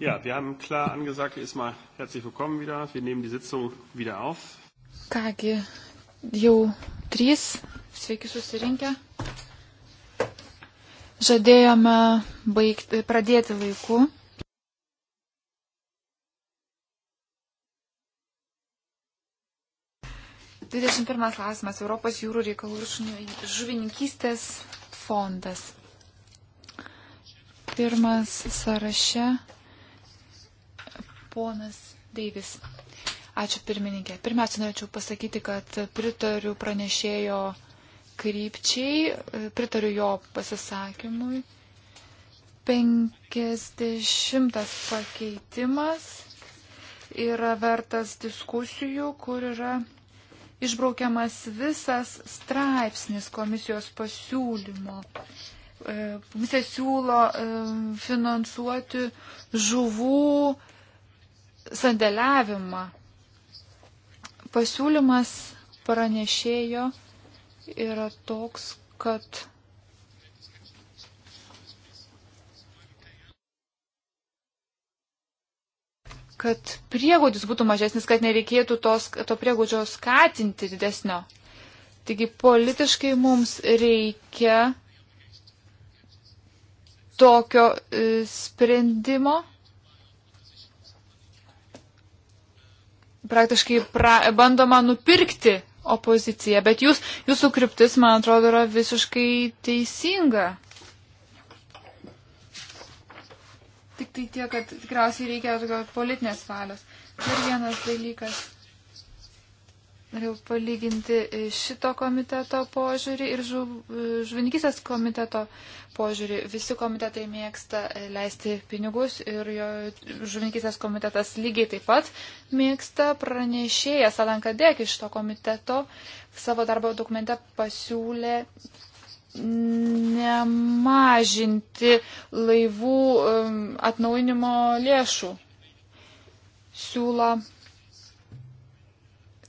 Ja, wir haben klar angesagt, erstmal herzlich willkommen wieder. Wir nehmen die Sitzung wieder auf. Kągi, jau trys, sveiki susirinkę. Žadėjome baigti, pradėti laiku. Dvidešimt pirmas klausimas. Europos jūrų reikalų ir žuvininkystės fondas. Pirmas sąraše Ponas Deivis. Ačiū pirmininkė. Pirmiausia, norėčiau pasakyti, kad pritariu pranešėjo krypčiai, pritariu jo pasisakymui. 50 pakeitimas yra vertas diskusijų, kur yra išbraukiamas visas straipsnis komisijos pasiūlymo. E, komisija siūlo e, finansuoti žuvų sandėliavimą. Pasiūlymas pranešėjo yra toks, kad kad priegodis būtų mažesnis, kad nereikėtų tos, to priegodžio skatinti didesnio. Taigi politiškai mums reikia tokio e, sprendimo, praktiškai pra, bandoma nupirkti opoziciją, bet jūs, jūsų kryptis, man atrodo, yra visiškai teisinga. Tik tai tiek, kad tikriausiai reikia politinės valios. Dar vienas dalykas. Norėjau palyginti e, šito komiteto požiūrį ir žuv, e, žuvininkysės komiteto požiūrį. Visi komitetai mėgsta e, leisti pinigus ir jo žuvininkysės komitetas lygiai taip pat mėgsta pranešėjas Alankadek iš to komiteto. Savo darbo dokumente pasiūlė nemažinti laivų atnaujinimo lėšų. Siūlo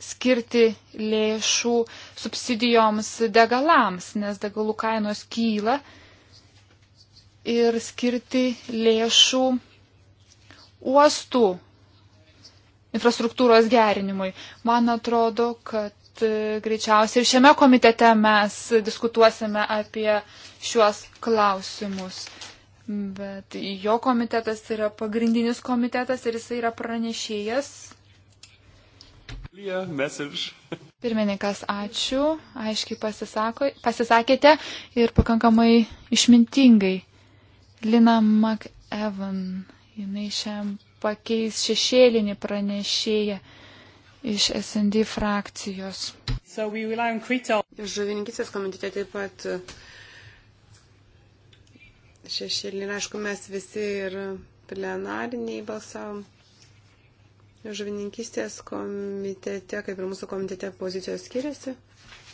skirti lėšų subsidijoms degalams, nes degalų kainos kyla ir skirti lėšų uostų infrastruktūros gerinimui. Man atrodo, kad e, greičiausiai ir šiame komitete mes diskutuosime apie šiuos klausimus. Bet jo komitetas yra pagrindinis komitetas ir jis yra pranešėjas Pirmininkas, ačiū, aiškiai pasisako, pasisakėte ir pakankamai išmintingai. Lina McEvan, jinai šiam pakeis šešėlinį pranešėją iš SND frakcijos. So Žuvininkistės komitete taip pat e, šešėlinį, aišku, mes visi ir plenariniai balsavom žuvininkystės komitete, kaip ir mūsų komitete, pozicijos skiriasi.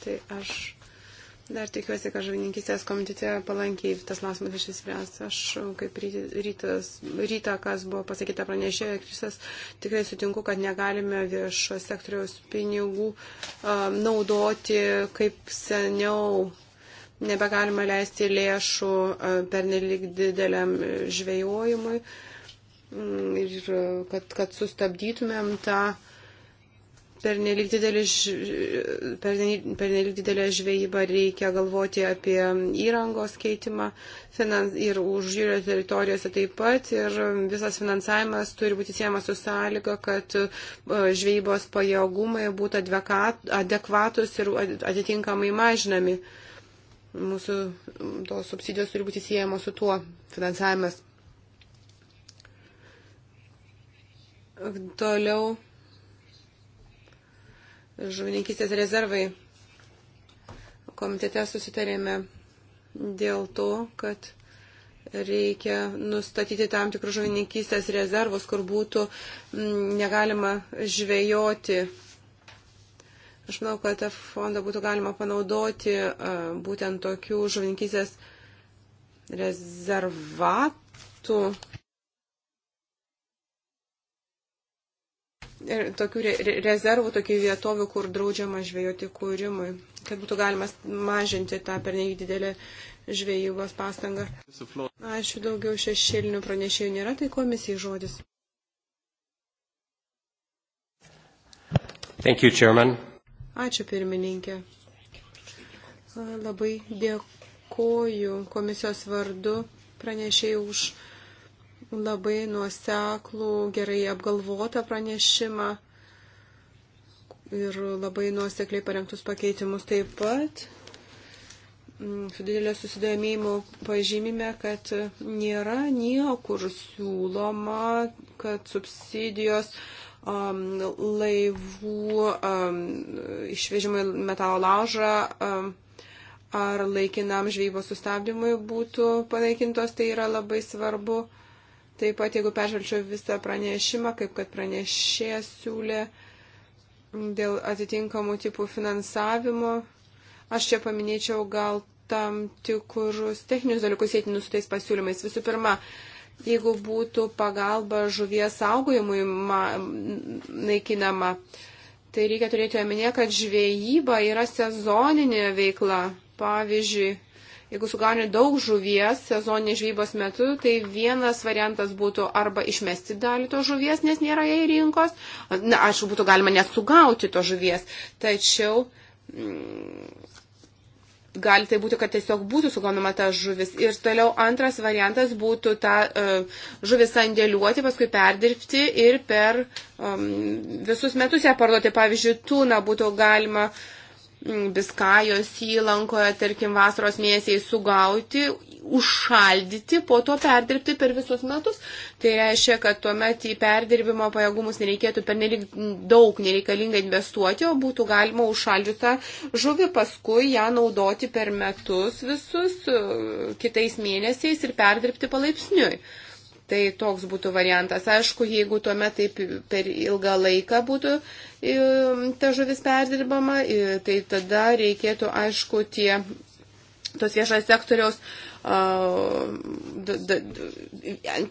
Tai aš dar tikiuosi, kad žuvininkystės komitete palankiai tas klausimas išsispręs. Aš, kaip rytas, ryta, kas buvo pasakyta pranešėjo, Krisas, tikrai sutinku, kad negalime viešo sektoriaus pinigų um, naudoti kaip seniau nebegalima leisti lėšų pernelik dideliam žvejojimui. Uh, Mm, ir e, kad, kad sustabdytumėm tą pernelyg didelį, pernelyg didelę žvejybą reikia galvoti apie įrangos keitimą finans, ir užjūrio teritorijose taip pat. Ir visas finansavimas turi būti siejamas su sąlyga, kad e, žvejybos pajėgumai būtų adekvatus ir atitinkamai mažinami. Mūsų tos subsidijos turi būti siejamos su tuo finansavimas. Toliau žuvininkistės rezervai. Komitete susitarėme dėl to, kad reikia nustatyti tam tikrus žuvininkystės rezervus, kur būtų mm, negalima žvejoti. Aš manau, kad tą fondą būtų galima panaudoti būtent tokių žuvininkystės rezervatų. tokių rezervų, tokių vietovių, kur draudžiama žvejoti kūrimui, kad būtų galima mažinti tą pernelyg didelę žvejybos pastangą. Ačiū daugiau šešėlinių pranešėjų nėra, tai komisijai žodis. Thank you, Chairman. Ačiū pirmininkė. Labai dėkoju komisijos vardu pranešėjų už labai nuoseklų, gerai apgalvotą pranešimą ir labai nuosekliai parengtus pakeitimus taip pat. Mm, su didelio susidomėjimu pažymime, kad nėra niekur siūloma, kad subsidijos um, laivų um, išvežimui metalo laužą um, ar laikinam žvejybos sustabdymui būtų panaikintos, tai yra labai svarbu. Um, Taip pat, jeigu peržvelgčiau visą pranešimą, kaip kad pranešėjas siūlė dėl atitinkamų tipų finansavimo, aš čia paminėčiau gal tam tikrus techninius dalykus sėtinus su tais pasiūlymais. Visų pirma, jeigu būtų pagalba žuvies saugojimui naikinama, tai reikia turėti omenyje, kad žvejyba yra sezoninė veikla. Pavyzdžiui, Jeigu sugauni daug žuvies sezoninės žvybos metu, tai vienas variantas būtų arba išmesti dalį to žuvies, nes nėra jai rinkos. Na, aišku, būtų galima net sugauti to žuvies, tačiau mm, gali tai būti, kad tiesiog būtų sugaunama ta žuvis. Ir toliau antras variantas būtų tą uh, e, žuvį sandėliuoti, paskui perdirbti ir per um, visus metus ją parduoti. Pavyzdžiui, tūną būtų galima Biskajos įlankoje, tarkim, vasaros mėnesiai sugauti, užšaldyti, po to perdirbti per visus metus. Tai reiškia, kad tuomet į perdirbimo pajėgumus nereikėtų pernelyg daug nereikalingai investuoti, o būtų galima užšaldytą žuvį paskui ją naudoti per metus visus kitais mėnesiais ir perdirbti palaipsniui. Mhm. Tai toks būtų variantas. Aišku, jeigu tuomet taip per ilgą laiką būtų ta žuvis perdirbama, tai tada reikėtų, aišku, tie tos viešojo sektoriaus,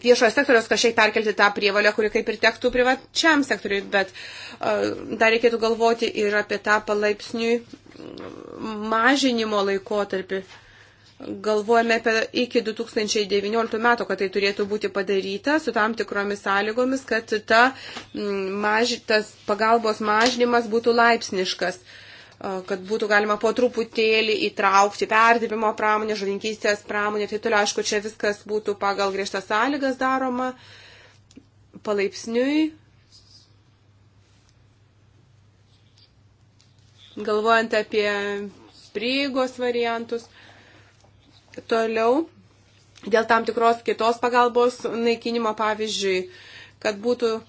viešojo sektoriaus kažkiek perkelti tą prievalę, kuri kaip ir tektų privačiam sektoriui, bet dar reikėtų galvoti ir apie tą palaipsniui mažinimo laikotarpį galvojame apie iki 2019 metų, kad tai turėtų būti padaryta su tam tikromis sąlygomis, kad ta, mm, maž, tas pagalbos mažinimas būtų laipsniškas kad būtų galima po truputėlį įtraukti perdirbimo pramonę, žuvinkystės pramonę ir taip toliau. Aišku, čia viskas būtų pagal griežtas sąlygas daroma palaipsniui. Galvojant apie prieigos variantus, Toliau, dėl tam tikros kitos pagalbos naikinimo, pavyzdžiui, kad būtų e,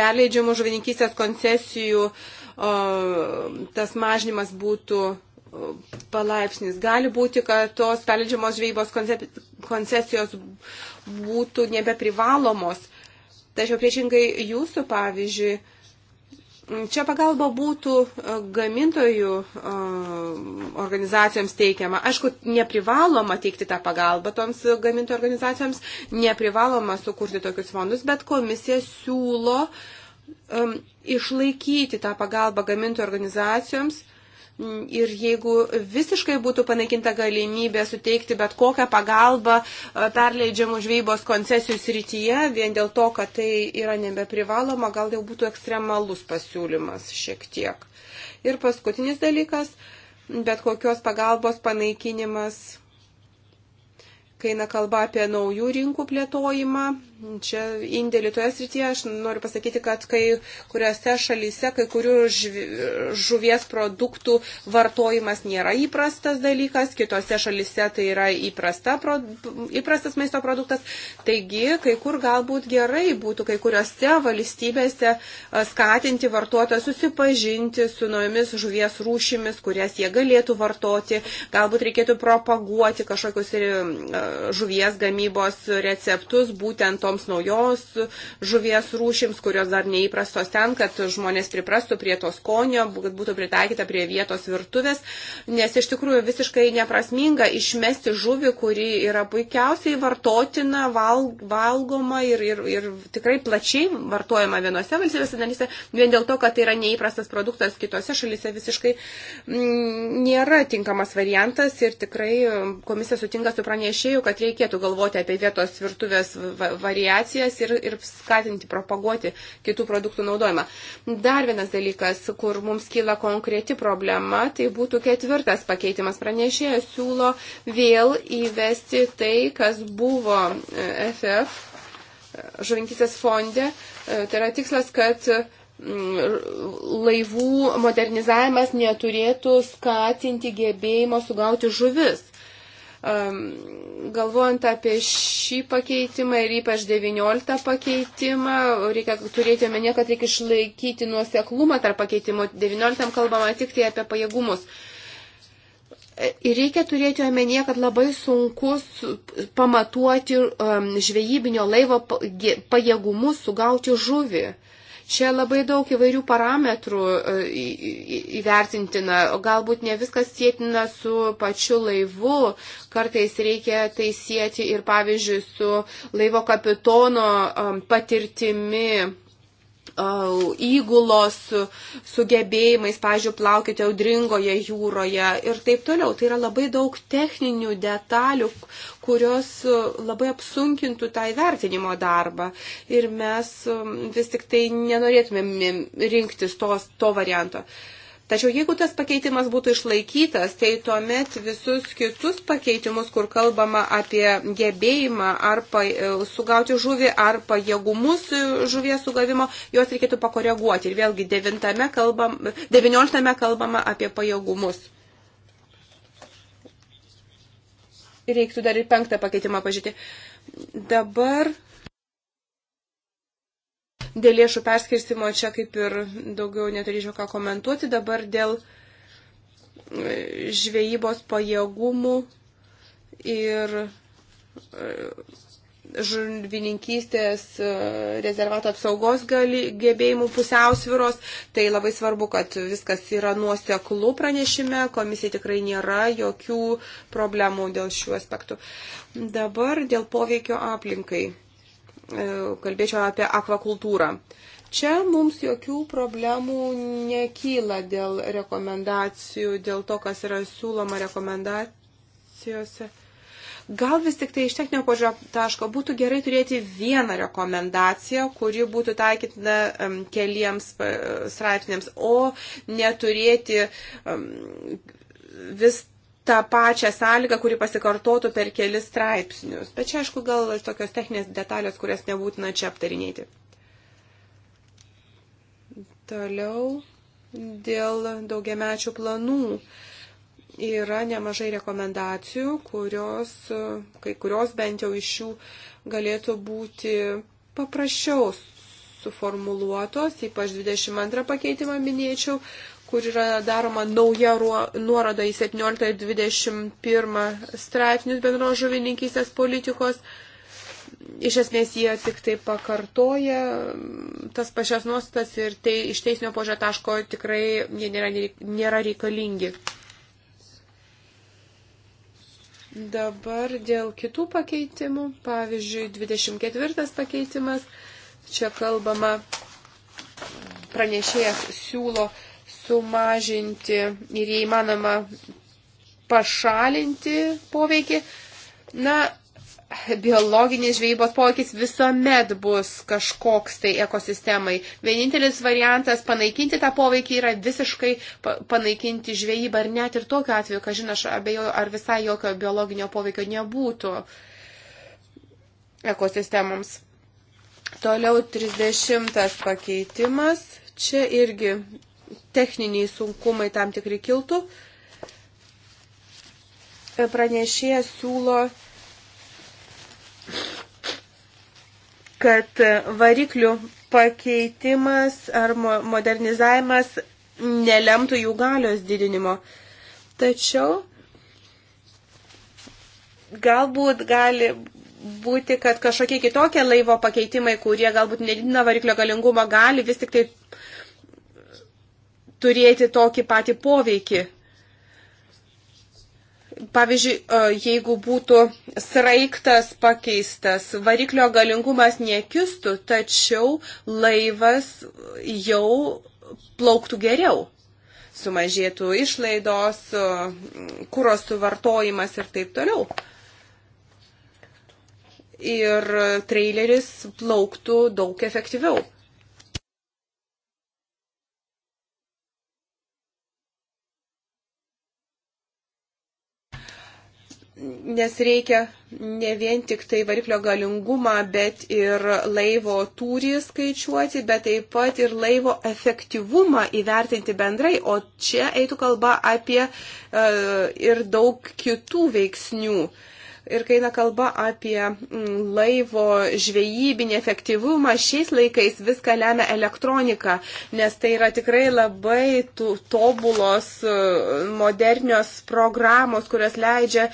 perleidžiamų žuvininkystės koncesijų, e, tas mažinimas būtų e, palaipsnis. Gali būti, kad tos perleidžiamos žvejybos koncesijos būtų nebeprivalomos. Tačiau priešingai jūsų pavyzdžiui, Čia pagalba būtų e, gamintojų e, organizacijoms teikiama. Aišku, neprivaloma teikti tą pagalbą toms gamintojų organizacijoms, neprivaloma sukurti tokius fondus, bet komisija siūlo um, išlaikyti tą pagalbą gamintojų organizacijoms Ir jeigu visiškai būtų panaikinta galimybė suteikti bet kokią pagalbą e, perleidžiamų žvejybos koncesijų srityje, vien dėl to, kad tai yra nebeprivaloma, gal jau būtų ekstremalus pasiūlymas šiek tiek. Ir paskutinis dalykas, bet kokios pagalbos panaikinimas, kai eina kalba apie naujų rinkų plėtojimą, čia indėlį toje srityje. Aš noriu pasakyti, kad kai kuriuose šalyse kai kurių žuvies produktų vartojimas nėra įprastas dalykas, kitose šalyse tai yra įprasta, pro, įprastas maisto produktas. Taigi, kai kur galbūt gerai būtų kai kuriuose valstybėse skatinti vartotoją susipažinti su naujomis žuvies rūšimis, kurias jie galėtų vartoti. Galbūt reikėtų propaguoti kažkokius e, žuvies gamybos receptus būtent to toms naujos žuvies rūšims, kurios dar neįprastos ten, kad žmonės priprastų prie to skonio, kad būtų pritaikyta prie vietos virtuvės, nes iš tikrųjų visiškai neprasminga išmesti žuvį, kuri yra puikiausiai vartotina, val, valgoma ir, ir, ir tikrai plačiai vartojama vienose valstybėse dalyse, vien dėl to, kad tai yra neįprastas produktas kitose šalyse visiškai m, mm, nėra tinkamas variantas ir tikrai mm, komisija sutinka su pranešėju, kad reikėtų galvoti apie vietos virtuvės variantą variacijas ir, ir skatinti, propaguoti kitų produktų naudojimą. Dar vienas dalykas, kur mums kyla konkreti problema, tai būtų ketvirtas pakeitimas. Pranešėjas siūlo vėl įvesti tai, kas buvo e, FF e, žuvinkistės fonde. E, tai yra tikslas, kad mm, laivų modernizavimas neturėtų skatinti gebėjimo sugauti žuvis. Galvojant apie šį pakeitimą ir ypač 19 pakeitimą, reikia turėti omenyje, kad reikia išlaikyti nuoseklumą tarp pakeitimų. 19 kalbama tik tai apie pajėgumus. E, ir reikia turėti omenyje, kad labai sunku pamatuoti žvejybinio laivo pajėgumus sugauti žuvį. Čia labai daug įvairių parametrų e, įvertintina, galbūt ne viskas sėtina su pačiu laivu, kartais reikia tai sėti ir pavyzdžiui su laivo kapitono patirtimi įgulos sugebėjimais, pažiūrėjau, plaukite audringoje jūroje ir taip toliau. Tai yra labai daug techninių detalių, kurios labai apsunkintų tą įvertinimo darbą. Ir mes vis tik tai nenorėtumėm rinktis tos, to varianto. Uh, Tačiau jeigu tas pakeitimas būtų išlaikytas, tai tuomet visus kitus pakeitimus, kur kalbama apie gebėjimą ar pa, e, sugauti žuvį, ar pajėgumus žuvies sugavimo, juos reikėtų pakoreguoti. Ir vėlgi kalbam, 19 kalbama apie pajėgumus. Reiktų dar ir penktą pakeitimą pažiūrėti. Dabar Dėl lėšų perskirstimo čia kaip ir daugiau neturėčiau ką komentuoti. Dabar dėl e, žvejybos pajėgumų ir e, žuvininkystės e, rezervato apsaugos gali, gebėjimų pusiausviros. Tai labai svarbu, kad viskas yra nuoseklų pranešime, komisija tikrai nėra jokių problemų dėl šių aspektų. Dabar dėl poveikio aplinkai. E, kalbėčiau apie akvakultūrą. Čia mums jokių problemų nekyla dėl rekomendacijų, dėl to, kas yra siūloma rekomendacijose. Gal vis tik tai iš techninio požiūrio taško būtų gerai turėti vieną rekomendaciją, kuri būtų taikytina um, keliems e, straipsniams, o neturėti um, vis tą pačią sąlygą, kuri pasikartotų per kelis straipsnius. Bet čia, aišku, gal tokios techninės detalės, kurias nebūtina čia aptarinėti. Toliau dėl daugiamečių planų yra nemažai rekomendacijų, kurios, kai kurios bent jau iš jų galėtų būti paprasčiau suformuluotos, ypač 22 pakeitimą minėčiau, kur yra daroma nauja nuoroda į 17 ir 21 straipsnius bendros žuvininkystės politikos. Iš esmės jie tik tai pakartoja mm, tas pačias nuostatas ir tai iš teisinio požio taško tikrai jie nėra, nėra reikalingi. Dabar dėl kitų pakeitimų, pavyzdžiui, 24 pakeitimas, čia kalbama, pranešėjas siūlo uh, sumažinti ir jei įmanoma pašalinti poveikį. Na, biologinis žvejybos poveikis visuomet bus kažkoks tai ekosistemai. Vienintelis variantas panaikinti tą poveikį yra visiškai panaikinti žvejybą ir net ir tokiu atveju, ką žinai, aš abejoju, ar visai jokio biologinio poveikio nebūtų ekosistemoms. Toliau 30 pakeitimas. Čia irgi techniniai sunkumai tam tikri kiltų, pranešėjas siūlo, kad variklių pakeitimas ar modernizavimas nelemtų jų galios didinimo. Tačiau galbūt gali būti, kad kažkokie kitokie laivo pakeitimai, kurie galbūt nedidina variklio galingumą, gali vis tik tai turėti tokį patį poveikį. Pavyzdžiui, e, jeigu būtų sraigtas pakeistas, variklio galingumas nekistų, tačiau laivas jau plauktų geriau. Sumažėtų išlaidos, e, kuros suvartojimas ir taip toliau ir traileris plauktų daug efektyviau. nes reikia ne vien tik tai variklio galingumą, bet ir laivo tūrį skaičiuoti, bet taip pat ir laivo efektyvumą įvertinti bendrai. O čia eitų kalba apie uh, ir daug kitų veiksnių. Uh, Ir kai eina kalba apie mm, laivo žvejybinį efektyvumą, šiais laikais viską lemia elektronika, nes tai yra tikrai labai tobulos e, modernios programos, kurios leidžia e,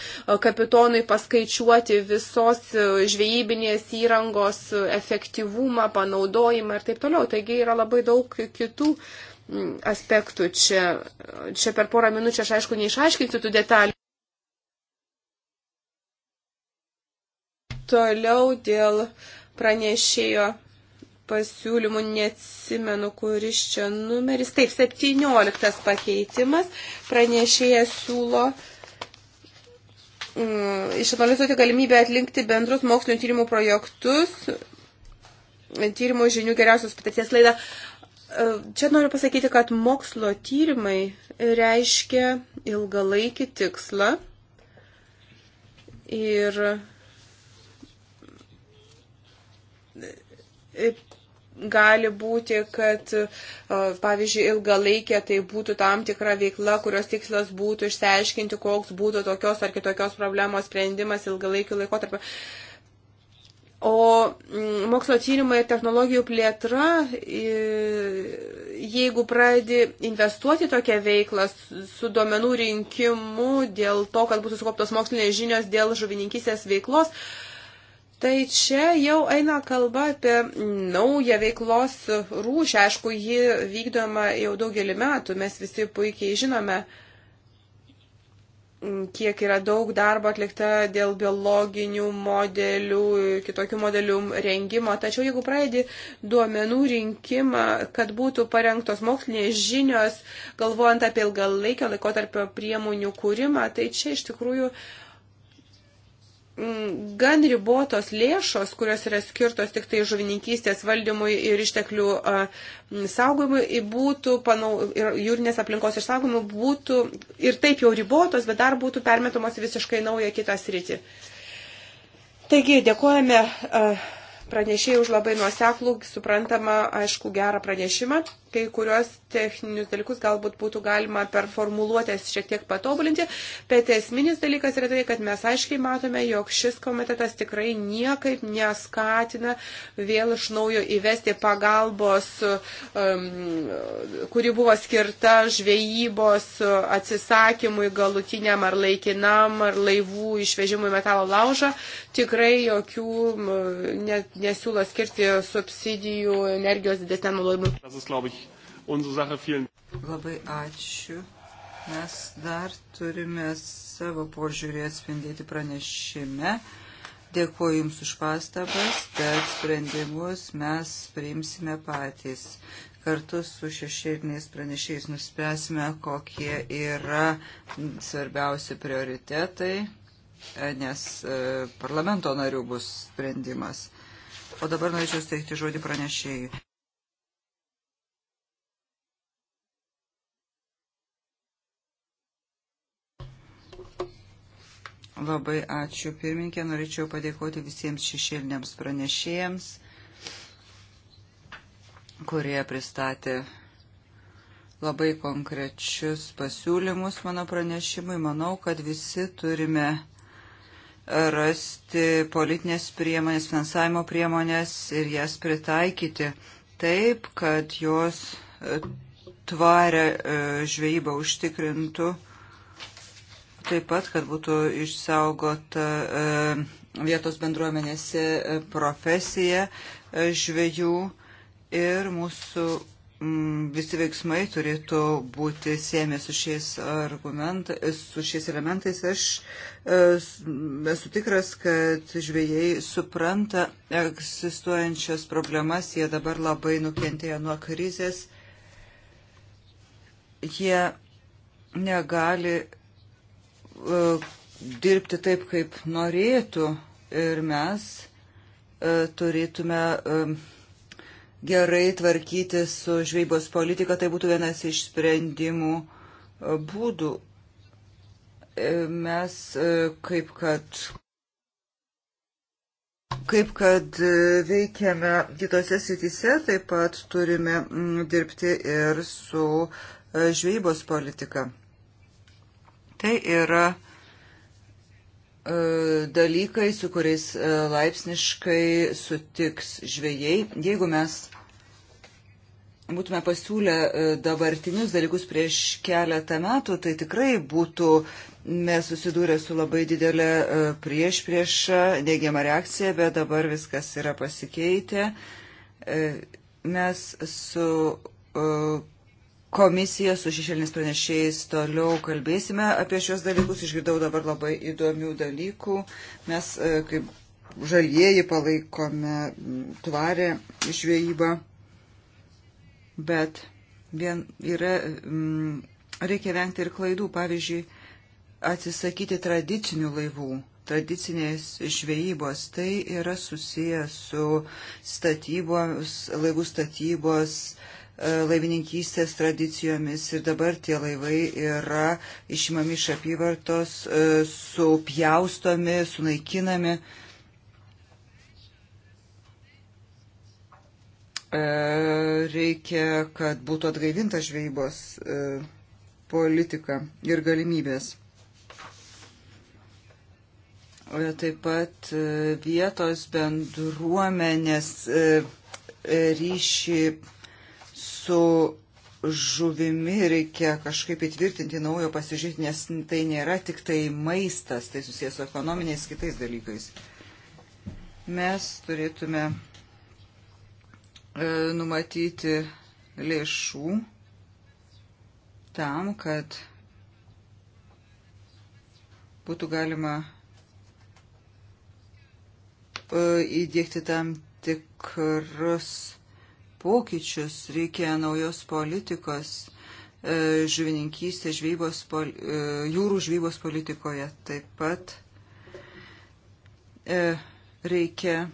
kapitonui paskaičiuoti visos e, žvejybinės įrangos efektyvumą, panaudojimą ir taip toliau. Taigi yra labai daug kitų mm, aspektų čia. Čia per porą minučių aš aišku neišaiškinsiu tų detalių. Toliau dėl pranešėjo pasiūlymų, neatsimenu, kuris čia numeris. Taip, 17 pakeitimas. Pranešėjas siūlo mm, išanalizuoti galimybę atlinkti bendrus mokslinio tyrimų projektus, tyrimų žinių geriausios patirties laidą. E, čia noriu pasakyti, kad mokslo tyrimai reiškia ilgalaikį tikslą ir gali būti, kad, e, pavyzdžiui, ilgalaikė tai būtų tam tikra veikla, kurios tikslas būtų išsiaiškinti, koks būtų tokios ar kitokios problemos sprendimas ilgalaikiu laikotarpiu. O mm, mokslo tyrimai ir technologijų plėtra, jeigu pradedi investuoti tokią veiklą su duomenų rinkimu dėl to, kad būtų sukauptos mokslinės žinios dėl žuvininkysės veiklos, uh, Tai čia jau eina kalba apie naują veiklos rūšį, aišku, ji vykdoma jau daugelį metų, mes visi puikiai žinome, kiek yra daug darbo atlikta dėl biologinių modelių, kitokių modelių rengimo. Tačiau jeigu pradedi duomenų rinkimą, kad būtų parengtos mokslinės žinios, galvojant apie ilgalaikio laikotarpio priemonių kūrimą, tai čia iš tikrųjų uh, gan ribotos lėšos, kurios yra skirtos tik tai žuvininkystės valdymui ir išteklių saugojimui, būtų, panau, ir jūrinės aplinkos išsaugojimui būtų ir taip jau ribotos, bet dar būtų permetamos visiškai naują kitą sritį. Taigi, dėkojame pranešėjai už labai nuoseklų, suprantamą, aišku, gerą pranešimą kai kurios techninius dalykus galbūt būtų galima per formuluotės šiek tiek patobulinti, bet esminis dalykas yra tai, kad mes aiškiai matome, jog šis komitetas tikrai niekaip neskatina vėl iš naujo įvesti pagalbos, um, kuri buvo skirta žvejybos atsisakymui galutiniam ar laikinam ar laivų išvežimui metalo laužą. Tikrai jokių um, ne, nesiūlo skirti subsidijų energijos didesniam naudojimui unsere Sache. Vielen Labai ačiū. Mes dar turime savo požiūrį atspindėti pranešime. Dėkuoju Jums už pastabas, bet sprendimus mes priimsime patys. Kartu su šešėliniais pranešėjais nuspręsime, kokie yra svarbiausi prioritetai, nes e, parlamento narių bus sprendimas. O dabar norėčiau steigti žodį pranešėjui. Labai ačiū pirminkė, norėčiau padėkoti visiems šešėliniams pranešėjams, kurie pristatė labai konkrečius pasiūlymus mano pranešimui. Manau, kad visi turime rasti politinės priemonės, finansavimo priemonės ir jas pritaikyti taip, kad jos tvarę e, žvejybą užtikrintų taip pat, kad būtų išsaugota e, vietos bendruomenėse e, profesija e, žvėjų ir mūsų visi veiksmai turėtų būti siemi su šiais, su šiais elementais. Aš esu tikras, kad žvėjai supranta egzistuojančias problemas, jie dabar labai nukentėjo nuo krizės. Jie negali E, dirbti taip, kaip norėtų ir mes e, turėtume e, gerai tvarkyti su žvejybos politika, tai būtų vienas iš sprendimų būdų. Mes kaip kad Kaip kad veikiame kitose srityse, taip pat turime dirbti ir su žvejybos politika. Tai yra e, dalykai, su kuriais e, laipsniškai sutiks žvėjai. Jeigu mes būtume pasiūlę e, dabartinius dalykus prieš keletą metų, tai tikrai būtų mes susidūrę su labai didelė prieš priešą, neigiama reakcija, bet dabar viskas yra pasikeitę. Mes su komisija su šešėlinis pranešėjais toliau kalbėsime apie šios dalykus. Išgirdau dabar labai įdomių dalykų. Mes e, kaip žalieji palaikome tvarę žvejybą, bet vien yra, m, reikia vengti ir klaidų. Pavyzdžiui, atsisakyti tradicinių laivų, tradicinės žvejybos. Tai yra susijęs su statybos, laivų statybos, uh, E, laivininkystės tradicijomis ir dabar tie laivai yra išimami iš apyvartos, e, supjaustomi, sunaikinami. E, reikia, kad būtų atgaivinta žvejybos politika ir galimybės. Taip pat vietos bendruomenės ryšį su žuvimi reikia kažkaip įtvirtinti naujo pasižiūrėti, nes tai nėra tik tai maistas, tai susijęs su ekonominiais kitais dalykais. Mes turėtume e, numatyti lėšų tam, kad būtų galima e, įdėkti tam tikrus pokyčius, reikia naujos politikos e, žuvininkystės žvybos, e, jūrų žvybos politikoje. Taip pat e, reikia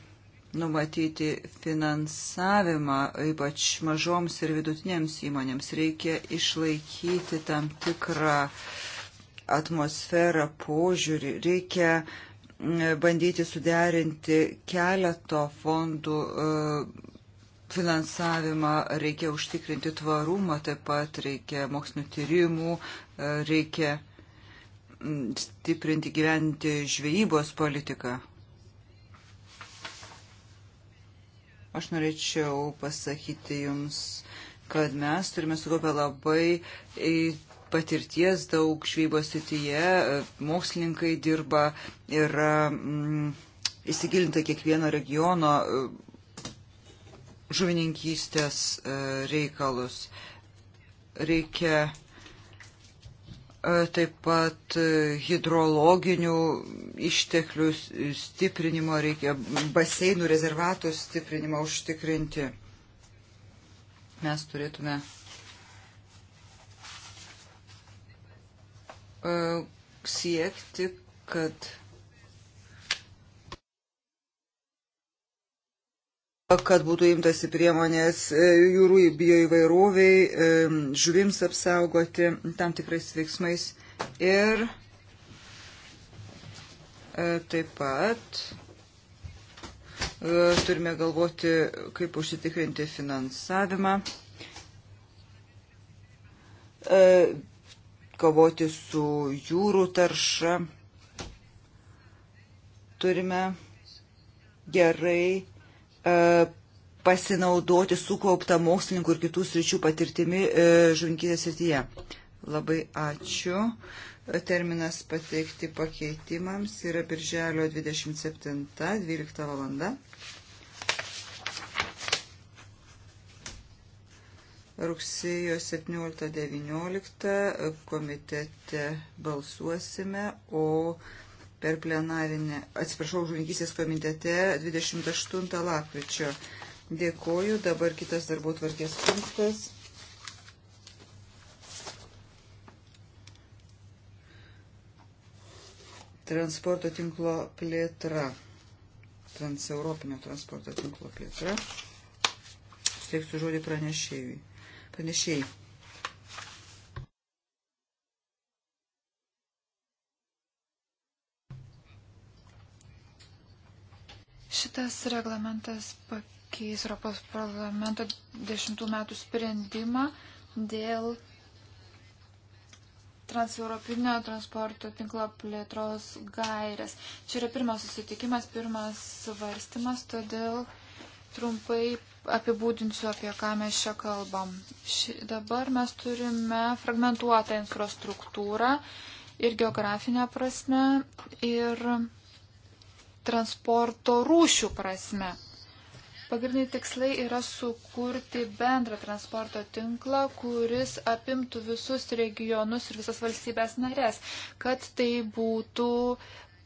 numatyti finansavimą, ypač mažoms ir vidutinėms įmonėms. Reikia išlaikyti tam tikrą atmosferą, požiūrį. Reikia bandyti suderinti keleto fondų finansavimą, reikia užtikrinti tvarumą, taip pat reikia mokslinių tyrimų, e, reikia stiprinti gyventi žvejybos politiką. Aš norėčiau pasakyti Jums, kad mes turime sukaupę labai patirties daug žvejybos sityje, e, mokslininkai dirba ir mm, įsigilinta kiekvieno regiono mm, žuvininkystės e, reikalus. Reikia e, taip pat e, hidrologinių išteklių stiprinimo, reikia baseinų rezervatų stiprinimo užtikrinti. Mes turėtume siekti, kad kad būtų imtasi priemonės e, jūrų bioįvairoviai, e, žuvims apsaugoti tam tikrais veiksmais ir e, taip pat turime galvoti, kaip užsitikrinti finansavimą, kovoti su jūrų tarša. Turime gerai E, pasinaudoti sukauptą mokslininkų ir kitų sričių patirtimi e, žuvinkystės srityje. Labai ačiū. Terminas pateikti pakeitimams yra birželio 27.12 valanda. rugsėjo 17-19 komitete balsuosime, o per plenarinę, atsiprašau, žuvininkysės komitete 28 lakryčio. Dėkoju, dabar kitas darbo tvarkės punktas. Transporto tinklo plėtra. Transeuropinio transporto tinklo plėtra. Steiksiu žodį pranešėjui. Pranešėjai. Šitas reglamentas pakeis Europos parlamento dešimtų metų sprendimą dėl transeuropinio transporto tinklo plėtros gairės. Čia yra pirmas susitikimas, pirmas svarstymas, todėl trumpai apibūdinsiu, apie ką mes čia kalbam. Ši, dabar mes turime fragmentuotą infrastruktūrą ir geografinę prasme ir transporto rūšių prasme. Pagrindiniai tikslai yra sukurti bendrą transporto tinklą, kuris apimtų visus regionus ir visas valstybės narės, kad tai būtų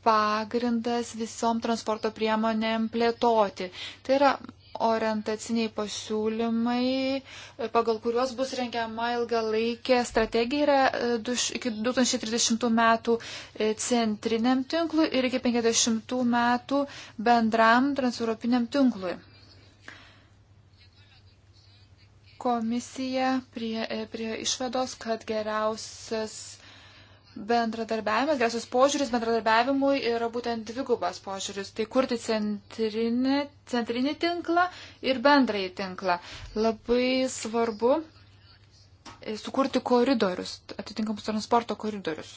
pagrindas visom transporto priemonėm plėtoti. Tai yra orientaciniai pasiūlymai, pagal kuriuos bus rengiama ilgalaikė strategija yra e, duš, iki 2030 metų e, centriniam tinklui ir iki 50 metų bendram transeuropiniam tinklui. Komisija prie, e, prie išvados, kad geriausias bendradarbiavimas, geriausias požiūris bendradarbiavimui yra būtent dvigubas požiūris. Tai kurti centrinį, centrinį tinklą ir bendrąjį tinklą. Labai svarbu e, sukurti koridorius, atitinkamus transporto koridorius.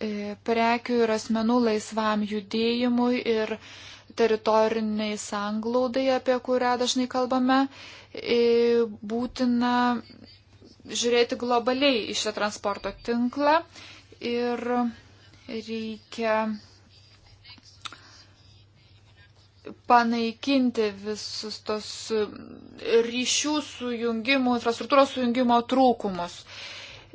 E, prekių ir asmenų laisvam judėjimui ir teritoriniai sanglaudai, apie kurią dažnai kalbame, e, būtina žiūrėti globaliai į šią transporto tinklą ir reikia panaikinti visus tos ryšių sujungimų, infrastruktūros sujungimo trūkumus.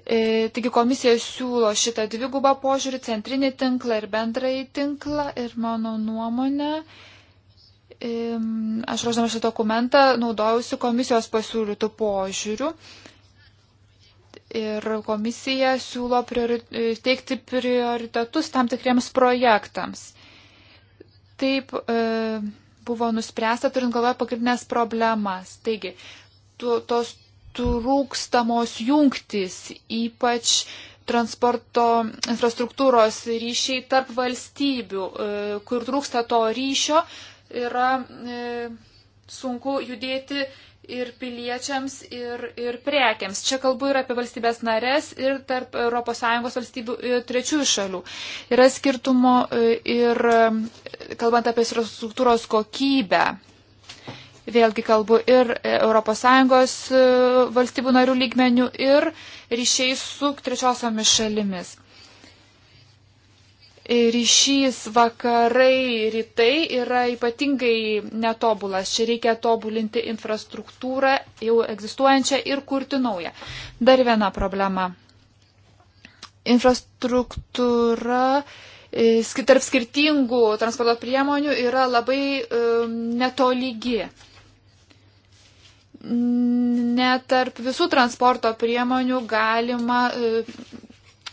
E, taigi komisija siūlo šitą dvigubą požiūrį, centrinį tinklą ir bendrąjį tinklą ir mano nuomonė. E, aš ruoždama šį dokumentą naudojausi komisijos pasiūlytų požiūrių. E, ir komisija siūlo priori teikti prioritetus tam tikriems projektams. Taip e, buvo nuspręsta, turint galvoje pagrindinės problemas. Taigi, tu, tos trūkstamos jungtys, ypač transporto infrastruktūros ryšiai tarp valstybių, e, kur trūksta to ryšio, yra e, sunku judėti ir piliečiams, ir, ir prekiams. Čia kalbu ir apie valstybės narės, ir tarp ES valstybių ir trečiųjų šalių. Yra skirtumo e, ir e, kalbant apie infrastruktūros kokybę. Vėlgi kalbu ir e, ES valstybių narių lygmenių, ir ryšiai su trečiosiomis šalimis ryšys vakarai rytai yra ypatingai netobulas. Čia reikia tobulinti infrastruktūrą jau egzistuojančią ir kurti naują. Dar viena problema. Infrastruktūra e, tarp skirtingų transporto priemonių yra labai e, netolygi. Netarp visų transporto priemonių galima e,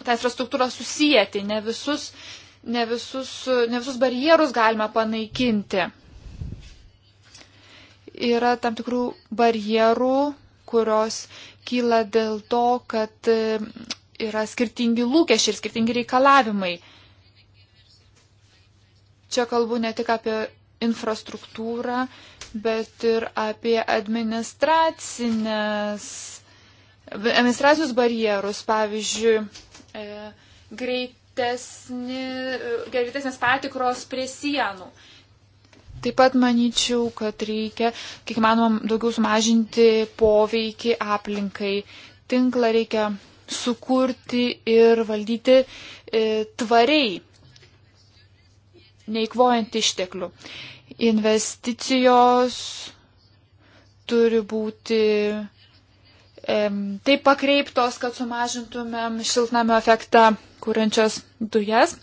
tą infrastruktūrą susijęti, ne visus ne visus, ne visus barjerus galime panaikinti. Yra tam tikrų barjerų, kurios kyla dėl to, kad e, yra skirtingi lūkesčiai ir skirtingi reikalavimai. Čia kalbu ne tik apie infrastruktūrą, bet ir apie administracinės, administracinius barjerus, pavyzdžiui, e, greit, griežtesnės patikros prie sienų. Taip pat manyčiau, kad reikia, kiek manoma, daugiau sumažinti poveikį aplinkai. Tinklą reikia sukurti ir valdyti e, tvariai, neįkvojant išteklių. Investicijos turi būti taip pakreiptos, kad sumažintumėm šiltnamio efektą kūrenčias dujas.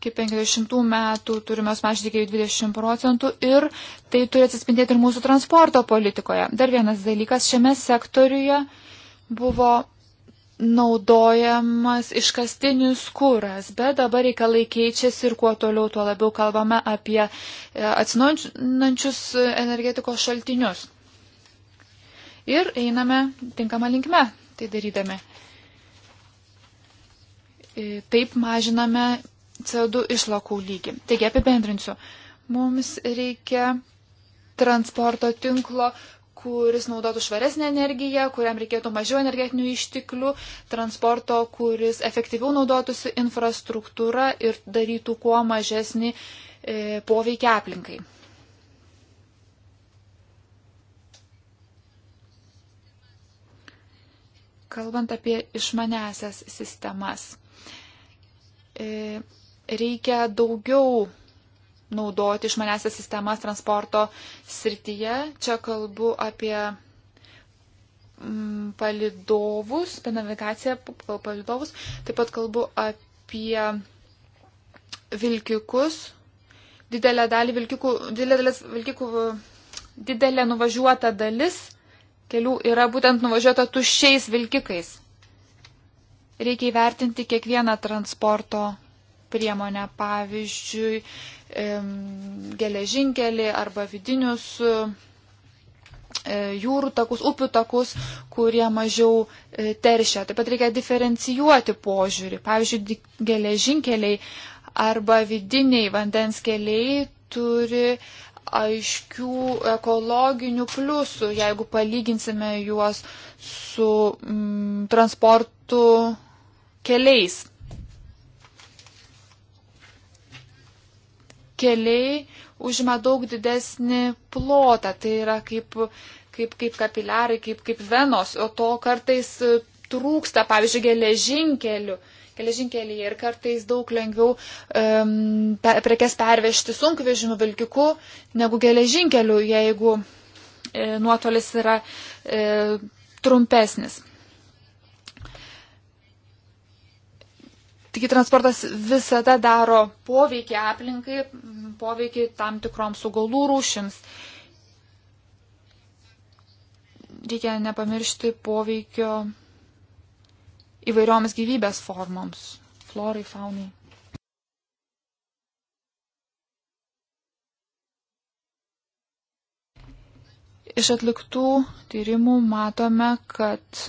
Iki 50 metų turime sumažinti iki 20 procentų ir tai turi atsispindėti ir mūsų transporto politikoje. Dar vienas dalykas, šiame sektoriuje buvo naudojamas iškastinis kūras, bet dabar reikalai keičiasi ir kuo toliau, tuo labiau kalbame apie e, atsinaujančius energetikos šaltinius ir einame tinkamą linkme tai darydami. E, taip mažiname CO2 išlakų lygį. Taigi apibendrinsiu. Mums reikia transporto tinklo, kuris naudotų švaresnę energiją, kuriam reikėtų mažiau energetinių išteklių, transporto, kuris efektyviau naudotųsi infrastruktūra ir darytų kuo mažesnį e, poveikį aplinkai. kalbant apie išmanesias sistemas. E, reikia daugiau naudoti išmanesias sistemas transporto srityje. Čia kalbu apie mm, palidovus, apie navigaciją palidovus. Taip pat kalbu apie vilkikus. Didelė, dalį vilkikų, didelė, vilkikų, didelė nuvažiuota dalis kelių yra būtent nuvažiuota tuščiais vilkikais. Reikia įvertinti kiekvieną transporto priemonę, pavyzdžiui, geležinkelį arba vidinius e, jūrų takus, upių takus, kurie mažiau e, teršia. Taip pat reikia diferencijuoti požiūrį. Pavyzdžiui, geležinkeliai arba vidiniai vandens keliai turi aiškių ekologinių pliusų, jeigu palyginsime juos su mm, transportu keliais. Keliai užima daug didesnį plotą, tai yra kaip, kaip, kaip kapiliarai, kaip, kaip venos, o to kartais trūksta, pavyzdžiui, geležinkelių. Uh, geležinkelyje ir kartais daug lengviau um, pe, prekes pervežti sunkvežimiu vilkiku negu geležinkeliu, jeigu e, nuotolis yra e, trumpesnis. Taigi transportas visada daro poveikį aplinkai, poveikį tam tikroms augalų rūšims. Reikia nepamiršti poveikio įvairioms gyvybės formoms - florai, faunai. Iš atliktų tyrimų matome, kad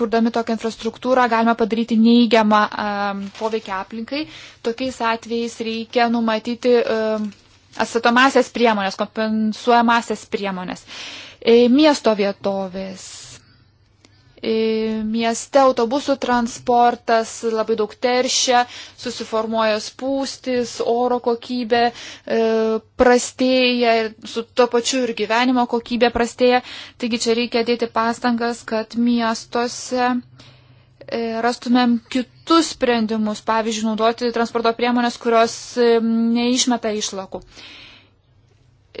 kurdami tokią infrastruktūrą galime padaryti neįgiamą um, poveikį aplinkai. Tokiais atvejais reikia numatyti um, atstatomasias priemonės, kompensuojamasias priemonės. E, miesto vietovės E, mieste autobusų transportas labai daug teršia, susiformuoja spūstis, oro kokybė e, prastėja ir su tuo pačiu ir gyvenimo kokybė prastėja. Taigi čia reikia dėti pastangas, kad miestuose e, rastumėm kitus sprendimus, pavyzdžiui, naudoti transporto priemonės, kurios neišmeta išlakų.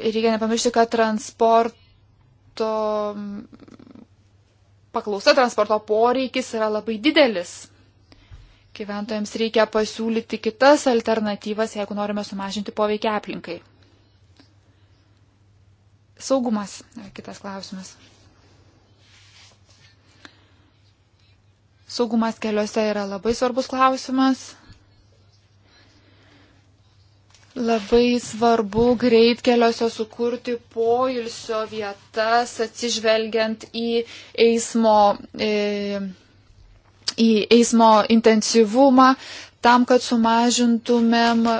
Reikia nepamiršti, kad transporto paklausa transporto poreikis yra labai didelis. Gyventojams reikia pasiūlyti kitas alternatyvas, jeigu norime sumažinti poveikį aplinkai. Saugumas. Kitas klausimas. Saugumas keliuose yra labai svarbus klausimas. Labai svarbu greitkeliuose sukurti poilsio vietas, atsižvelgiant į eismo, e, į eismo intensyvumą, tam, kad sumažintumėm e,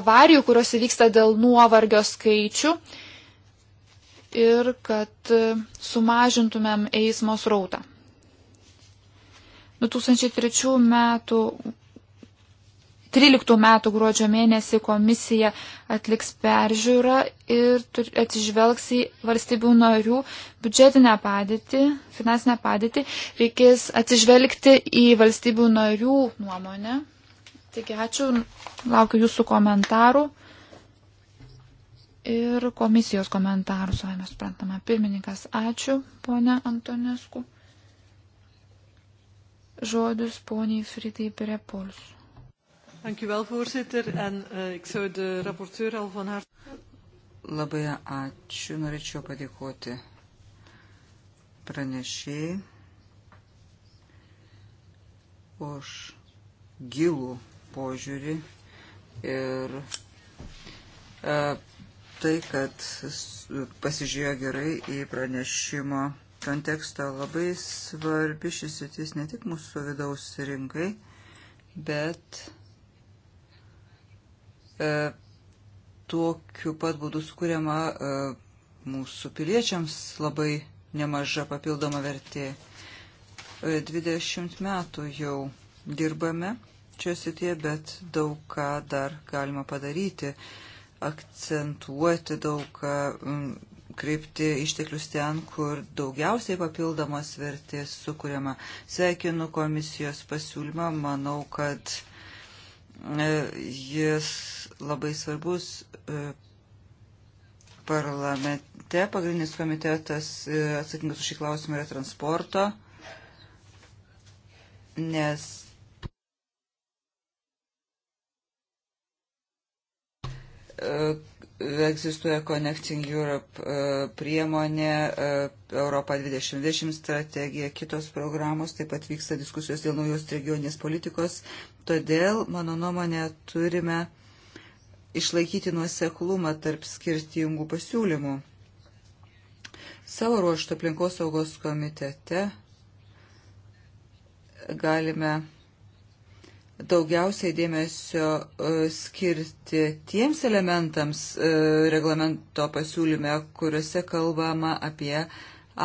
avarijų, kurios įvyksta dėl nuovargio skaičių ir kad e, sumažintumėm eismo srautą. 2003 metų 13 metų gruodžio mėnesį komisija atliks peržiūrą ir atsižvelgs į valstybių narių biudžetinę padėtį, finansinę padėtį. Reikės atsižvelgti į valstybių narių nuomonę. Taigi ačiū, laukiu jūsų komentarų ir komisijos komentarų, savame suprantama. Pirmininkas, ačiū, ponia Antonesku. Žodis poniai Fritai Pirepuls. Dank u wel, voorzitter. En uh, ik zou de rapporteur al van harte. Labai ačiū, norėčiau padėkoti pranešėjai už gilų požiūrį ir e, tai, kad pasižiūrėjo gerai į pranešimo kontekstą. Labai svarbi šis sritis ne tik mūsų vidaus rinkai, bet E, tokiu pat būdu sukūriama e, mūsų piliečiams labai nemaža papildoma vertė. 20 e, metų jau dirbame čia sitie, bet daug ką dar galima padaryti, akcentuoti daug ką, kreipti išteklius ten, kur daugiausiai papildomos vertės sukūriama. Sveikinu komisijos pasiūlymą, manau, kad jis labai svarbus e, parlamente. Pagrindinis komitetas e, atsakingas už šį klausimą yra transporto, nes e, egzistuoja Connecting Europe priemonė, Europa 2020 strategija, kitos programos, taip pat vyksta diskusijos dėl naujos regioninės politikos. Todėl, mano nuomonė, turime išlaikyti nuoseklumą tarp skirtingų pasiūlymų. Savo ruoštų aplinkosaugos komitete galime daugiausiai dėmesio e, skirti tiems elementams e, reglamento pasiūlyme, kuriuose kalbama apie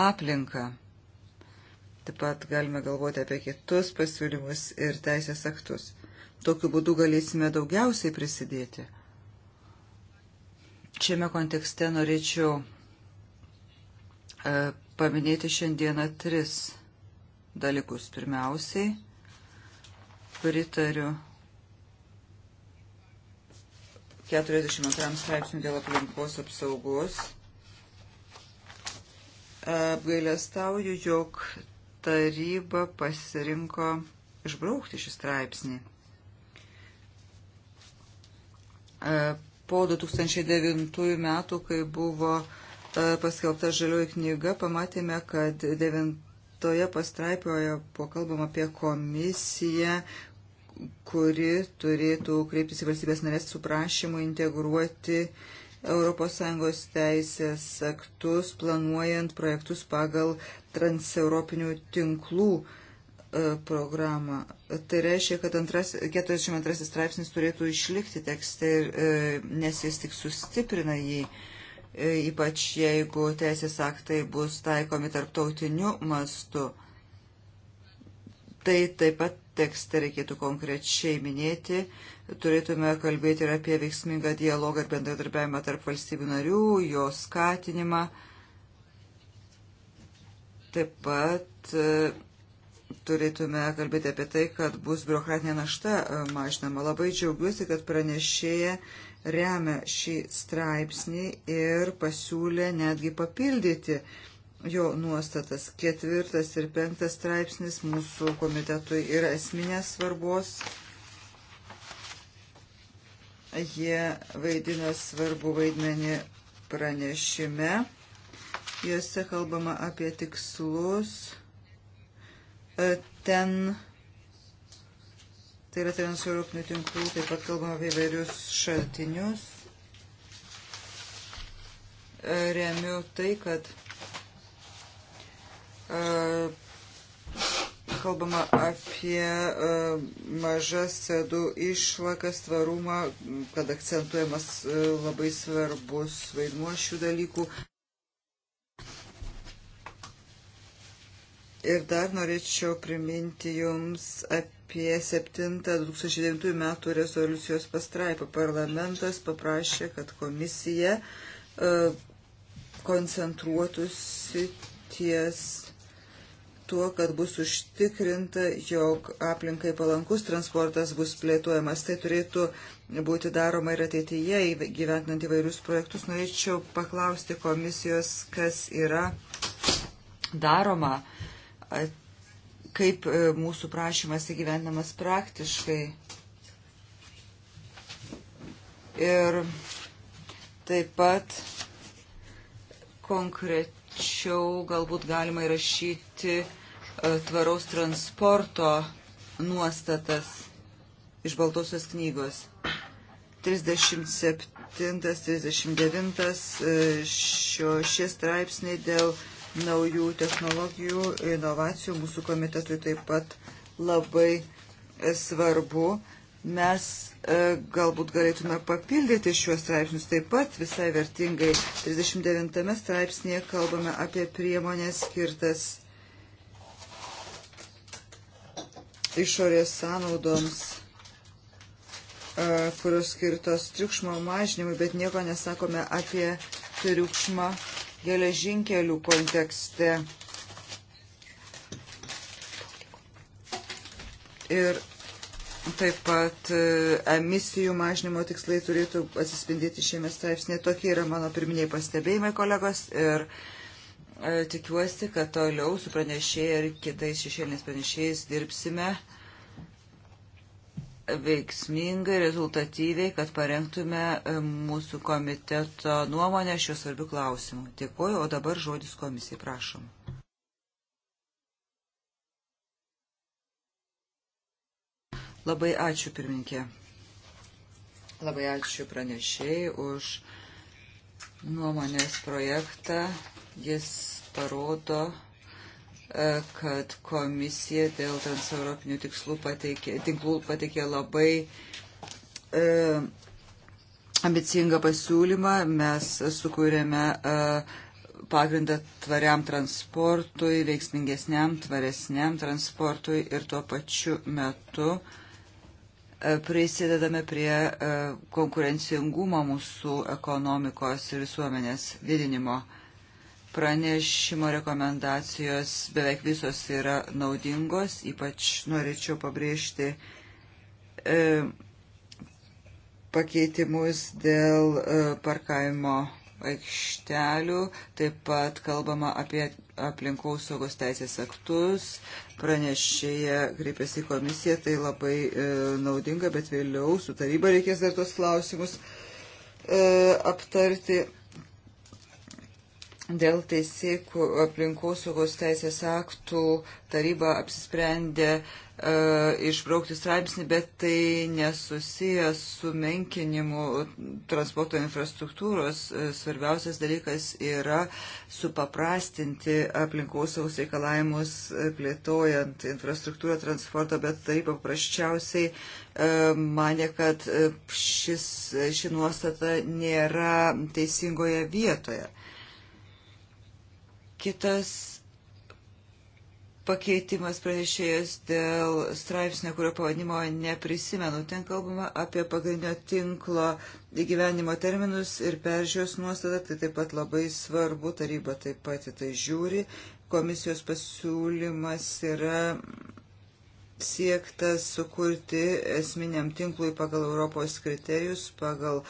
aplinką. Taip pat galime galvoti apie kitus pasiūlymus ir teisės aktus. Tokiu būdu galėsime daugiausiai prisidėti. Šiame kontekste norėčiau e, paminėti šiandieną tris dalykus. Pirmiausiai, pritariu 42 straipsnių dėl aplinkos apsaugos. Apgailestauju, jog taryba pasirinko išbraukti šį straipsnį. E, po 2009 metų, kai buvo e, paskelbta žalioji knyga, pamatėme, kad devintoje pastraipoje buvo kalbama apie komisiją, kuri turėtų kreiptis į valstybės narės su prašymu integruoti ES teisės aktus, planuojant projektus pagal transeuropinių tinklų uh, E, programą. Tai reiškia, kad antras, 42 straipsnis turėtų išlikti tekste, e, nes jis tik sustiprina jį, e, ypač jeigu teisės aktai bus taikomi tarptautiniu mastu. Tai taip pat tekste reikėtų konkrečiai minėti, turėtume kalbėti ir apie veiksmingą dialogą ir bendradarbiavimą tarp valstybių narių, jo skatinimą. Taip pat turėtume kalbėti apie tai, kad bus biurokratinė našta e, mažinama. Labai džiaugiuosi, kad pranešėja remia šį straipsnį ir pasiūlė netgi papildyti jo nuostatas. Ketvirtas ir penktas straipsnis mūsų komitetui yra esminės svarbos. Jie vaidina svarbu vaidmenį pranešime. Juose kalbama apie tikslus E, ten, tai yra transeuropinių tinklų, taip pat kalbame apie įvairius šaltinius. E, remiu tai, kad e, kalbama apie mažas sėdų išlakas, tvarumą, kad akcentuojamas labai svarbus vaidmuo šių dalykų. Ir dar norėčiau priminti Jums apie 7-2009 metų rezoliucijos pastraipą. Parlamentas paprašė, kad komisija e, koncentruotųsi ties tuo, kad bus užtikrinta, jog aplinkai palankus transportas bus plėtojamas. Tai turėtų būti daroma ir ateityje, gyventinant įvairius projektus. Norėčiau paklausti komisijos, kas yra daroma kaip e, mūsų prašymas įgyvendinamas praktiškai. Ir taip pat konkrečiau galbūt galima įrašyti e, tvaraus transporto nuostatas iš Baltosios knygos. 37, 39 e, šio, šie straipsniai dėl naujų technologijų, inovacijų. Mūsų komitetui taip pat labai e, svarbu. Mes e, galbūt galėtume papildyti šiuos straipsnius taip pat visai vertingai. 39 straipsnėje kalbame apie priemonės skirtas išorės sąnaudoms, e, kurios skirtos triukšmo mažinimui, bet nieko nesakome apie triukšmą geležinkelių kontekste. Ir taip pat e, emisijų mažinimo tikslai turėtų atsispindėti šiame straipsnėje. Tokie yra mano pirminiai pastebėjimai, kolegos. Ir e, tikiuosi, kad toliau su pranešėjai ir kitais šešėlinės pranešėjais dirbsime veiksmingai, rezultatyviai, kad parengtume e, mūsų komiteto nuomonę šiuo svarbiu klausimu. Dėkuoju, o dabar žodis komisijai, prašom. Labai ačiū, pirminkė. Labai ačiū pranešėjai už nuomonės projektą. Jis parodo kad komisija dėl transeuropinių tikslų pateikė, tinklų pateikė labai e, ambicingą pasiūlymą. Mes sukūrėme e, pagrindą tvariam transportui, veiksmingesniam, tvaresniam transportui ir tuo pačiu metu e, prisidedame prie e, konkurencingumo mūsų ekonomikos ir visuomenės didinimo. E, Pranešimo rekomendacijos beveik visos yra naudingos, ypač norėčiau pabrėžti e, pakeitimus dėl e, parkavimo aikštelių, taip pat kalbama apie aplinkaus saugos teisės aktus, pranešėja kreipėsi į komisiją, tai labai e, naudinga, bet vėliau su taryba reikės dar tos klausimus e, aptarti. Dėl teisėkų aplinkosaugos teisės aktų taryba apsisprendė e, išbraukti straipsnį, bet tai nesusijęs su menkinimu transporto infrastruktūros. E, svarbiausias dalykas yra supaprastinti aplinkosaugos reikalavimus e, plėtojant infrastruktūrą transporto, bet taryba paprasčiausiai e, mane, kad šis, ši nuostata nėra teisingoje vietoje. Kitas pakeitimas pranešėjas dėl straipsnio, kurio pavadinimo neprisimenu. Ten kalbama apie pagrindinio tinklo įgyvenimo terminus ir peržiūros nuostatą. Tai taip pat labai svarbu, taryba taip pat į tai žiūri. Komisijos pasiūlymas yra siektas sukurti esminiam tinklui pagal Europos kriterijus, pagal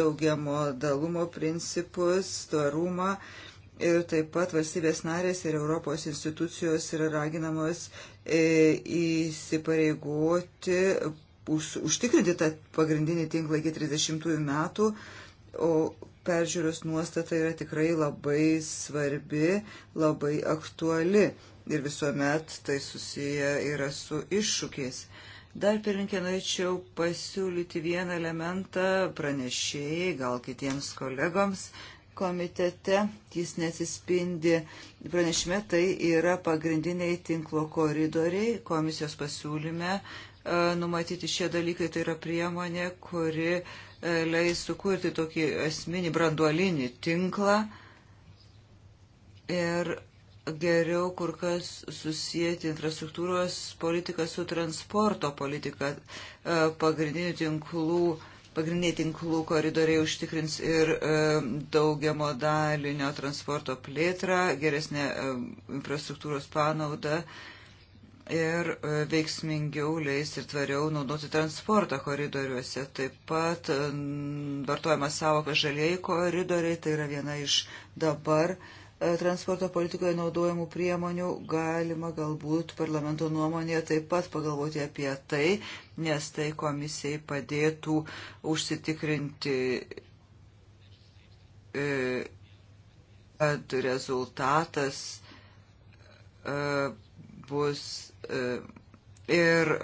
daugiamo dalumo principus, tvarumą. Uh, ir taip pat valstybės narės ir Europos institucijos yra raginamos e, įsipareigoti, už, užtikrinti tą pagrindinį tinklą iki 30 metų, o peržiūros nuostata yra tikrai labai svarbi, labai aktuali ir visuomet tai susiję yra su iššūkiais. Dar pirinkė norėčiau pasiūlyti vieną elementą pranešėjai, gal kitiems kolegoms, komitete, jis nesispindi pranešime, tai yra pagrindiniai tinklo koridoriai komisijos pasiūlyme. E, numatyti šie dalykai tai yra priemonė, kuri e, leis sukurti tokį esminį branduolinį tinklą ir geriau kur kas susijęti infrastruktūros politiką su transporto politika e, pagrindinių tinklų Pagrindiniai tinklų koridoriai užtikrins ir e, daugiamo dalinio transporto plėtrą, geresnę e, infrastruktūros panaudą ir e, veiksmingiau leis ir tvariau naudoti transportą koridoriuose. Taip pat vartojama savoka žalieji koridoriai, tai yra viena iš dabar uh, E, transporto politikoje naudojamų priemonių galima galbūt parlamento nuomonėje taip pat pagalvoti apie tai, nes tai komisijai padėtų užsitikrinti, e, kad rezultatas e, bus ir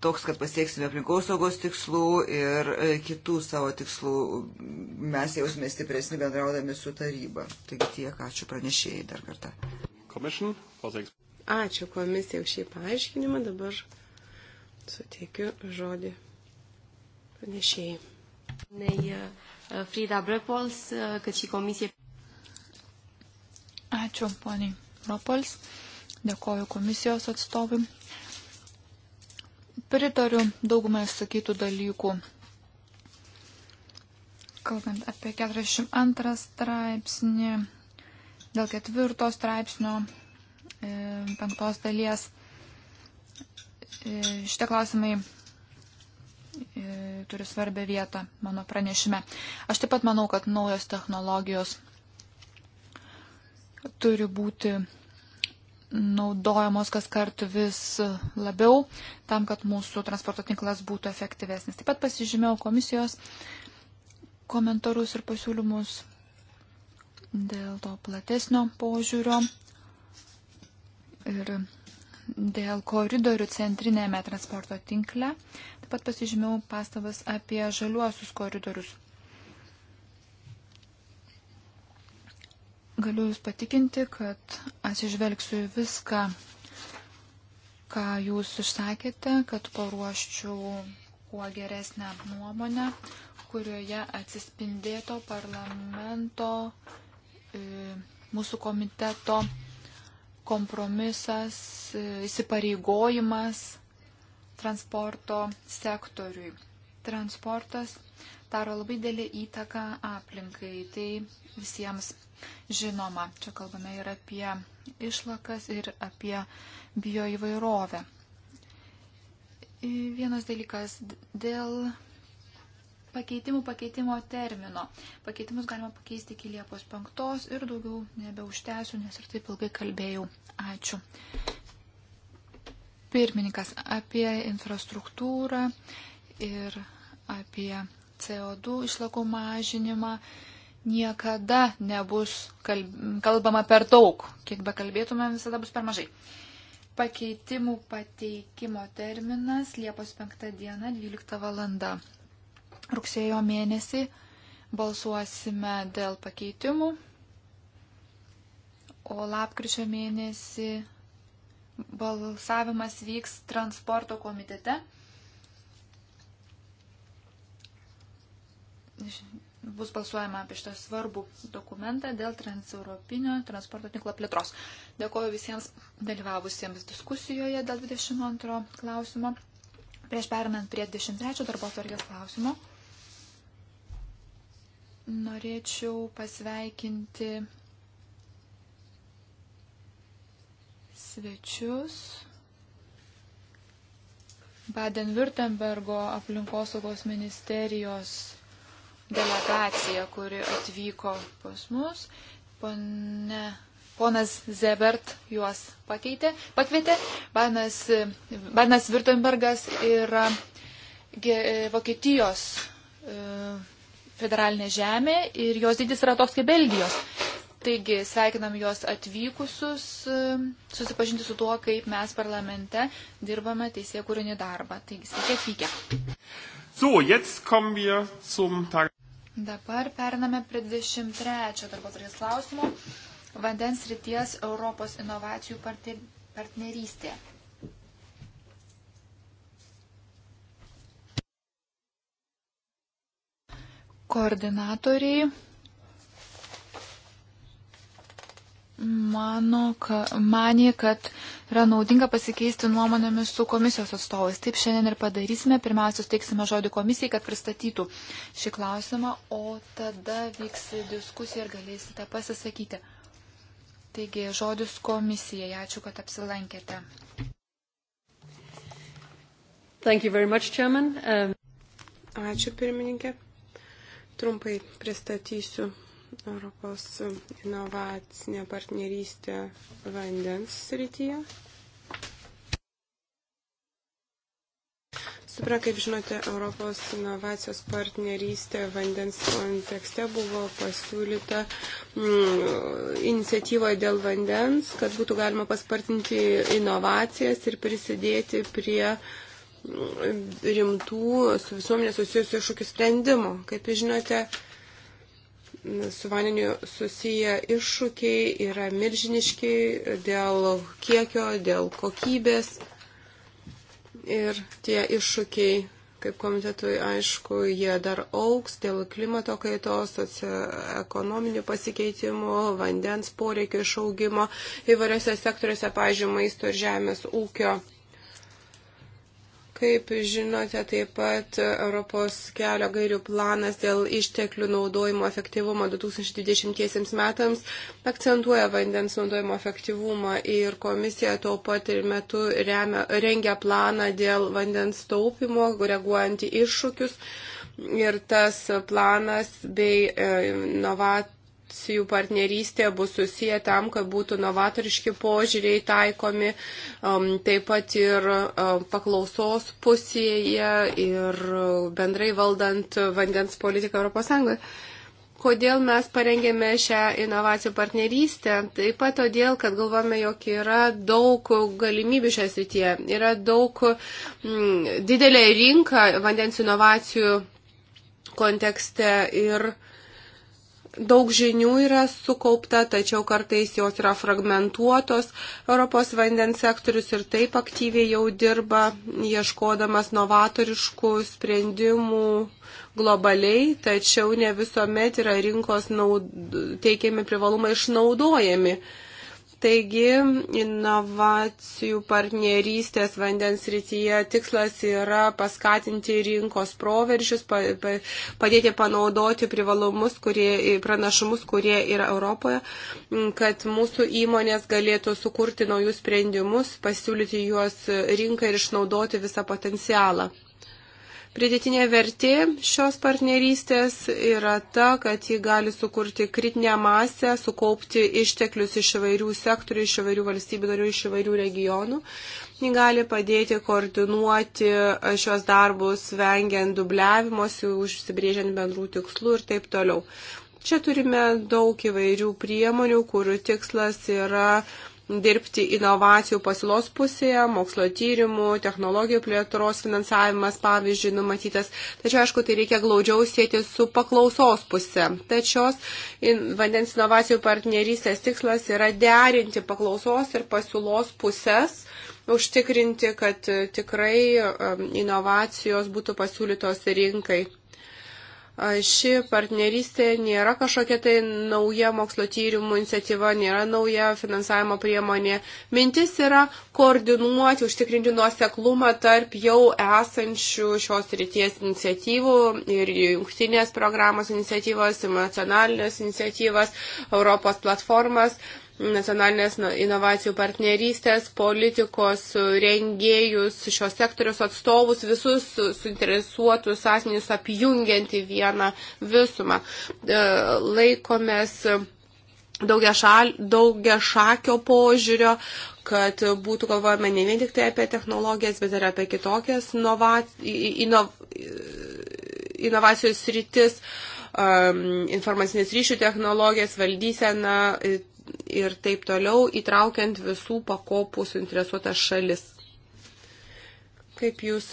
toks, kad pasieksime aplinkosaugos tikslų ir e, kitų savo tikslų. Mes jausime stipresni bendraudami su taryba. Taigi tiek, ačiū pranešėjai dar kartą. Ačiū komisija už šį paaiškinimą. Dabar suteikiu žodį pranešėjai. E, Frida Brepols, e, kad šį komisiją. Ačiū, poniai Brepols. Dėkoju komisijos atstovim Pritariu daugumai sakytų dalykų. Kalbant apie 42 straipsnį, dėl ketvirto straipsnio e, penktos dalies, e, šitie klausimai e, turi svarbę vietą mano pranešime. Aš taip pat manau, kad naujos technologijos turi būti naudojamos kas kartų vis labiau, tam, kad mūsų transporto tinklas būtų efektyvesnis. Taip pat pasižymėjau komisijos komentarus ir pasiūlymus dėl to platesnio požiūrio ir dėl koridorių centrinėme transporto tinkle. Taip pat pasižymėjau pastabas apie žaliuosius koridorius Galiu Jūs patikinti, kad atsižvelgsiu viską, ką Jūs išsakėte, kad paruoščiau kuo geresnę nuomonę, kurioje atsispindėto parlamento e, mūsų komiteto kompromisas, e, įsipareigojimas transporto sektoriui. Transportas daro labai dėlį įtaką aplinkai, tai visiems Žinoma, čia kalbame ir apie išlakas, ir apie bioįvairovę. Vienas dalykas dėl pakeitimų pakeitimo termino. Pakeitimus galima pakeisti iki Liepos 5 ir daugiau nebeužtęsiu, nes ir taip ilgai kalbėjau. Ačiū. Pirmininkas apie infrastruktūrą ir apie CO2 išlakų mažinimą niekada nebus kalbama per daug. Kiek be kalbėtume, visada bus per mažai. Pakeitimų pateikimo terminas Liepos 5 diena 12 valanda. Rugsėjo mėnesį balsuosime dėl pakeitimų, o lapkričio mėnesį balsavimas vyks transporto komitete bus balsuojama apie šitą svarbų dokumentą dėl transeuropinio transporto tinklo plėtros. Dėkoju visiems dalyvavusiems diskusijoje dėl 22 klausimo. Prieš perinant prie 23 darbo tvarkės klausimo, norėčiau pasveikinti svečius Baden-Württembergo aplinkosaugos ministerijos delegacija, kuri atvyko pas mus. Pone, ponas Zebert juos pakeitė, pakvietė. Banas, Banas Virtenbergas yra Vokietijos e, federalinė žemė ir jos dydis yra toks kaip Belgijos. Taigi sveikinam juos atvykusius, e, susipažinti su tuo, kaip mes parlamente dirbame teisėkūrinį darbą. Taigi sveiki atvykę. So, jetzt kommen wir zum Tag. Dabar periname prie 23 darbo turės klausimo. Vandens ryties Europos inovacijų partnerystė. Koordinatoriai mano, ka, manė, kad yra naudinga pasikeisti nuomonėmis su komisijos atstovais. Taip šiandien ir padarysime. Pirmiausia, suteiksime žodį komisijai, kad pristatytų šį klausimą, o tada vyks diskusija ir galėsite pasisakyti. Taigi, žodis komisijai. Ačiū, kad apsilankėte. Much, um... Ačiū, pirmininkė. Trumpai pristatysiu Europos inovacinė partnerystė vandens srityje. Supra, kaip žinote, Europos inovacijos partnerystė vandens kontekste buvo pasiūlyta mm, iniciatyva dėl vandens, kad būtų galima paspartinti inovacijas ir prisidėti prie mm, rimtų su visuomenė susijusių iššūkių sprendimų. Kaip žinote, su vandeniu susiję iššūkiai yra milžiniški dėl kiekio, dėl kokybės. Ir tie iššūkiai, kaip komitetui aišku, jie dar auks dėl klimato kaitos, socioekonominių pasikeitimų, vandens poreikio išaugimo įvairiose sektoriuose, pažiūrėjau, maisto ir žemės ūkio. Kaip žinote, taip pat Europos kelio gairių planas dėl išteklių naudojimo efektyvumo 2020 metams akcentuoja vandens naudojimo efektyvumą ir komisija tuo pat ir metu remia, rengia planą dėl vandens taupimo, reaguojant į iššūkius. Ir tas planas bei e, novat inovacijų partnerystė bus susiję tam, kad būtų novatoriški požiūriai taikomi, um, taip pat ir um, paklausos pusėje ir bendrai valdant vandens politiką ES. Kodėl mes parengėme šią inovacijų partnerystę? Taip pat todėl, kad galvome, jog yra daug galimybių šią srityje, yra daug m, mm, didelė rinka vandens inovacijų kontekste ir uh, daug žinių yra sukaupta, tačiau kartais jos yra fragmentuotos. Europos vandens sektorius ir taip aktyviai jau dirba, ieškodamas novatoriškų sprendimų globaliai, tačiau ne visuomet yra rinkos naud... teikiami privalumai išnaudojami. Uh, Taigi, inovacijų partnerystės vandens rytyje tikslas yra paskatinti rinkos proveržius, padėti panaudoti privalumus, kurie, pranašumus, kurie yra Europoje, kad mūsų įmonės galėtų sukurti naujus sprendimus, pasiūlyti juos rinkai ir išnaudoti visą potencialą. Pridėtinė vertė šios partnerystės yra ta, kad ji gali sukurti kritinę masę, sukaupti išteklius iš įvairių sektorių, iš įvairių valstybių narių, iš įvairių regionų. Ji gali padėti koordinuoti šios darbus, vengiant dubliavimuose, užsibrėžiant bendrų tikslų ir taip toliau. Čia turime daug įvairių priemonių, kurių tikslas yra dirbti inovacijų pasiūlos pusėje, mokslo tyrimų, technologijų plėtros finansavimas, pavyzdžiui, numatytas. Tačiau, aišku, tai reikia glaudžiau sėti su paklausos pusė. Tačiau in, vandens inovacijų partnerystės tikslas yra derinti paklausos ir pasiūlos pusės užtikrinti, kad tikrai um, inovacijos būtų pasiūlytos rinkai ši partnerystė nėra kažkokia tai nauja mokslo tyrimų iniciatyva, nėra nauja finansavimo priemonė. Mintis yra koordinuoti, užtikrinti nuoseklumą tarp jau esančių šios ryties iniciatyvų ir jungtinės programos iniciatyvos, nacionalinės iniciatyvas, Europos platformas nacionalinės inovacijų partnerystės, politikos rengėjus, šios sektorius atstovus, visus suinteresuotus asmenys apjungianti vieną visumą. E, laikomės daugia, šal, daugia šakio požiūrio, kad būtų galvojama ne vien tik tai apie technologijas, bet ir apie kitokias inova, inov, inovacijos sritis, um, informacinės ryšių technologijas, valdyseną, ir taip toliau, įtraukiant visų pakopų suinteresuotas šalis. Kaip jūs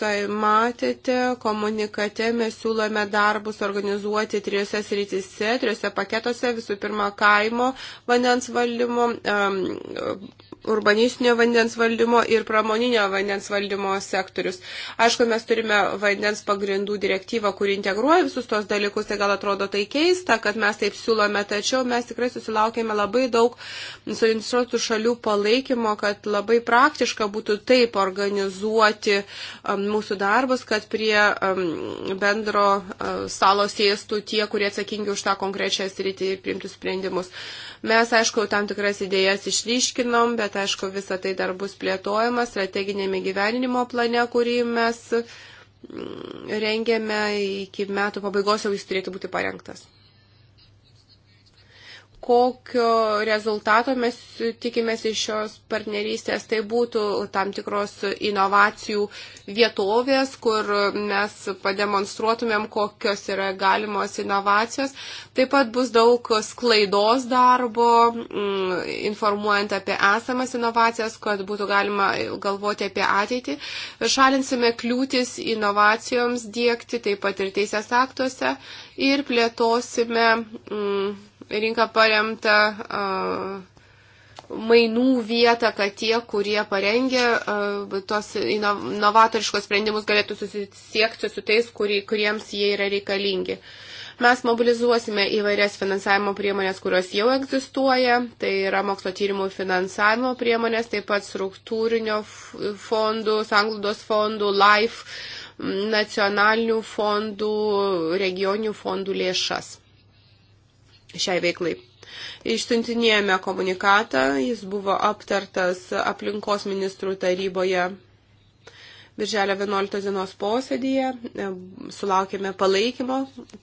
matėte, komunikate mes siūlome darbus organizuoti trijose srityse, trijose paketuose, visų pirma, kaimo vandens valymo, urbanistinio vandens valdymo ir pramoninio vandens valdymo sektorius. Aišku, mes turime vandens pagrindų direktyvą, kuri integruoja visus tos dalykus, tai gal atrodo tai keista, kad mes taip siūlome, tačiau mes tikrai susilaukėme labai daug suinteresuotų šalių palaikymo, kad labai praktiška būtų taip organizuoti um, mūsų darbus, kad prie um, bendro uh, stalo sėstų tie, kurie atsakingi už tą konkrečią sritį ir priimtų sprendimus. Mes, aišku, tam tikras idėjas išryškinom, bet, aišku, visa tai dar bus plėtojama strateginėme gyvenimo plane, kurį mes mm, rengėme iki metų pabaigos, jau jis turėtų būti parengtas kokio rezultato mes tikimės iš šios partnerystės. Tai būtų tam tikros inovacijų vietovės, kur mes pademonstruotumėm, kokios yra galimos inovacijos. Taip pat bus daug sklaidos darbo, mm, informuojant apie esamas inovacijas, kad būtų galima galvoti apie ateitį. Šalinsime kliūtis inovacijoms dėkti, taip pat ir teisės aktuose ir plėtosime. Mm, rinka paremta mainų vietą, kad tie, kurie parengia tos inovatoriškos sprendimus, galėtų susisiekti su tais, kurie, kuriems jie yra reikalingi. Mes mobilizuosime įvairias finansavimo priemonės, kurios jau egzistuoja, tai yra mokslo tyrimų finansavimo priemonės, taip pat struktūrinio fondų, sanglaudos fondų, LIFE, nacionalinių fondų, regioninių fondų lėšas šiai veiklai. Išsiuntinėjome komunikatą, jis buvo aptartas aplinkos ministrų taryboje Birželio 11 dienos posėdėje. Sulaukėme palaikymo.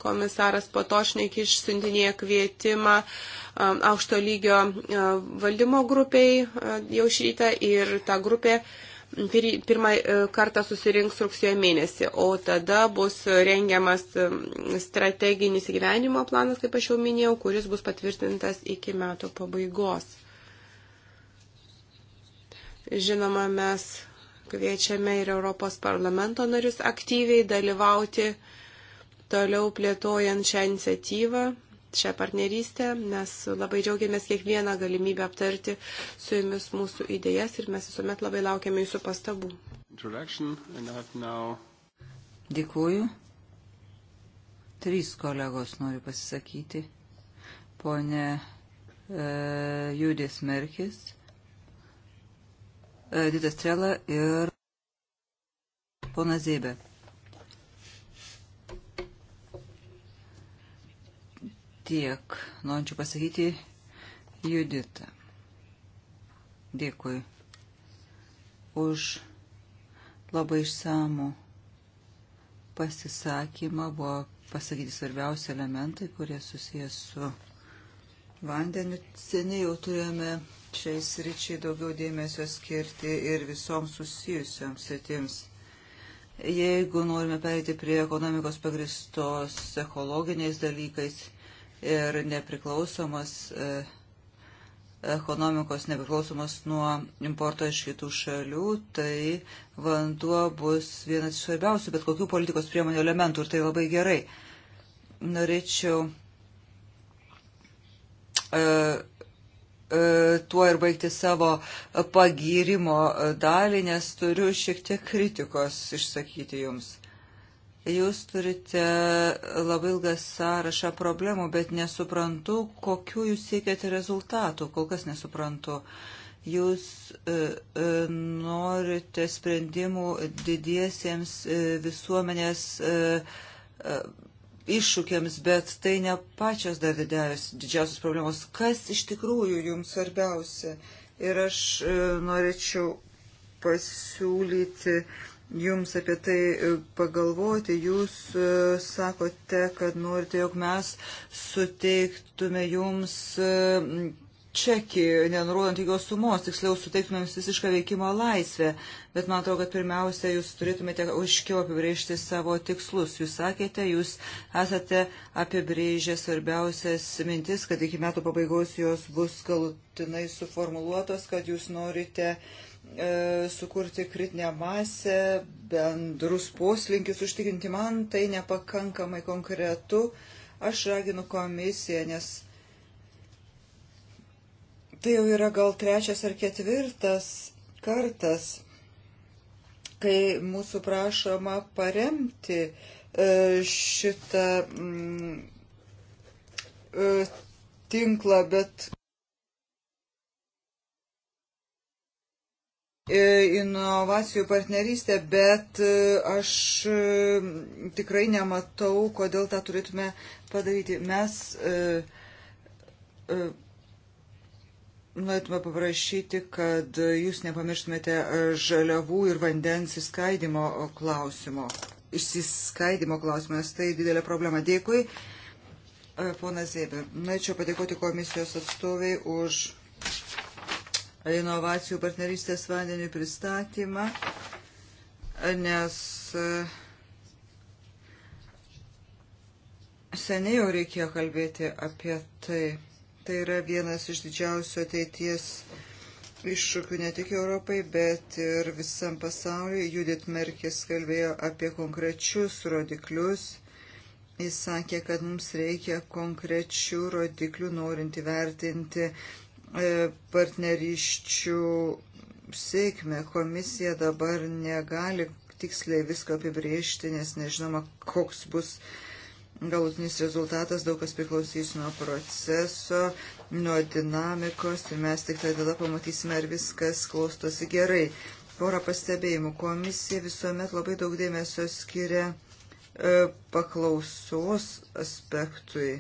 Komisaras Patošnik išsiuntinėja kvietimą um, aukšto lygio uh, valdymo grupiai uh, jau šį rytą ir ta grupė pirmą e, kartą susirinks rugsėjo mėnesį, o tada bus rengiamas e, strateginis gyvenimo planas, kaip aš jau minėjau, kuris bus patvirtintas iki metų pabaigos. Žinoma, mes kviečiame ir Europos parlamento narius aktyviai dalyvauti toliau plėtojant šią iniciatyvą šią partnerystę. Mes labai džiaugiamės kiekvieną galimybę aptarti su jumis mūsų idėjas ir mes visuomet labai laukiame jūsų pastabų. Now... Dėkuoju. Trys kolegos noriu pasisakyti. Pone e, Judės Merkis, e, Ditas Trela ir ponas Zėbė. tiek norinčių pasakyti Judita. Dėkui už labai išsamų pasisakymą. Buvo pasakyti svarbiausi elementai, kurie susijęs su vandeniu. Seniai jau turėjome šiais ryčiai daugiau dėmesio skirti ir visoms susijusioms sritims. Jeigu norime perėti prie ekonomikos pagristos ekologiniais dalykais, ir nepriklausomos e, ekonomikos nepriklausomos nuo importo iš kitų šalių, tai vanduo bus vienas iš svarbiausių bet kokių politikos priemonių elementų ir tai labai gerai. Norėčiau e, e, tuo ir baigti savo pagyrimo dalį, nes turiu šiek tiek kritikos išsakyti jums. Jūs turite labai ilgą sąrašą problemų, bet nesuprantu, kokiu jūs siekiate rezultatų, kol kas nesuprantu. Jūs e, e, norite sprendimų didiesiems e, visuomenės e, e, iššūkiams, bet tai ne pačios dar didžiausios, didžiausios problemos. Kas iš tikrųjų jums svarbiausia? Ir aš e, norėčiau pasiūlyti. E, jums apie tai e, pagalvoti. Jūs e, sakote, kad norite, jog mes suteiktume jums e, čekį, nenurodant jokios sumos, tiksliau suteiktume jums visišką veikimo laisvę. Bet man atrodo, kad pirmiausia, jūs turėtumėte aiškiau apibrėžti savo tikslus. Jūs sakėte, jūs esate apibrėžę svarbiausias mintis, kad iki metų pabaigos jos bus galutinai suformuluotos, kad jūs norite uh, E, sukurti kritinę masę, bendrus poslinkius užtikrinti man, tai nepakankamai konkretu. Aš raginu komisiją, nes tai jau yra gal trečias ar ketvirtas kartas, kai mūsų prašoma paremti e, šitą mm, e, tinklą, bet inovacijų partnerystę, bet e, aš e, tikrai nematau, kodėl tą turėtume padaryti. Mes e, norėtume paprašyti, kad jūs nepamirštumėte žaliavų ir vandens įskaidimo klausimo. Išsiskaidimo klausimas tai didelė problema. Dėkui, ponas Zėbė. Norėčiau padėkoti komisijos atstoviai už inovacijų partnerystės vandenį pristatymą, nes e, seniai jau reikėjo kalbėti apie tai. Tai yra vienas iš didžiausių ateities iššūkių ne tik Europai, bet ir visam pasauliu. Judit Merkis kalbėjo apie konkrečius rodiklius. Jis sakė, kad mums reikia konkrečių rodiklių norint įvertinti E, partneriščių sėkmę. Komisija dabar negali tiksliai visko apibriežti, nes nežinoma, koks bus galutinis rezultatas, daug kas priklausys nuo proceso, nuo dinamikos ir mes tik tai tada pamatysime, ar viskas klostosi gerai. Porą pastebėjimų. Komisija visuomet labai daug dėmesio skiria e, paklausos aspektui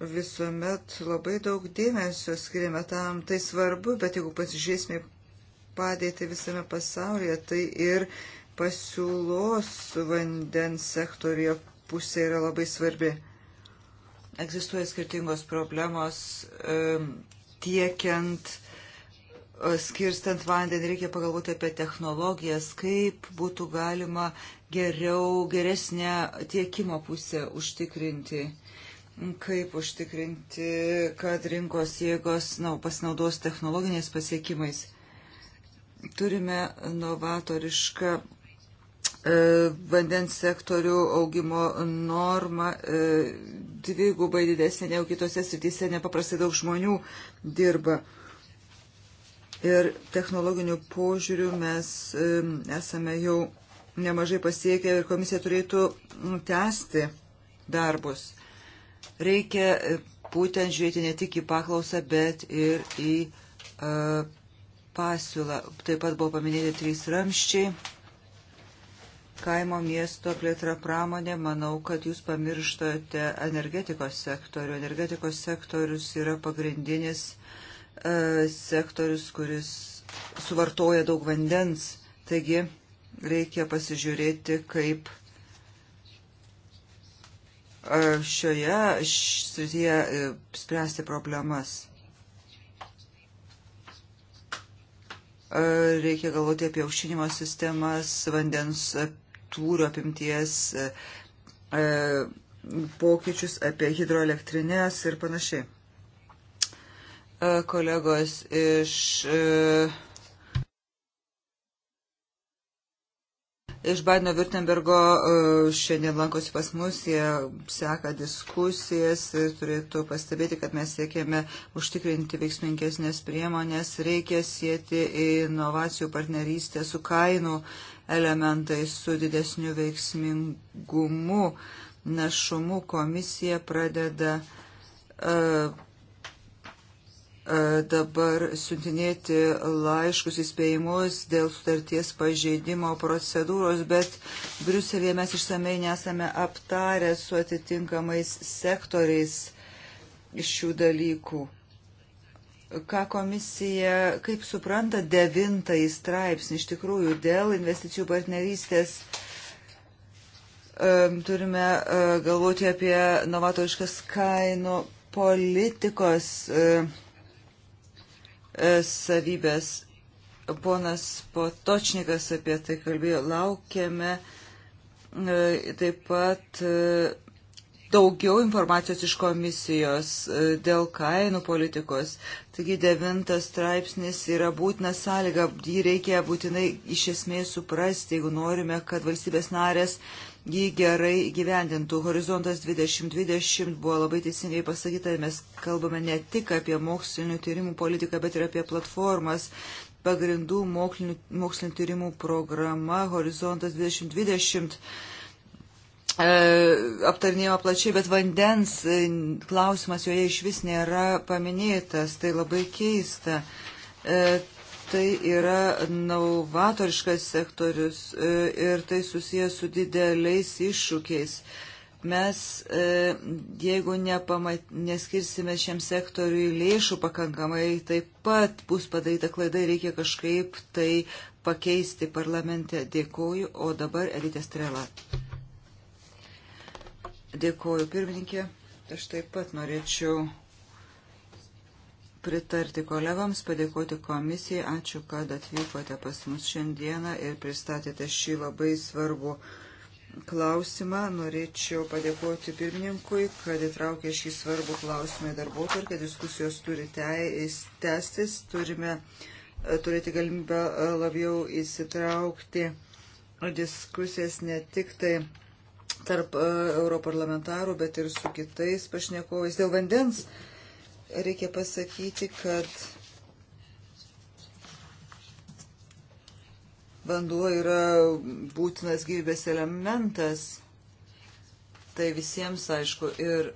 visuomet labai daug dėmesio skiriame tam, tai svarbu, bet jeigu pasižiūrėsime padėti visame pasaulyje, tai ir pasiūlos vandens sektorijoje pusė yra labai svarbi. Egzistuoja skirtingos problemos tiekiant, skirstant vandenį, reikia pagalvoti apie technologijas, kaip būtų galima geriau, geresnę tiekimo pusę užtikrinti. Uh, kaip užtikrinti, kad rinkos jėgos na, pasinaudos technologiniais pasiekimais. Turime novatorišką e, vandens sektorių augimo norma e, dvigubai didesnė, negu kitose srityse nepaprastai daug žmonių dirba. Ir technologinių požiūrių mes e, esame jau nemažai pasiekę ir komisija turėtų tęsti darbus. Reikia e, būtent žiūrėti ne tik į paklausą, bet ir į uh, pasiūlą. Taip pat buvo paminėti trys ramščiai. Kaimo miesto plėtra pramonė, manau, kad jūs pamirštate energetikos sektorių. Energetikos sektorius yra pagrindinis uh, sektorius, kuris suvartoja daug vandens. Taigi reikia pasižiūrėti, kaip šioje srityje e, spręsti problemas. Reikia galvoti apie aušinimo sistemas, vandens tūrio apimties pokyčius, apie hidroelektrinės ir panašiai. Kolegos iš e, Iš Badino Virtembergo e, šiandien lankosi pas mus, jie seka diskusijas ir turėtų pastebėti, kad mes siekėme užtikrinti veiksmingesnės priemonės, reikia sieti inovacijų partnerystę su kainų elementais, su didesniu veiksmingumu, našumu komisija pradeda uh, E, dabar siuntinėti laiškus įspėjimus dėl sutarties pažeidimo procedūros, bet Briuselėje mes išsamei nesame aptarę su atitinkamais sektoriais šių dalykų. Ką komisija, kaip supranta, devintąjį straipsnį iš tikrųjų dėl investicijų partnerystės e, turime e, galvoti apie novatoriškas kainų politikos uh, savybės. Ponas Potočnikas apie tai kalbėjo, laukiame e, taip pat e, daugiau informacijos iš komisijos e, dėl kainų politikos. Taigi devintas straipsnis yra būtina sąlyga, jį reikia būtinai iš esmės suprasti, jeigu norime, kad valstybės narės uh, jį gerai gyvendintų. Horizontas 2020 buvo labai teisingai pasakyta, mes kalbame ne tik apie mokslinių tyrimų politiką, bet ir apie platformas. Pagrindų mokslinių, mokslinių tyrimų programa Horizontas 2020 e, aptarnėjama plačiai, bet vandens e, klausimas joje iš vis nėra paminėtas, tai labai keista. E, tai yra novatoriškas sektorius e, ir tai susijęs su dideliais iššūkiais. Mes, e, jeigu nepamat, neskirsime šiam sektoriui lėšų pakankamai, taip pat bus padaryta klaida ir reikia kažkaip tai pakeisti parlamente. Dėkoju, o dabar Editė Strela. Dėkoju, pirmininkė. Aš taip pat norėčiau pritarti kolegams, padėkoti komisijai. Ačiū, kad atvykote pas mus šiandieną ir pristatėte šį labai svarbų klausimą. Norėčiau padėkoti pirmininkui, kad įtraukė šį svarbų klausimą į darbų tvarkę. Diskusijos turi tęstis, turime turėti galimybę e, labiau įsitraukti diskusijas ne tik tai tarp e, europarlamentarų, bet ir su kitais pašnekovais dėl vandens. Uh, reikia pasakyti, kad vanduo yra būtinas gyvybės elementas. Tai visiems aišku ir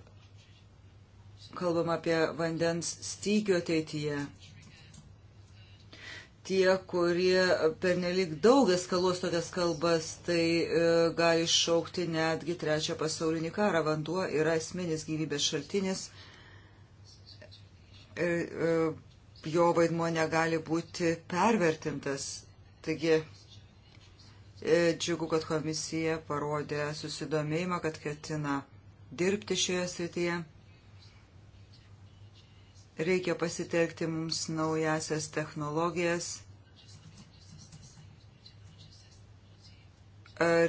kalbam apie vandens stygio ateityje. Tie, kurie pernelik daug eskaluos tokias kalbas, tai e, gali iššaukti netgi trečią pasaulinį karą. Vanduo yra esminis gyvybės šaltinis. E, E, e, jo vaidmo negali būti pervertintas. Taigi e, džiugu, kad komisija parodė susidomėjimą, kad ketina dirbti šioje srityje. Reikia pasitelkti mums naujasias technologijas.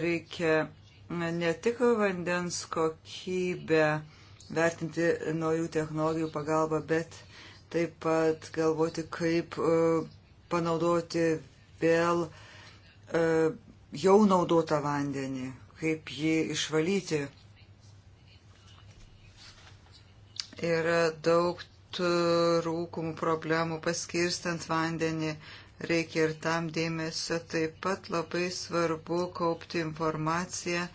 Reikia ne tik vandens kokybę vertinti naujų technologijų pagalba, bet taip pat galvoti, kaip e, panaudoti vėl e, jau naudotą vandenį, kaip jį išvalyti. Yra daug trūkumų problemų paskirstant vandenį, reikia ir tam dėmesio. Taip pat labai svarbu kaupti informaciją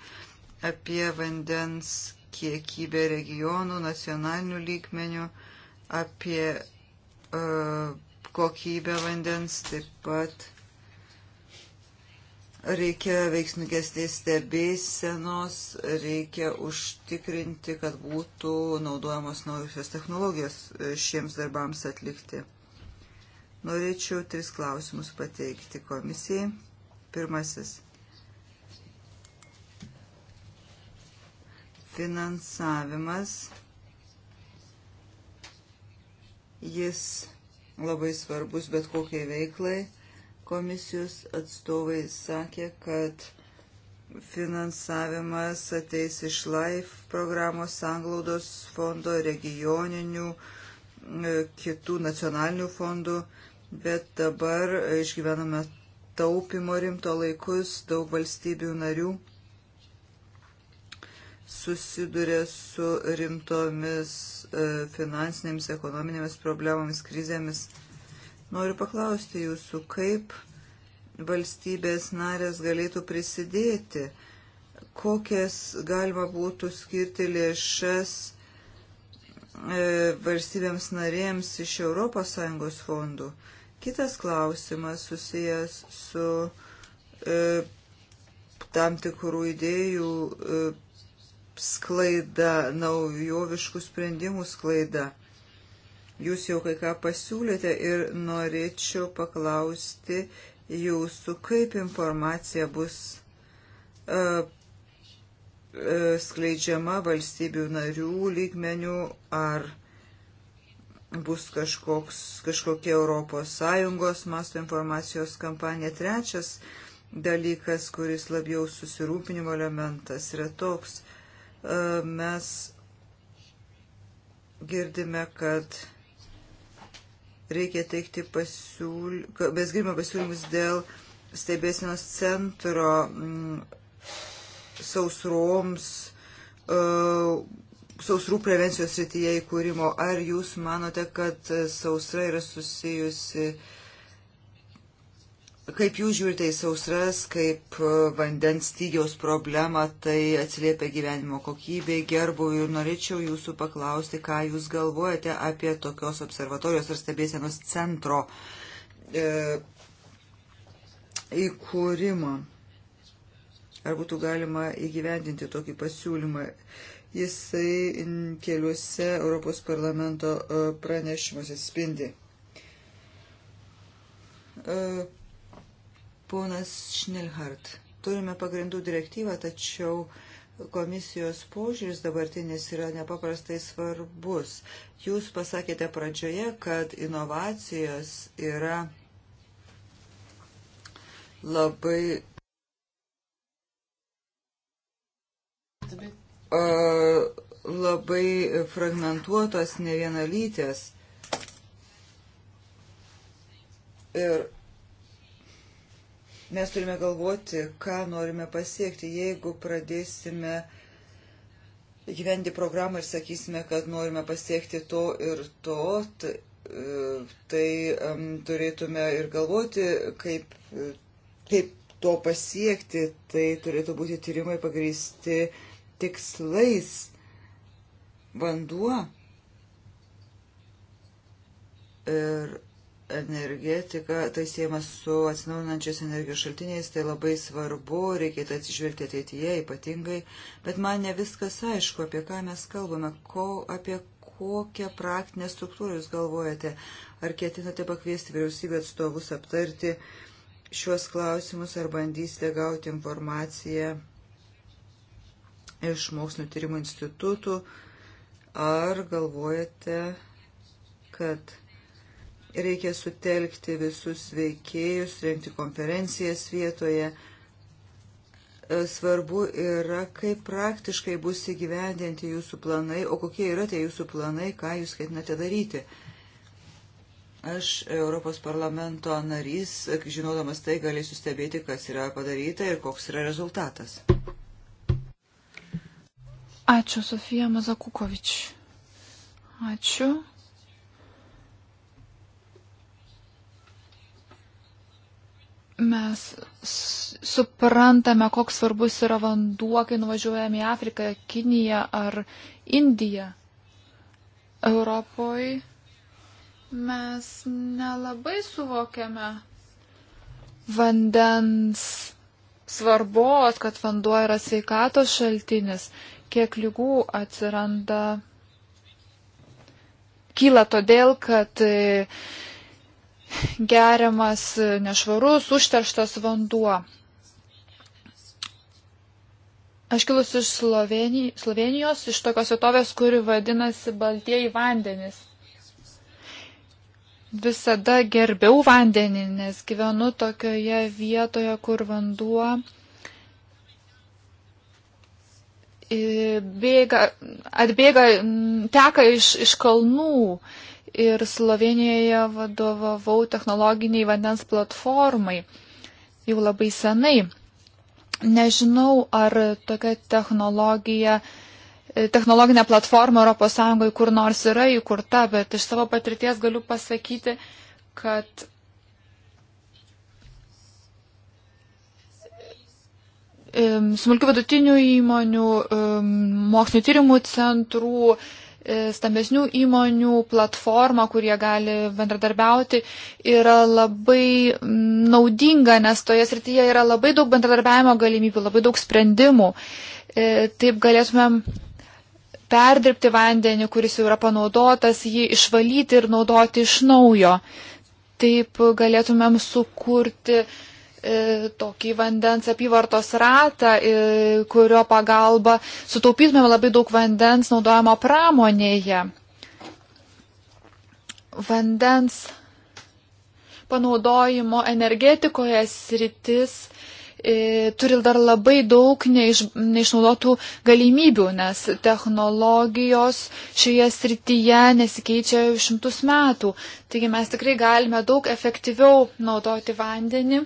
apie vandens kiekybę regionų, nacionalinių lygmenių. Uh, apie uh, kokybę vandens, taip pat reikia veiksmingesnės stebėsenos, reikia užtikrinti, kad būtų naudojamos naujusios technologijos e, šiems darbams atlikti. Norėčiau tris klausimus pateikti komisijai. Pirmasis. Finansavimas Jis labai svarbus bet kokiai veiklai. Komisijos atstovai sakė, kad finansavimas ateis iš LIFE programos, sanglaudos fondo, regioninių, e, kitų nacionalinių fondų, bet dabar išgyvename taupimo rimto laikus daug valstybių narių susiduria su rimtomis e, finansinėmis, ekonominėmis problemomis, krizėmis. Noriu paklausti jūsų, kaip valstybės narės galėtų prisidėti, kokias galima būtų skirti lėšas e, valstybėms narėms iš ES fondų. Kitas klausimas susijęs su e, tam tikrų idėjų e, sklaida, naujoviškų sprendimų sklaida. Jūs jau kai ką pasiūlėte ir norėčiau paklausti jūsų, kaip informacija bus uh, uh, skleidžiama valstybių narių lygmenių ar bus kažkoks, kažkokia Europos Sąjungos masto informacijos kampanija. Trečias dalykas, kuris labiau susirūpinimo elementas, yra toks – E, mes girdime, kad reikia teikti pasiūlymus, mes girdime pasiūlymus dėl stebėsinos centro m, mm, sausroms, m, e, sausrų prevencijos srityje įkūrimo. Ar jūs manote, kad sausra yra susijusi m, Kaip jūs žiūrite į sausras, kaip e, vandens stygiaus problemą, tai atsiliepia gyvenimo kokybei, gerbų ir norėčiau jūsų paklausti, ką jūs galvojate apie tokios observatorijos ar stebėsienos centro e, įkūrimą. Ar būtų galima įgyvendinti tokį pasiūlymą? Jisai keliuose Europos parlamento e, pranešimuose spindi. E, Ponas Šnelhart, turime pagrindų direktyvą, tačiau komisijos požiūris dabartinis yra nepaprastai svarbus. Jūs pasakėte pradžioje, kad inovacijos yra labai labai fragmentuotos, nevienalytės. Ir Mes turime galvoti, ką norime pasiekti, jeigu pradėsime gyventi programą ir sakysime, kad norime pasiekti to ir to, e, tai, tai um, turėtume ir galvoti, kaip, e, kaip to pasiekti, tai turėtų būti tyrimai pagrįsti tikslais. Vanduo ir energetika, tai siejama su atsinaujinančiais energijos šaltiniais, tai labai svarbu, reikia tai atsižvelgti ateityje ypatingai, bet man ne viskas aišku, apie ką mes kalbame, ko, apie kokią praktinę struktūrą jūs galvojate, ar ketinate pakviesti vyriausybę atstovus aptarti šiuos klausimus, ar bandysite gauti informaciją iš mokslinio tyrimų institutų, ar galvojate, kad Reikia sutelkti visus veikėjus, rengti konferencijas vietoje. E, svarbu yra, kaip praktiškai bus įgyvendinti jūsų planai, o kokie yra tie jūsų planai, ką jūs ketinate daryti. Aš Europos parlamento narys, žinodamas tai, galėsiu stebėti, kas yra padaryta ir koks yra rezultatas. Ačiū, Sofija Mazakukovič. Ačiū. mes suprantame, koks svarbus yra vanduo, kai nuvažiuojame į Afriką, Kiniją ar Indiją. Europoje mes nelabai suvokiame vandens svarbos, kad vanduo yra sveikatos šaltinis, kiek lygų atsiranda, kyla todėl, kad geriamas nešvarus, užterštas vanduo. Aš kilus iš Slovenijos, iš tokios vietovės, kuri vadinasi Baltieji vandenys. Visada gerbiau vandenį, nes gyvenu tokioje vietoje, kur vanduo bėga, atbėga, teka iš, iš kalnų ir Slovenijoje vadovavau technologiniai vandens platformai jau labai senai. Nežinau, ar tokia technologija, technologinė platforma ES kur nors yra įkurta, bet iš savo patirties galiu pasakyti, kad smulkių vidutinių įmonių, mokslinio tyrimų centrų, E, stambesnių įmonių platforma, kurie gali bendradarbiauti, yra labai naudinga, nes toje srityje yra labai daug bendradarbiavimo galimybių, labai daug sprendimų. E, taip galėtumėm perdirbti vandenį, kuris jau yra panaudotas, jį išvalyti ir naudoti iš naujo. Taip galėtumėm sukurti uh, E, tokį vandens apyvartos ratą, e, kurio pagalba sutaupytumėm labai daug vandens naudojimo pramonėje. Vandens panaudojimo energetikoje sritis e, turi dar labai daug neiš, neišnaudotų galimybių, nes technologijos šioje srityje nesikeičia šimtus metų. Taigi mes tikrai galime daug efektyviau naudoti vandenį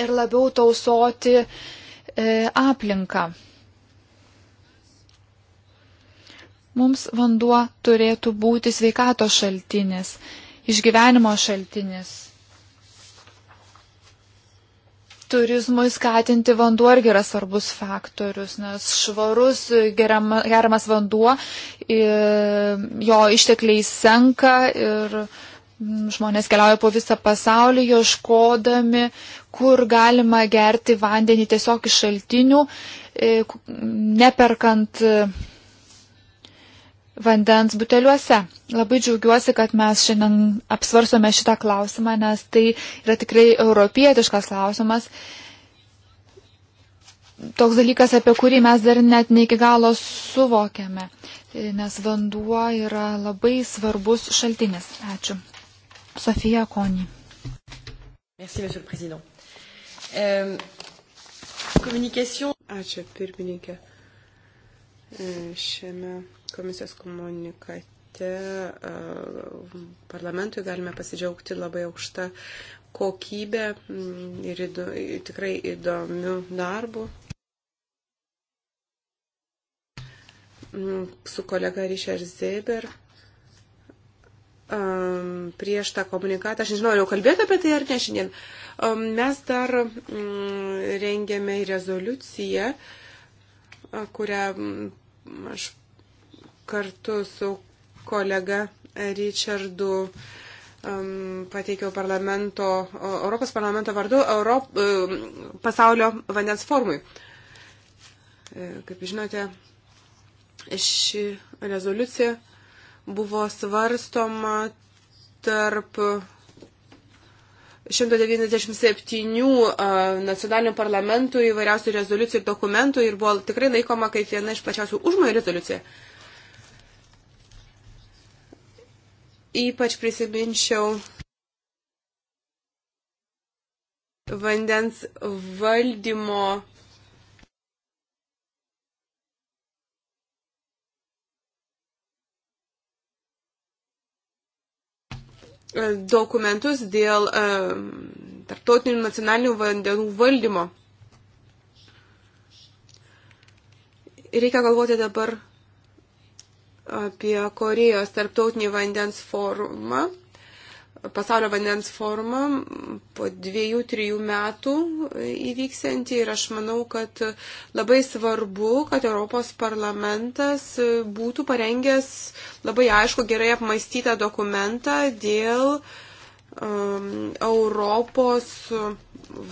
ir labiau tausoti e, aplinką. Mums vanduo turėtų būti sveikato šaltinis, išgyvenimo šaltinis. Turizmui skatinti vanduo irgi yra svarbus faktorius, nes švarus gerama, geramas vanduo, jo ištekliai senka ir mm, žmonės keliauja po visą pasaulį, ieškodami kur galima gerti vandenį tiesiog iš šaltinių, e, neperkant e, vandens buteliuose. Labai džiaugiuosi, kad mes šiandien apsvarsome šitą klausimą, nes tai yra tikrai europietiškas klausimas. Toks dalykas, apie kurį mes dar net ne iki galo suvokiame, e, nes vanduo yra labai svarbus šaltinis. Ačiū. Sofija Koni. Merci, monsieur le président. Komunikacijos. Ačiū, pirmininkė. E, šiame komisijos komunikate e, parlamentui galime pasidžiaugti labai aukštą kokybę mm, ir įdo, tikrai įdomių darbų. Mm, su kolega Richard Zeber um, prieš tą komunikatą, aš nežinau, jau kalbėti apie tai ar ne šiandien, uh, Mes dar rengėme rezoliuciją, kurią aš kartu su kolega Richardu pateikiau parlamento, Europos parlamento vardu Europ, e, pasaulio vandens formui. E, kaip žinote, ši rezoliucija buvo svarstoma tarp 197 nacionalinių parlamentų įvairiausių rezoliucijų ir dokumentų ir buvo tikrai laikoma kaip viena iš plačiausių užmojų rezoliucija. Ypač prisiminčiau vandens valdymo E, dokumentus dėl e, tarptautinių nacionalinių vandenų valdymo. Reikia galvoti dabar apie Korejos tarptautinį vandens forumą pasaulio vandens forumą po dviejų, trijų metų įvyksianti ir aš manau, kad labai svarbu, kad Europos parlamentas būtų parengęs labai aišku, gerai apmaistytą dokumentą dėl um, Europos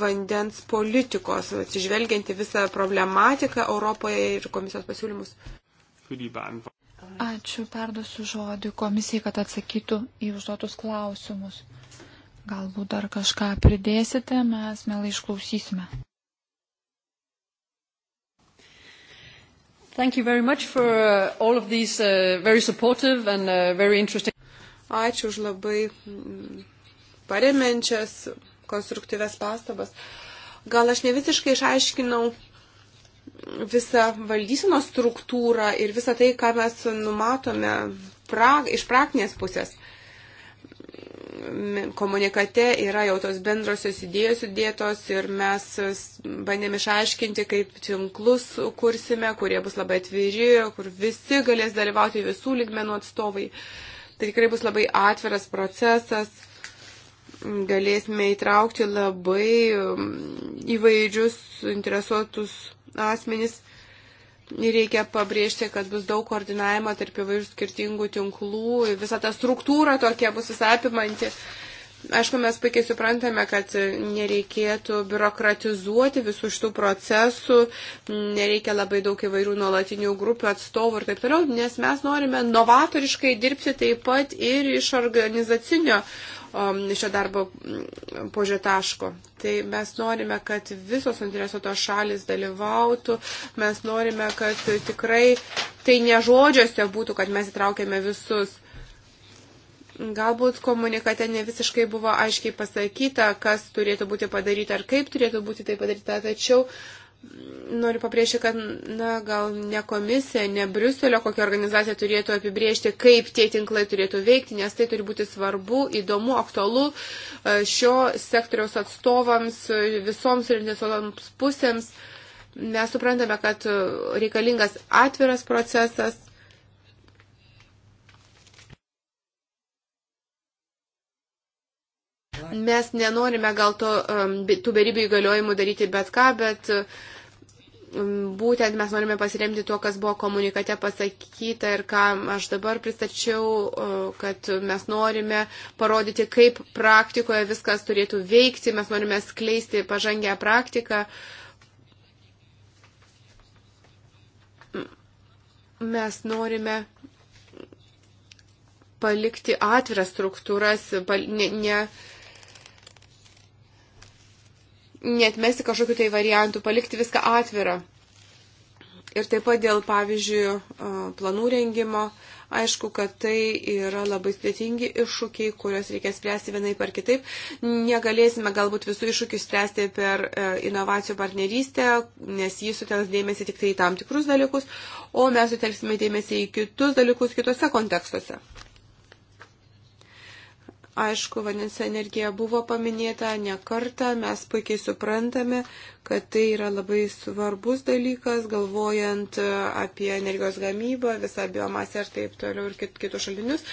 vandens politikos, atsižvelgianti visą problematiką Europoje ir komisijos pasiūlymus. Ačiū, perduosiu žodį komisijai, kad atsakytų į užduotus klausimus. Galbūt dar kažką pridėsite, mes mielai išklausysime. Thank you very much for uh, all of these uh, very supportive and uh, very interesting. Ačiū už labai mm, paremenčias konstruktyves pastabas. Gal aš ne visiškai išaiškinau visą valdysenos struktūrą ir visą tai, ką mes numatome pra, iš praktinės pusės. Komunikate yra jau tos bendrosios idėjos sudėtos ir mes bandėme išaiškinti, kaip tinklus kursime, kurie bus labai atviri, kur visi galės dalyvauti visų ligmenų atstovai. Tai tikrai bus labai atviras procesas galėsime įtraukti labai įvairius interesuotus asmenys. Reikia pabrėžti, kad bus daug koordinavimo tarp įvairių skirtingų tinklų, visa ta struktūra tokia bus visą apimanti. Aišku, mes puikiai suprantame, kad nereikėtų biurokratizuoti visų šitų procesų, nereikia labai daug įvairių nuolatinių grupių atstovų ir taip toliau, nes mes norime novatoriškai dirbti taip pat ir iš organizacinio Um, šio darbo mm, požio taško. Tai mes norime, kad visos interesuotos šalis dalyvautų, mes norime, kad tikrai tai ne žodžiuose būtų, kad mes įtraukėme visus. Galbūt komunikate ne visiškai buvo aiškiai pasakyta, kas turėtų būti padaryta ar kaip turėtų būti tai padaryta, tačiau uh, noriu papriešti, kad, na, gal ne komisija, ne Briuselio kokia organizacija turėtų apibriežti, kaip tie tinklai turėtų veikti, nes tai turi būti svarbu, įdomu, aktualu e, šio sektoriaus atstovams, e, visoms ir nesoms pusėms. Mes suprantame, kad e, reikalingas atviras procesas. Mes nenorime gal to, tų beribių įgaliojimų daryti bet ką, bet uh, būtent mes norime pasiremti tuo, kas buvo komunikate pasakyta ir ką aš dabar pristačiau, kad mes norime parodyti, kaip praktikoje viskas turėtų veikti, mes norime skleisti pažangę praktiką. Mes norime palikti atviras struktūras, ne, ne, netmesti kažkokiu tai variantu, palikti viską atvirą. Ir taip pat dėl, pavyzdžiui, planų rengimo, aišku, kad tai yra labai sudėtingi iššūkiai, kuriuos reikia spręsti vienai par kitaip. Negalėsime galbūt visų iššūkių spręsti per e, inovacijų partnerystę, nes jis sutelks dėmesį tik tai į tam tikrus dalykus, o mes sutelksime dėmesį į kitus dalykus kitose kontekstuose. Aišku, vandens energija buvo paminėta ne kartą, mes puikiai suprantame, kad tai yra labai svarbus dalykas, galvojant apie energijos gamybą, visą biomasę ir taip toliau ir kit, kitus šaltinius.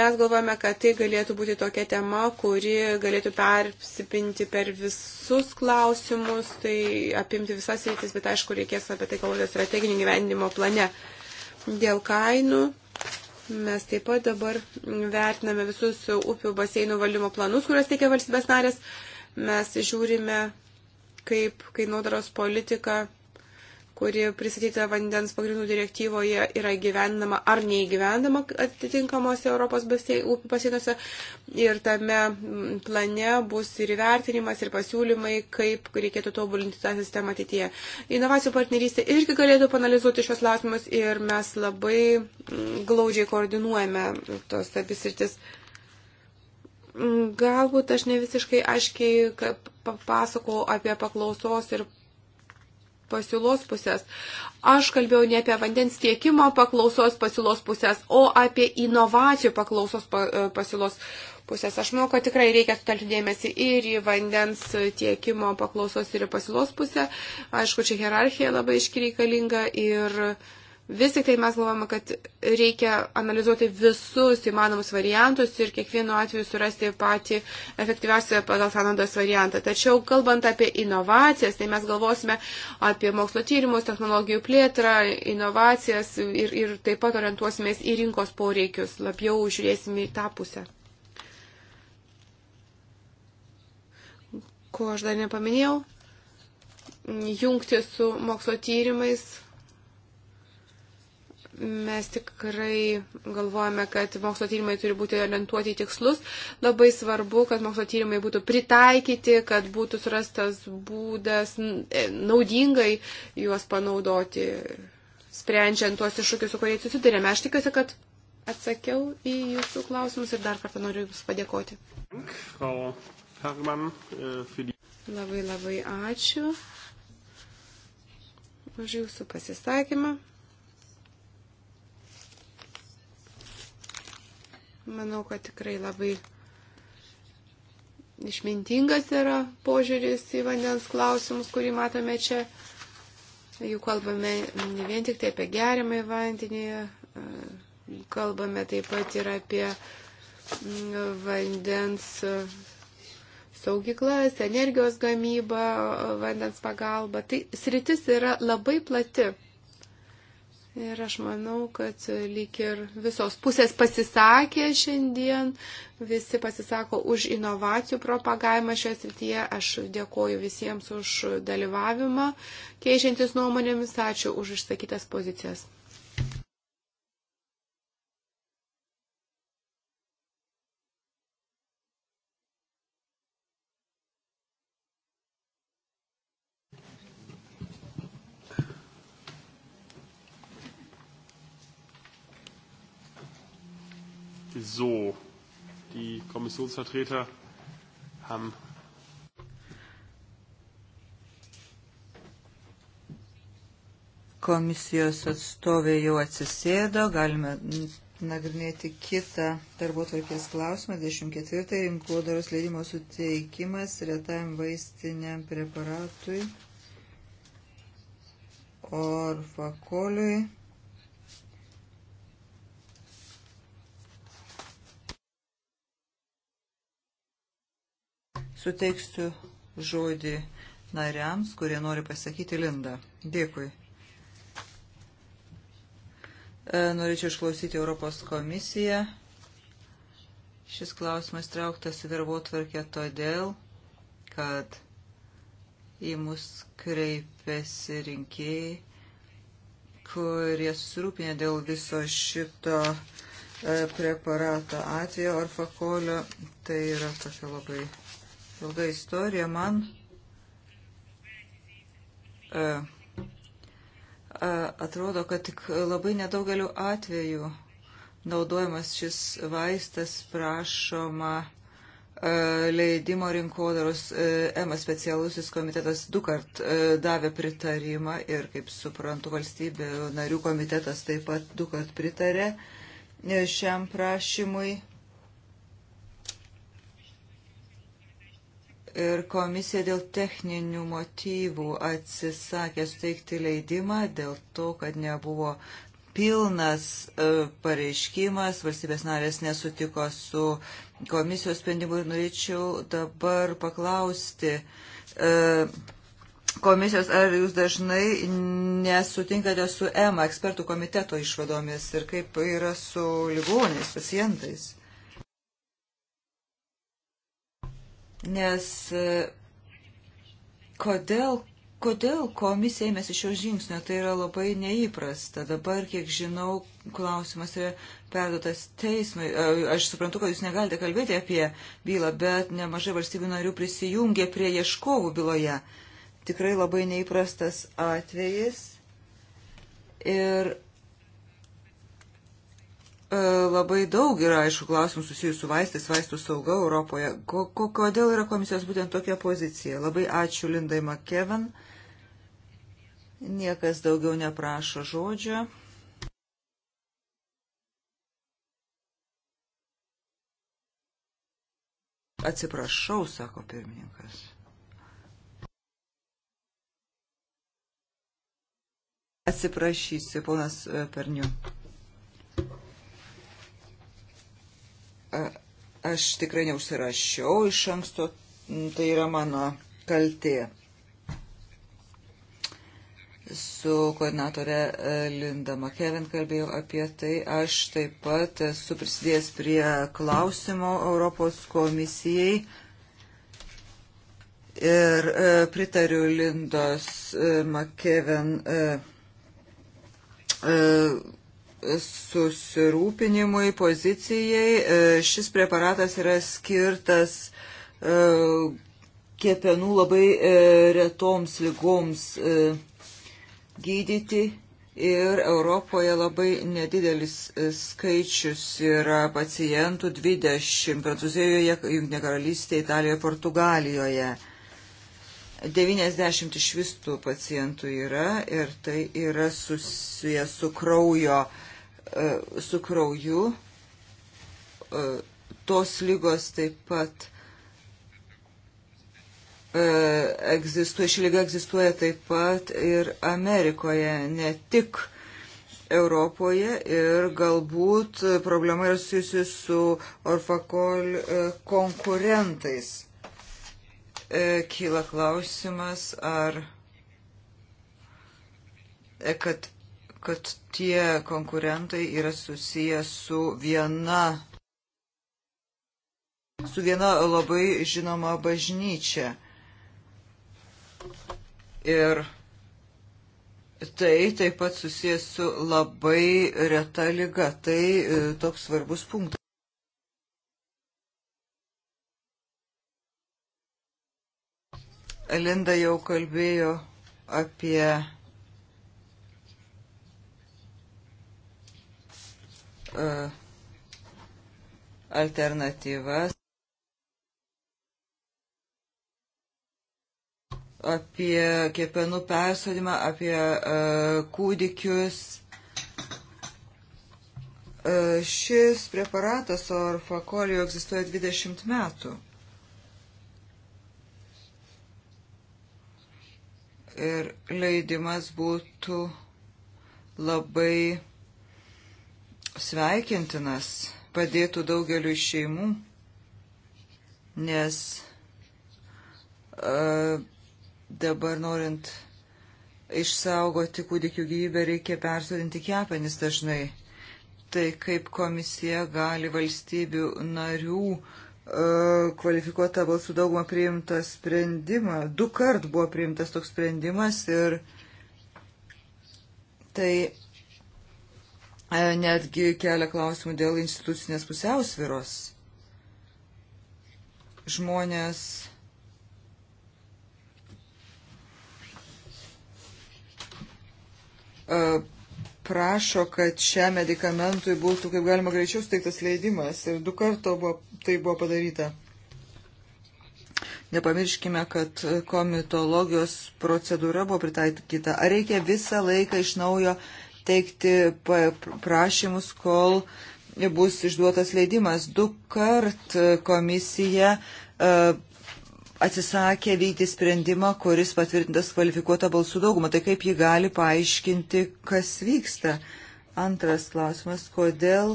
Mes galvojame, kad tai galėtų būti tokia tema, kuri galėtų persipinti per visus klausimus, tai apimti visas rytis, bet aišku, reikės apie tai kalbėti strateginį gyvenimo plane. Dėl kainų Mes taip pat dabar vertiname visus upių baseinų valdymo planus, kuriuos teikia valstybės narės. Mes žiūrime, kaip kainodaros politika kuri pristatyta vandens pagrindų direktyvoje, yra gyvendama ar neįgyvendama atitinkamosi Europos upių pasieniuose. Ir tame mm, plane bus ir įvertinimas, ir pasiūlymai, kaip reikėtų tobulinti tą sistemą ateityje. Inovacijų partnerystė irgi galėtų panalizuoti šios lausimus ir mes labai mm, glaudžiai koordinuojame tos abisirtis mm, galbūt aš ne visiškai aiškiai papasakau apie paklausos ir pasiūlos pusės. Aš kalbėjau ne apie vandens tiekimo paklausos pasiūlos pusės, o apie inovacijų paklausos e, pasiūlos pusės. Aš manau, kad tikrai reikia sutelkti dėmesį ir į vandens tiekimo paklausos ir į pasiūlos pusę. Aišku, čia hierarchija labai iškireikalinga ir. Uh, Vis tik tai mes galvojame, kad reikia analizuoti visus įmanomus variantus ir kiekvienu atveju surasti patį efektyviausią pagal sąnaudas variantą. Tačiau kalbant apie inovacijas, tai mes galvosime apie mokslo tyrimus, technologijų plėtrą, inovacijas ir, ir taip pat orientuosimės į rinkos poreikius, labiau žiūrėsime į tą pusę. Ko aš dar nepaminėjau? Jungti su mokslo tyrimais Mes tikrai galvojame, kad mokslo tyrimai turi būti orientuoti į tikslus. Labai svarbu, kad mokslo tyrimai būtų pritaikyti, kad būtų surastas būdas e, naudingai juos panaudoti, sprendžiant tuos iššūkius, su kuriais susidurėme. Aš tikiuosi, kad atsakiau į jūsų klausimus ir dar kartą noriu Jums padėkoti. Äh, labai labai ačiū už Jūsų pasisakymą. Manau, kad tikrai labai išmintingas yra požiūris į vandens klausimus, kurį matome čia. Jų kalbame ne vien tik tai apie geriamą į vandenį, e, kalbame taip pat ir apie mm, vandens e, saugyklas, energijos gamybą, vandens pagalbą. Tai sritis yra labai plati. Ir aš manau, kad lyg ir visos pusės pasisakė šiandien, visi pasisako už inovacijų propagavimą šioje srityje. Aš dėkoju visiems už dalyvavimą, keičiantis nuomonėmis, ačiū už išsakytas pozicijas. So, die Kommissionsvertreter haben. Komisijos atstovė jau atsisėdo, galime nagrinėti kitą darbo tvarkės klausimą, 24. rinkodaros leidimo suteikimas retam vaistiniam preparatui orfakoliui. Suteiksiu žodį nariams, kurie nori pasakyti Lindą. Dėkui. E, norėčiau išklausyti Europos komisiją. Šis klausimas trauktas į darbo tvarkę todėl, kad į mus kreipiasi rinkėjai, kurie susirūpinę dėl viso šito e, preparato atveju orfakolio. Tai yra tokia labai ilga istorija. Man e, e, atrodo, kad tik labai nedaugeliu atveju naudojamas šis vaistas prašoma e, leidimo rinkodaros EMA specialusis komitetas du kart davė pritarimą ir, kaip suprantu, valstybių narių komitetas taip pat du kart pritarė šiam prašymui. ir komisija dėl techninių motyvų atsisakė suteikti leidimą dėl to, kad nebuvo pilnas e, pareiškimas, valstybės narės nesutiko su komisijos sprendimu ir norėčiau dabar paklausti e, komisijos, ar jūs dažnai nesutinkate su EMA ekspertų komiteto išvadomis ir kaip yra su ligonės pacientais? Nes e, kodėl, kodėl komisija ėmėsi šio žingsnio, tai yra labai neįprasta. Dabar, kiek žinau, klausimas yra perduotas teismui. E, aš suprantu, kad jūs negalite kalbėti apie bylą, bet nemažai valstybių narių prisijungė prie ieškovų byloje. Tikrai labai neįprastas atvejis. Ir E, labai daug yra, aišku, klausimų susijusių su vaistais, vaistų sauga Europoje. Ko, ko, kodėl yra komisijos būtent tokia pozicija? Labai ačiū Lindai Makeven. Niekas daugiau neprašo žodžio. Atsiprašau, sako pirmininkas. Atsiprašysiu, ponas Perniu. Aš tikrai neužsirašiau iš anksto, tai yra mano kaltė. Su koordinatorė e, Linda Makevin kalbėjau apie tai. Aš taip pat esu prisidėjęs prie klausimo Europos komisijai. Ir e, pritariu Lindos e, Makeven e, e, susirūpinimui, pozicijai. E, šis preparatas yra skirtas e, kepenų labai e, retoms lygoms gydyti ir Europoje labai nedidelis skaičius yra pacientų 20 Prancūzijoje, Junktinė karalystė, Italijoje, Portugalijoje. 90 iš visų pacientų yra ir tai yra susijęs su kraujo uh, E, su krauju. E, tos lygos taip pat e, egzistuoja, ši lyga egzistuoja taip pat ir Amerikoje, ne tik Europoje ir galbūt problema yra susijusi su Orfakol konkurentais. Kyla klausimas, ar kad kad tie konkurentai yra susiję su viena, su viena labai žinoma bažnyčia. Ir tai taip pat susijęs su labai reta lyga. Tai e, toks svarbus punktas. Linda jau kalbėjo apie E, alternatyvas. apie kepenų persodimą, apie uh, kūdikius. Uh, šis preparatas orfakolio egzistuoja 20 metų. Ir leidimas būtų labai sveikintinas, padėtų daugeliu šeimų, nes e, dabar norint išsaugoti kūdikių gyvybę reikia persodinti kepenis dažnai. Tai kaip komisija gali valstybių narių e, kvalifikuota balsų daugumą priimtą sprendimą. Du kart buvo priimtas toks sprendimas ir tai E, netgi kelia klausimų dėl institucinės pusiausviros. Žmonės e, prašo, kad šiam medikamentui būtų kaip galima greičiau steigtas leidimas ir du karto buvo, tai buvo padaryta. Nepamirškime, kad komitologijos procedūra buvo pritaikyta. Ar reikia visą laiką iš naujo uh, teikti prašymus, kol bus išduotas leidimas. Du kart komisija e, atsisakė vykti sprendimą, kuris patvirtintas kvalifikuota balsų dauguma. Tai kaip ji gali paaiškinti, kas vyksta? Antras klausimas, kodėl,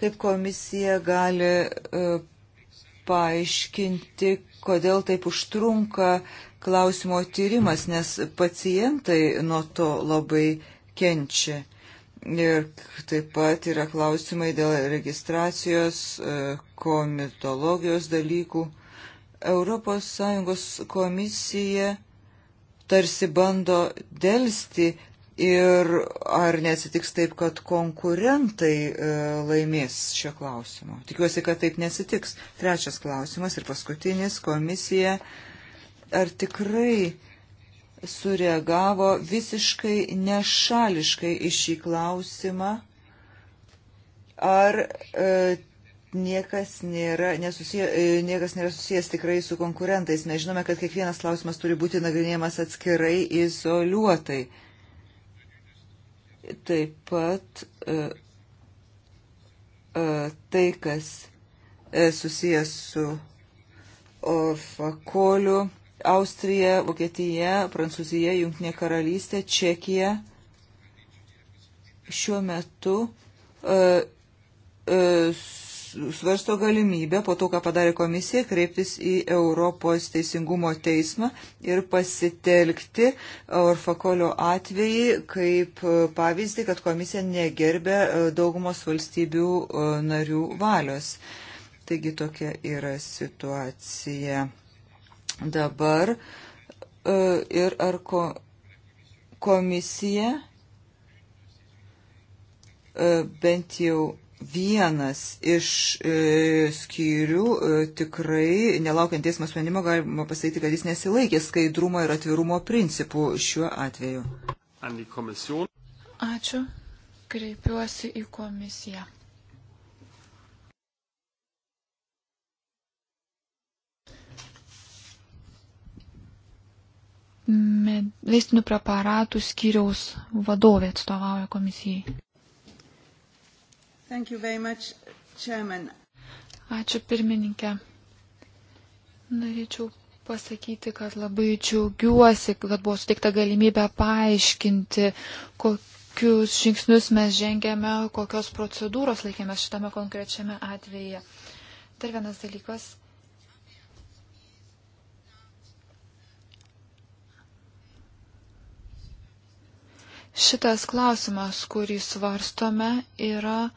kaip komisija gali e, paaiškinti, kodėl taip užtrunka klausimo tyrimas, nes pacientai nuo to labai kenčia. Ir taip pat yra klausimai dėl registracijos, e, komitologijos dalykų. ES komisija tarsi bando dėlsti ir ar nesitiks taip, kad konkurentai e, laimės šio klausimo. Tikiuosi, kad taip nesitiks. Trečias klausimas ir paskutinis komisija. Ar tikrai sureagavo visiškai nešališkai į šį klausimą, ar e, niekas nėra, nesusiję, e, niekas nėra susijęs tikrai su konkurentais. Mes žinome, kad kiekvienas klausimas turi būti nagrinėjamas atskirai, izoliuotai. Taip pat e, e, tai, kas e, susijęs su orfakoliu. E, Austrija, Vokietija, Prancūzija, Junktinė karalystė, Čekija šiuo metu e, e, svarsto galimybę po to, ką padarė komisija, kreiptis į Europos teisingumo teismą ir pasitelkti Orfakolio atvejį kaip pavyzdį, kad komisija negerbė e, daugumos valstybių e, narių valios. Taigi tokia yra situacija dabar e, ir ar ko, komisija e, bent jau vienas iš e, skyrių e, tikrai, nelaukiant teismo sprendimo, galima pasakyti, kad jis nesilaikė skaidrumo ir atvirumo principų šiuo atveju. Ačiū. Kreipiuosi į komisiją. veistinių preparatų skyriaus vadovė atstovauja komisijai. Much, chairman. Ačiū pirmininkė. Norėčiau pasakyti, kad labai džiaugiuosi, kad buvo suteikta galimybė paaiškinti, kokius žingsnius mes žengėme, kokios procedūros laikėmės šitame konkrečiame atveju. Dar vienas dalykas Šitas klausimas, kurį svarstome, yra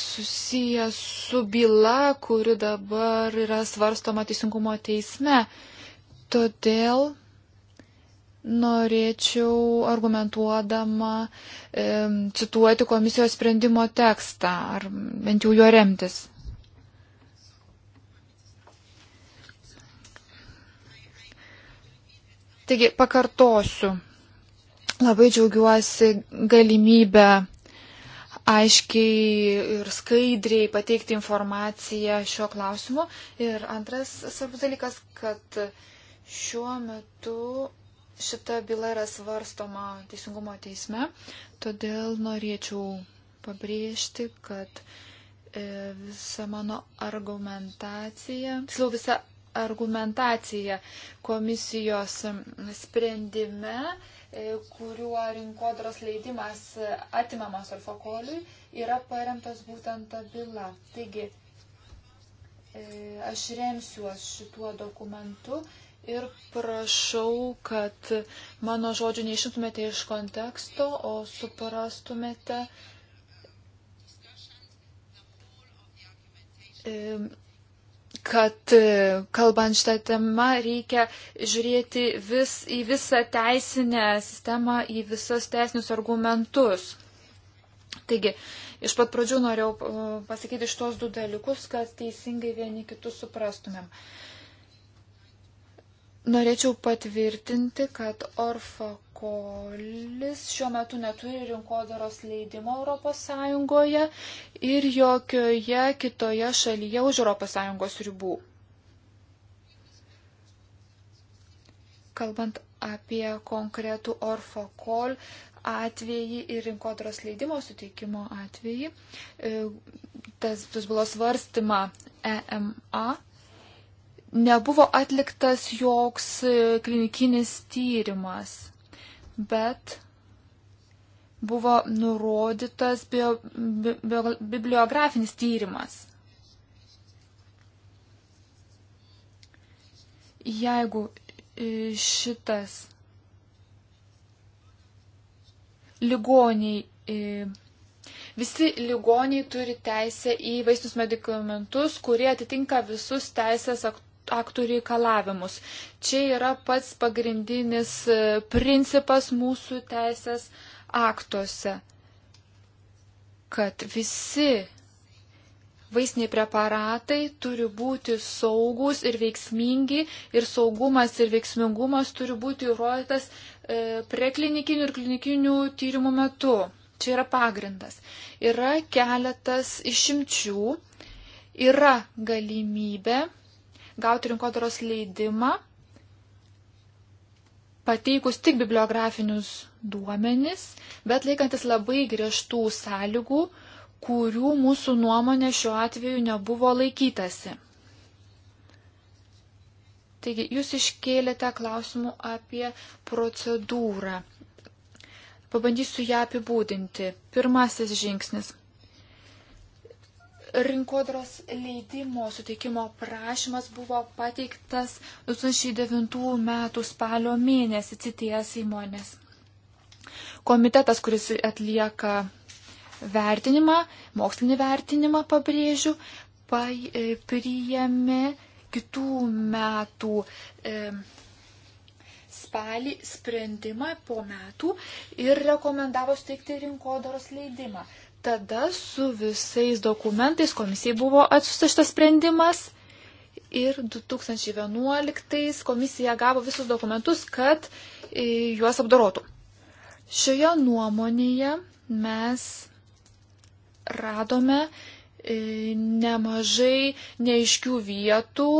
susijęs su byla, kuri dabar yra svarstoma teisingumo teisme. Todėl norėčiau argumentuodama e, cituoti komisijos sprendimo tekstą, ar bent jau juo remtis. Taigi pakartosiu. Labai džiaugiuosi galimybę aiškiai ir skaidriai pateikti informaciją šiuo klausimu. Ir antras svarbus dalykas, kad šiuo metu šita byla yra svarstoma Teisingumo teisme, todėl norėčiau pabrėžti, kad e, visa mano argumentacija, tiksliau visa argumentacija komisijos sprendime, e, kuriuo rinkodaros leidimas atimamas Orfokoliui, yra paremtas būtent ta byla. Taigi, e, aš remsiuos šituo dokumentu ir prašau, kad mano žodžių neišimtumėte iš konteksto, o suprastumėte e, kad e, kalbant šitą temą reikia žiūrėti vis, į visą teisinę sistemą, į visus teisinius argumentus. Taigi, iš pat pradžių norėjau e, pasakyti šitos du dalykus, kad teisingai vieni kitus suprastumėm. Uh, Norėčiau patvirtinti, kad Orfa Kolis šiuo metu neturi rinkodaros leidimo ES ir jokioje kitoje šalyje už ES ribų. Kalbant apie konkretų Orfa Kol atvejį ir rinkodaros leidimo suteikimo atvejį, e, tas bus buvo svarstymą EMA nebuvo atliktas joks e, klinikinis tyrimas, bet buvo nurodytas bio, bi, bio, bibliografinis tyrimas. Jeigu e, šitas ligoniai e, Visi ligoniai turi teisę į vaistus medikamentus, kurie atitinka visus teisės aktus aktų reikalavimus. Čia yra pats pagrindinis e, principas mūsų teisės aktuose, kad visi vaistiniai preparatai turi būti saugus ir veiksmingi ir saugumas ir veiksmingumas turi būti įrodytas e, preklinikinių ir klinikinių tyrimų metu. Čia yra pagrindas. Yra keletas išimčių, yra galimybė gauti rinkodaros leidimą, pateikus tik bibliografinius duomenis, bet laikantis labai griežtų sąlygų, kurių mūsų nuomonė šiuo atveju nebuvo laikytasi. Taigi, jūs iškėlėte klausimų apie procedūrą. Pabandysiu ją apibūdinti. Pirmasis žingsnis. Rinkodaros leidimo suteikimo prašymas buvo pateiktas 2009 metų spalio mėnesį cities įmonės. Komitetas, kuris atlieka vertinimą, mokslinį vertinimą pabrėžiu, e, priėmė kitų metų e, spalį sprendimą po metų ir rekomendavo steigti rinkodaros leidimą. Tada su visais dokumentais komisijai buvo atsiustas šitas sprendimas ir 2011 komisija gavo visus dokumentus, kad e, juos apdorotų. Šioje nuomonėje mes radome e, nemažai neiškių vietų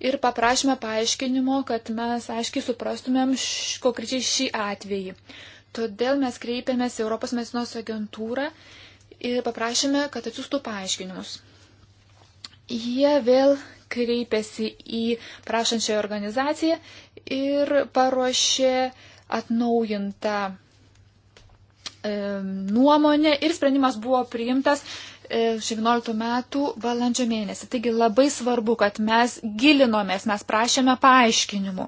ir paprašėme paaiškinimo, kad mes aiškiai suprastumėm konkrečiai šį atvejį. Todėl mes kreipėmės į Europos medicinos agentūrą ir paprašėme, kad atsiųstų paaiškinimus. Jie vėl kreipėsi į prašančią organizaciją ir paruošė atnaujintą e, nuomonę ir sprendimas buvo priimtas 16 e, metų valandžio mėnesį. Taigi labai svarbu, kad mes gilinomės, mes prašėme paaiškinimų.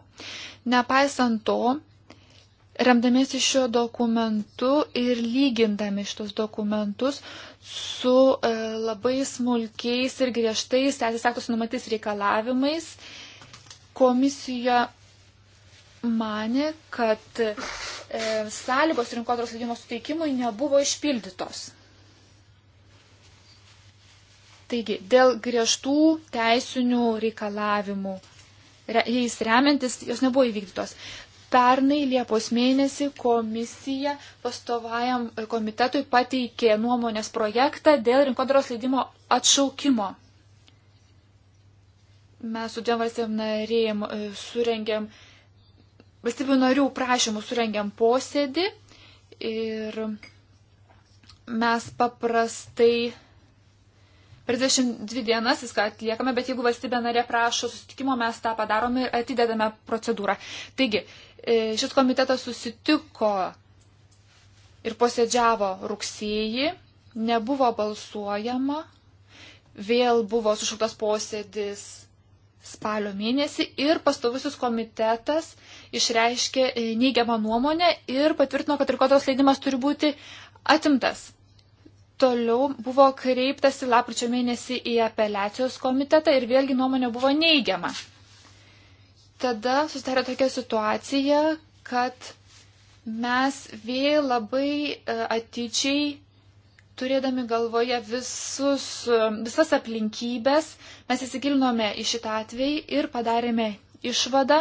Nepaisant to, remdamiesi šiuo dokumentu ir lygindami šitos dokumentus su e, labai smulkiais ir griežtais teisės aktos numatys reikalavimais, komisija mane, kad e, sąlygos rinkodaros leidimo suteikimui nebuvo išpildytos. Taigi, dėl griežtų teisinių reikalavimų, re, jais remiantis, jos nebuvo įvykdytos. Pernai Liepos mėnesį komisija pastovajam komitetui pateikė nuomonės projektą dėl rinkodaros leidimo atšaukimo. Mes su dviem valstybėm narėjim e, surengėm, valstybių narių prašymų surengėm posėdį ir mes paprastai per 22 dienas viską atliekame, bet jeigu valstybė narė prašo susitikimo, mes tą padarome ir atidedame procedūrą. Taigi, E, šis komitetas susitiko ir posėdžiavo rugsėjį, nebuvo balsuojama, vėl buvo sušauktas posėdis spalio mėnesį ir pastovusis komitetas išreiškė e, neigiamą nuomonę ir patvirtino, kad rinkodaros leidimas turi būti atimtas. Toliau buvo kreiptasi lapkričio mėnesį į apeliacijos komitetą ir vėlgi nuomonė buvo neigiama tada susidarė tokia situacija, kad mes vėl labai e, atidžiai, turėdami galvoje visus, e, visas aplinkybės, mes įsigilinome į šitą atvejį ir padarėme išvadą,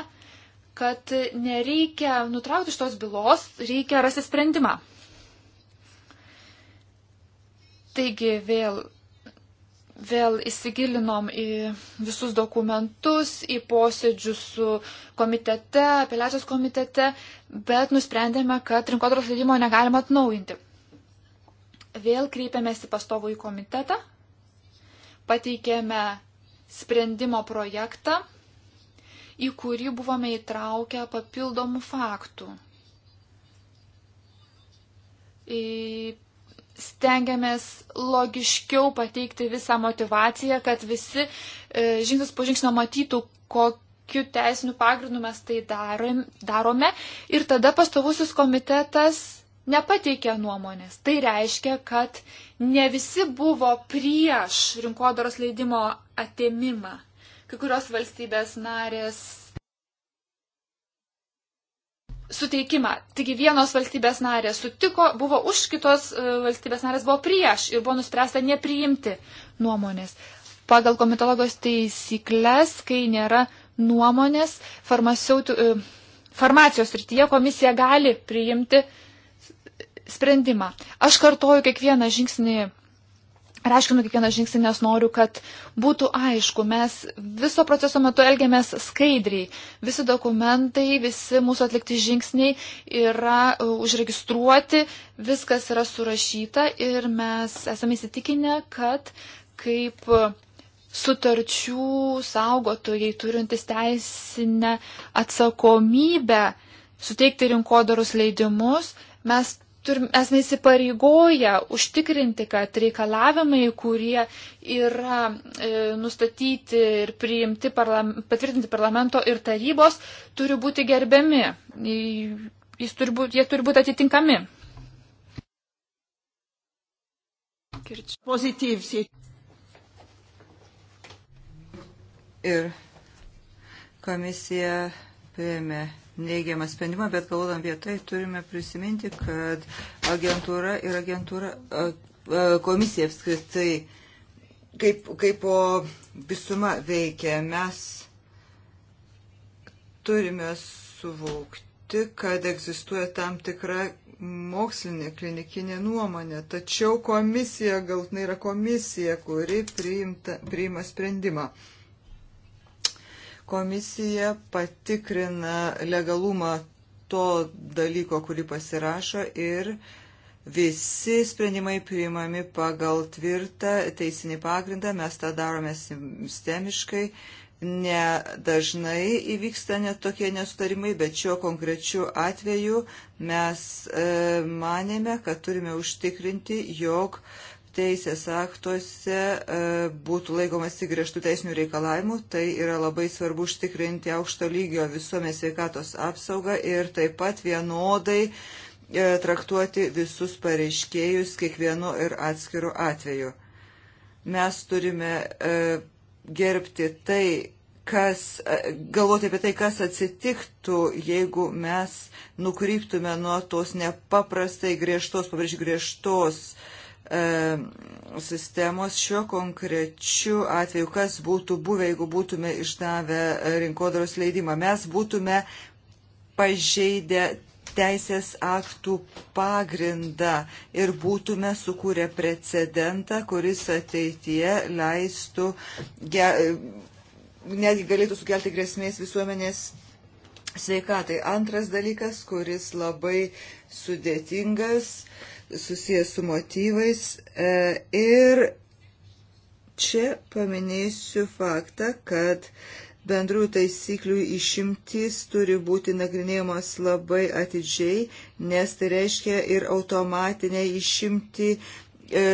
kad nereikia nutraukti šitos bylos, reikia rasti sprendimą. Taigi vėl vėl įsigilinom į visus dokumentus, į posėdžius su komitete, apeliacijos komitete, bet nusprendėme, kad rinkodaros leidimo negalima atnaujinti. Vėl kreipėmės į pastovų į komitetą, pateikėme sprendimo projektą, į kurį buvome įtraukę papildomų faktų. Į stengiamės logiškiau pateikti visą motivaciją, kad visi e, žingsnis po žingsnio matytų, kokiu teisiniu pagrindu mes tai darome. Ir tada pastovusis komitetas nepateikė nuomonės. Tai reiškia, kad ne visi buvo prieš rinkodaros leidimo atėmimą. Kai kurios valstybės narės suteikimą. Taigi vienos valstybės narės sutiko, buvo už, kitos e, valstybės narės buvo prieš ir buvo nuspręsta nepriimti nuomonės. Pagal komitologos taisyklės, kai nėra nuomonės, e, farmacijos rytyje komisija gali priimti sprendimą. Aš kartoju kiekvieną žingsnį Ir aiškinu kiekvieną žingsnį, nes noriu, kad būtų aišku, mes viso proceso metu elgiamės skaidriai. Visi dokumentai, visi mūsų atlikti žingsniai yra e, užregistruoti, viskas yra surašyta ir mes esame įsitikinę, kad kaip e, sutarčių saugotojai turintis teisinę atsakomybę suteikti rinkodarus leidimus, mes turim, esame įsipareigoję užtikrinti, kad reikalavimai, kurie yra e, nustatyti ir priimti parlam, patvirtinti parlamento ir tarybos, turi būti gerbiami. Jis turi būti, jie turi būti atitinkami. Pozityvsiai. Ir komisija priėmė neigiamą sprendimą, bet galvodam apie tai turime prisiminti, kad agentūra ir agentūra, komisija apskritai, kaip, kaip po visuma veikia, mes turime suvokti, kad egzistuoja tam tikra mokslinė klinikinė nuomonė, tačiau komisija galtinai yra komisija, kuri priimta, priima sprendimą. Komisija patikrina legalumą to dalyko, kurį pasirašo ir visi sprendimai priimami pagal tvirtą teisinį pagrindą. Mes tą darome sistemiškai. Nedažnai įvyksta net tokie nesutarimai, bet šiuo konkrečiu atveju mes e, manėme, kad turime užtikrinti, jog e, teisės aktuose e, būtų laikomasi griežtų teisinių reikalavimų, tai yra labai svarbu užtikrinti aukšto lygio visuomės sveikatos apsaugą ir taip pat vienodai e, traktuoti visus pareiškėjus kiekvienu ir atskiru atveju. Mes turime e, gerbti tai, kas, galvoti apie tai, kas atsitiktų, jeigu mes nukryptume nuo tos nepaprastai griežtos, pabrėžiu, griežtos uh, E, sistemos šiuo konkrečiu atveju, kas būtų buvę, jeigu būtume išdavę rinkodaros leidimą. Mes būtume pažeidę teisės aktų pagrindą ir būtume sukūrę precedentą, kuris ateityje leistų, ge, netgi galėtų sukelti grėsmės visuomenės sveikatai. Antras dalykas, kuris labai sudėtingas susijęs su motyvais e, ir čia paminėsiu faktą, kad bendrų taisyklių išimtys turi būti nagrinėjamos labai atidžiai, nes tai reiškia ir automatinę išimti e,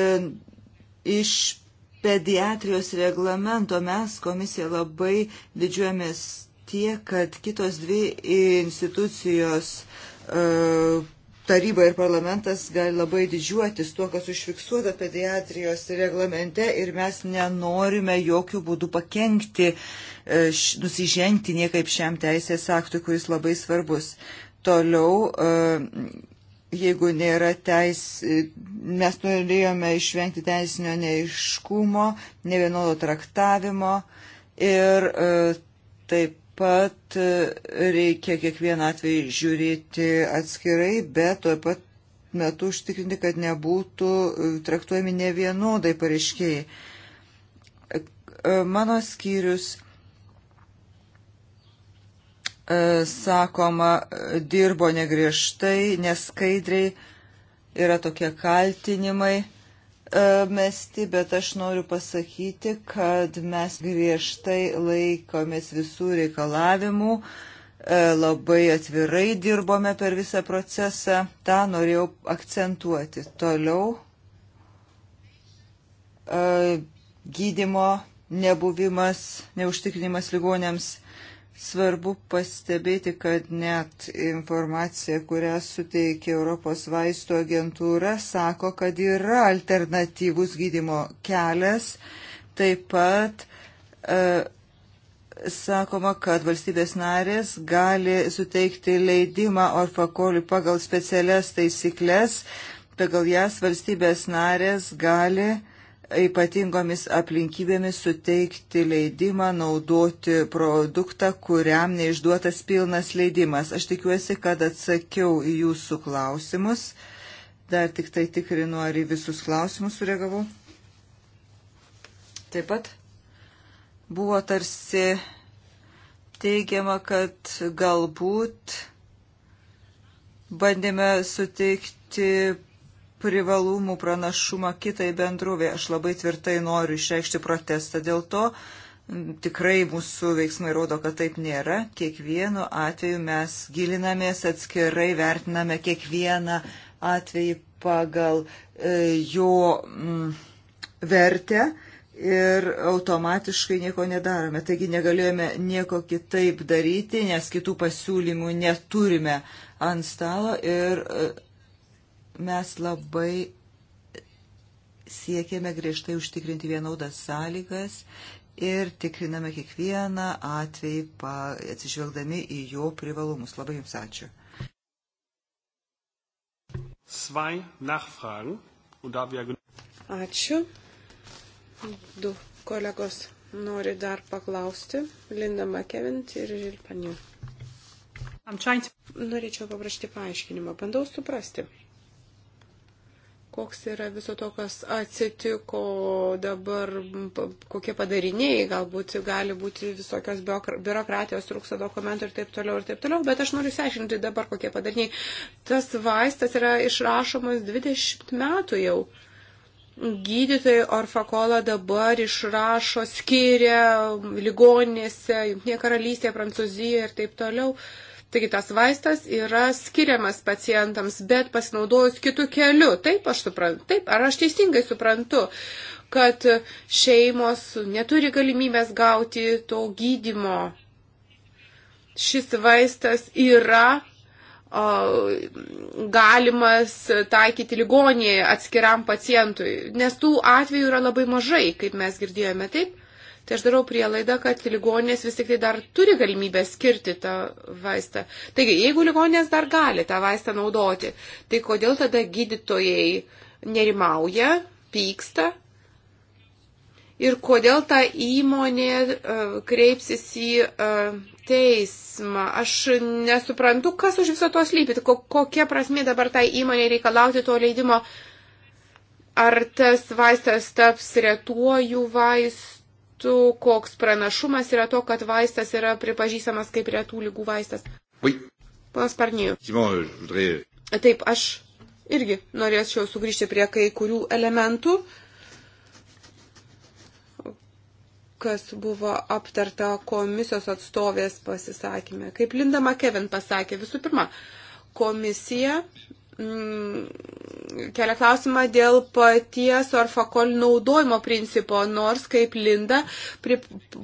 iš pediatrijos reglamento. Mes komisija labai didžiuojamės tie, kad kitos dvi institucijos e, taryba ir parlamentas gali labai didžiuotis tuo, kas užfiksuota pediatrijos reglamente ir mes nenorime jokių būdų pakengti, e, nusižengti niekaip šiam teisės aktui, kuris labai svarbus. Toliau, e, jeigu nėra teis, e, mes norėjome išvengti teisinio neiškumo, nevienodo traktavimo ir taip pat e, reikia kiekvieną atvejį žiūrėti atskirai, bet tuo pat metu užtikrinti, kad nebūtų e, traktuojami ne vienodai pareiškėjai. E, mano skyrius, sakoma, dirbo negriežtai, neskaidriai, yra tokie kaltinimai E, mesti, bet aš noriu pasakyti, kad mes griežtai laikomės visų reikalavimų, e, labai atvirai dirbome per visą procesą, tą norėjau akcentuoti. Toliau e, gydimo nebuvimas, neužtikrinimas ligonėms Svarbu pastebėti, kad net informacija, kurią suteikia Europos vaistų agentūra, sako, kad yra alternatyvus gydimo kelias. Taip pat e, sakoma, kad valstybės narės gali suteikti leidimą orfakoliui pagal specialias taisyklės. Pagal jas valstybės narės gali e, ypatingomis aplinkybėmis suteikti leidimą naudoti produktą, kuriam neišduotas pilnas leidimas. Aš tikiuosi, kad atsakiau į jūsų klausimus. Dar tik tai tikrinu, ar į visus klausimus sureagavau. Taip pat buvo tarsi teigiama, kad galbūt bandėme suteikti privalumų pranašumą kitai bendrovė. Aš labai tvirtai noriu išreikšti protestą dėl to. Tikrai mūsų veiksmai rodo, kad taip nėra. Kiekvienu atveju mes gilinamės atskirai, vertiname kiekvieną atvejį pagal e, jo mm, vertę ir automatiškai nieko nedarome. Taigi negalėjome nieko kitaip daryti, nes kitų pasiūlymų neturime ant stalo ir e, Mes labai siekėme griežtai užtikrinti vienodas sąlygas ir tikriname kiekvieną atvejį atsižvelgdami į jo privalumus. Labai Jums ačiū. Ačiū. Du kolegos nori dar paklausti. Linda Makevint ir Žilpanių. Norėčiau paprašyti paaiškinimo. Bandau suprasti koks yra viso to, kas atsitiko dabar, kokie padariniai, galbūt gali būti visokios biurokratijos, trūksta dokumentų ir taip toliau ir taip toliau, bet aš noriu išsiaiškinti dabar, kokie padariniai. Tas vaistas yra išrašomas 20 metų jau. Gydytojai orfakolą dabar išrašo, skiria ligoninėse, Junktinėje karalystėje, Prancūzijoje ir taip toliau. Uh, Taigi tas vaistas yra skiriamas pacientams, bet pasinaudojus kitų kelių. Taip, aš suprantu. Taip, ar aš teisingai suprantu, kad šeimos neturi galimybės gauti to gydimo. Šis vaistas yra galimas taikyti ligonėje atskiram pacientui, nes tų atvejų yra labai mažai, kaip mes girdėjome taip. Tai aš darau prielaidą, kad ligoninės vis tik tai dar turi galimybę skirti tą vaistą. Taigi, jeigu ligoninės dar gali tą vaistą naudoti, tai kodėl tada gydytojai nerimauja, pyksta? Ir kodėl ta įmonė uh, kreipsis į uh, teismą? Aš nesuprantu, kas už viso to slypi, tai ko, kokia prasmė dabar tai įmonė reikalauti to leidimo. Ar tas vaistas taps retuoju vaistu? metu koks pranašumas yra to, kad vaistas yra pripažįstamas kaip retų lygų vaistas? Oui. Panas Parnijų. Taip, aš irgi norėčiau sugrįžti prie kai kurių elementų, kas buvo aptarta komisijos atstovės pasisakymė. Kaip Linda McKevin pasakė, visų pirma, komisija Mm, kelia klausimą dėl paties orfakol naudojimo principo, nors kaip Linda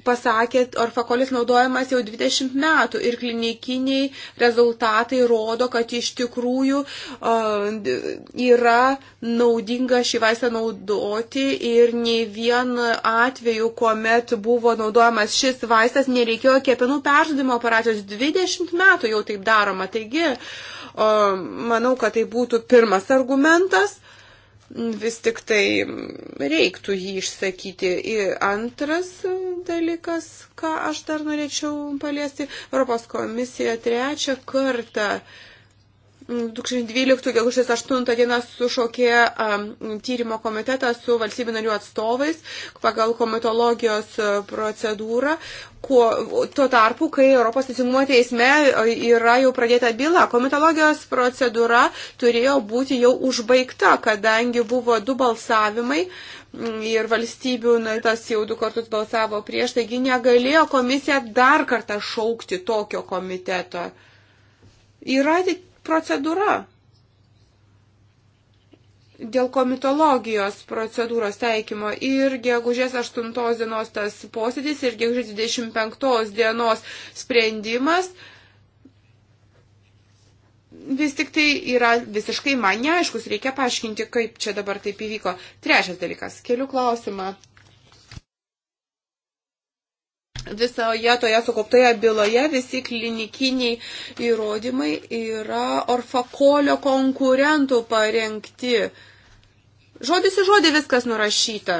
pasakė, orfakolis naudojamas jau 20 metų ir klinikiniai rezultatai rodo, kad iš tikrųjų uh, yra naudinga šį vaistą naudoti ir ne vien atveju, kuomet buvo naudojamas šis vaistas, nereikėjo kepenų peržudimo operacijos 20 metų jau taip daroma. Taigi, uh, Manau, kad tai būtų pirmas argumentas vis tik tai reiktų jį išsakyti. Ir antras dalykas, ką aš dar norėčiau paliesti, Europos komisija trečią kartą uh, Mm, 2012 gegužės 8 dieną sušaukė um, tyrimo komitetas su valstybių narių atstovais pagal komitologijos e, procedūrą. Kuo, tuo tarpu, kai Europos teisingumo teisme e, yra jau pradėta byla, komitologijos procedūra turėjo būti jau užbaigta, kadangi buvo du balsavimai mm, ir valstybių naritas jau du kartus balsavo prieš, taigi negalėjo komisija dar kartą šaukti tokio komiteto. Yra procedūra. Dėl komitologijos procedūros taikymo ir gegužės 8 dienos tas posėdis ir gegužės 25 dienos sprendimas vis tik tai yra visiškai man neaiškus, reikia paaiškinti, kaip čia dabar taip įvyko. Trečias dalykas, keliu klausimą visoje toje sukauptoje byloje visi klinikiniai įrodymai yra orfakolio konkurentų parengti. Žodis į žodį viskas nurašyta.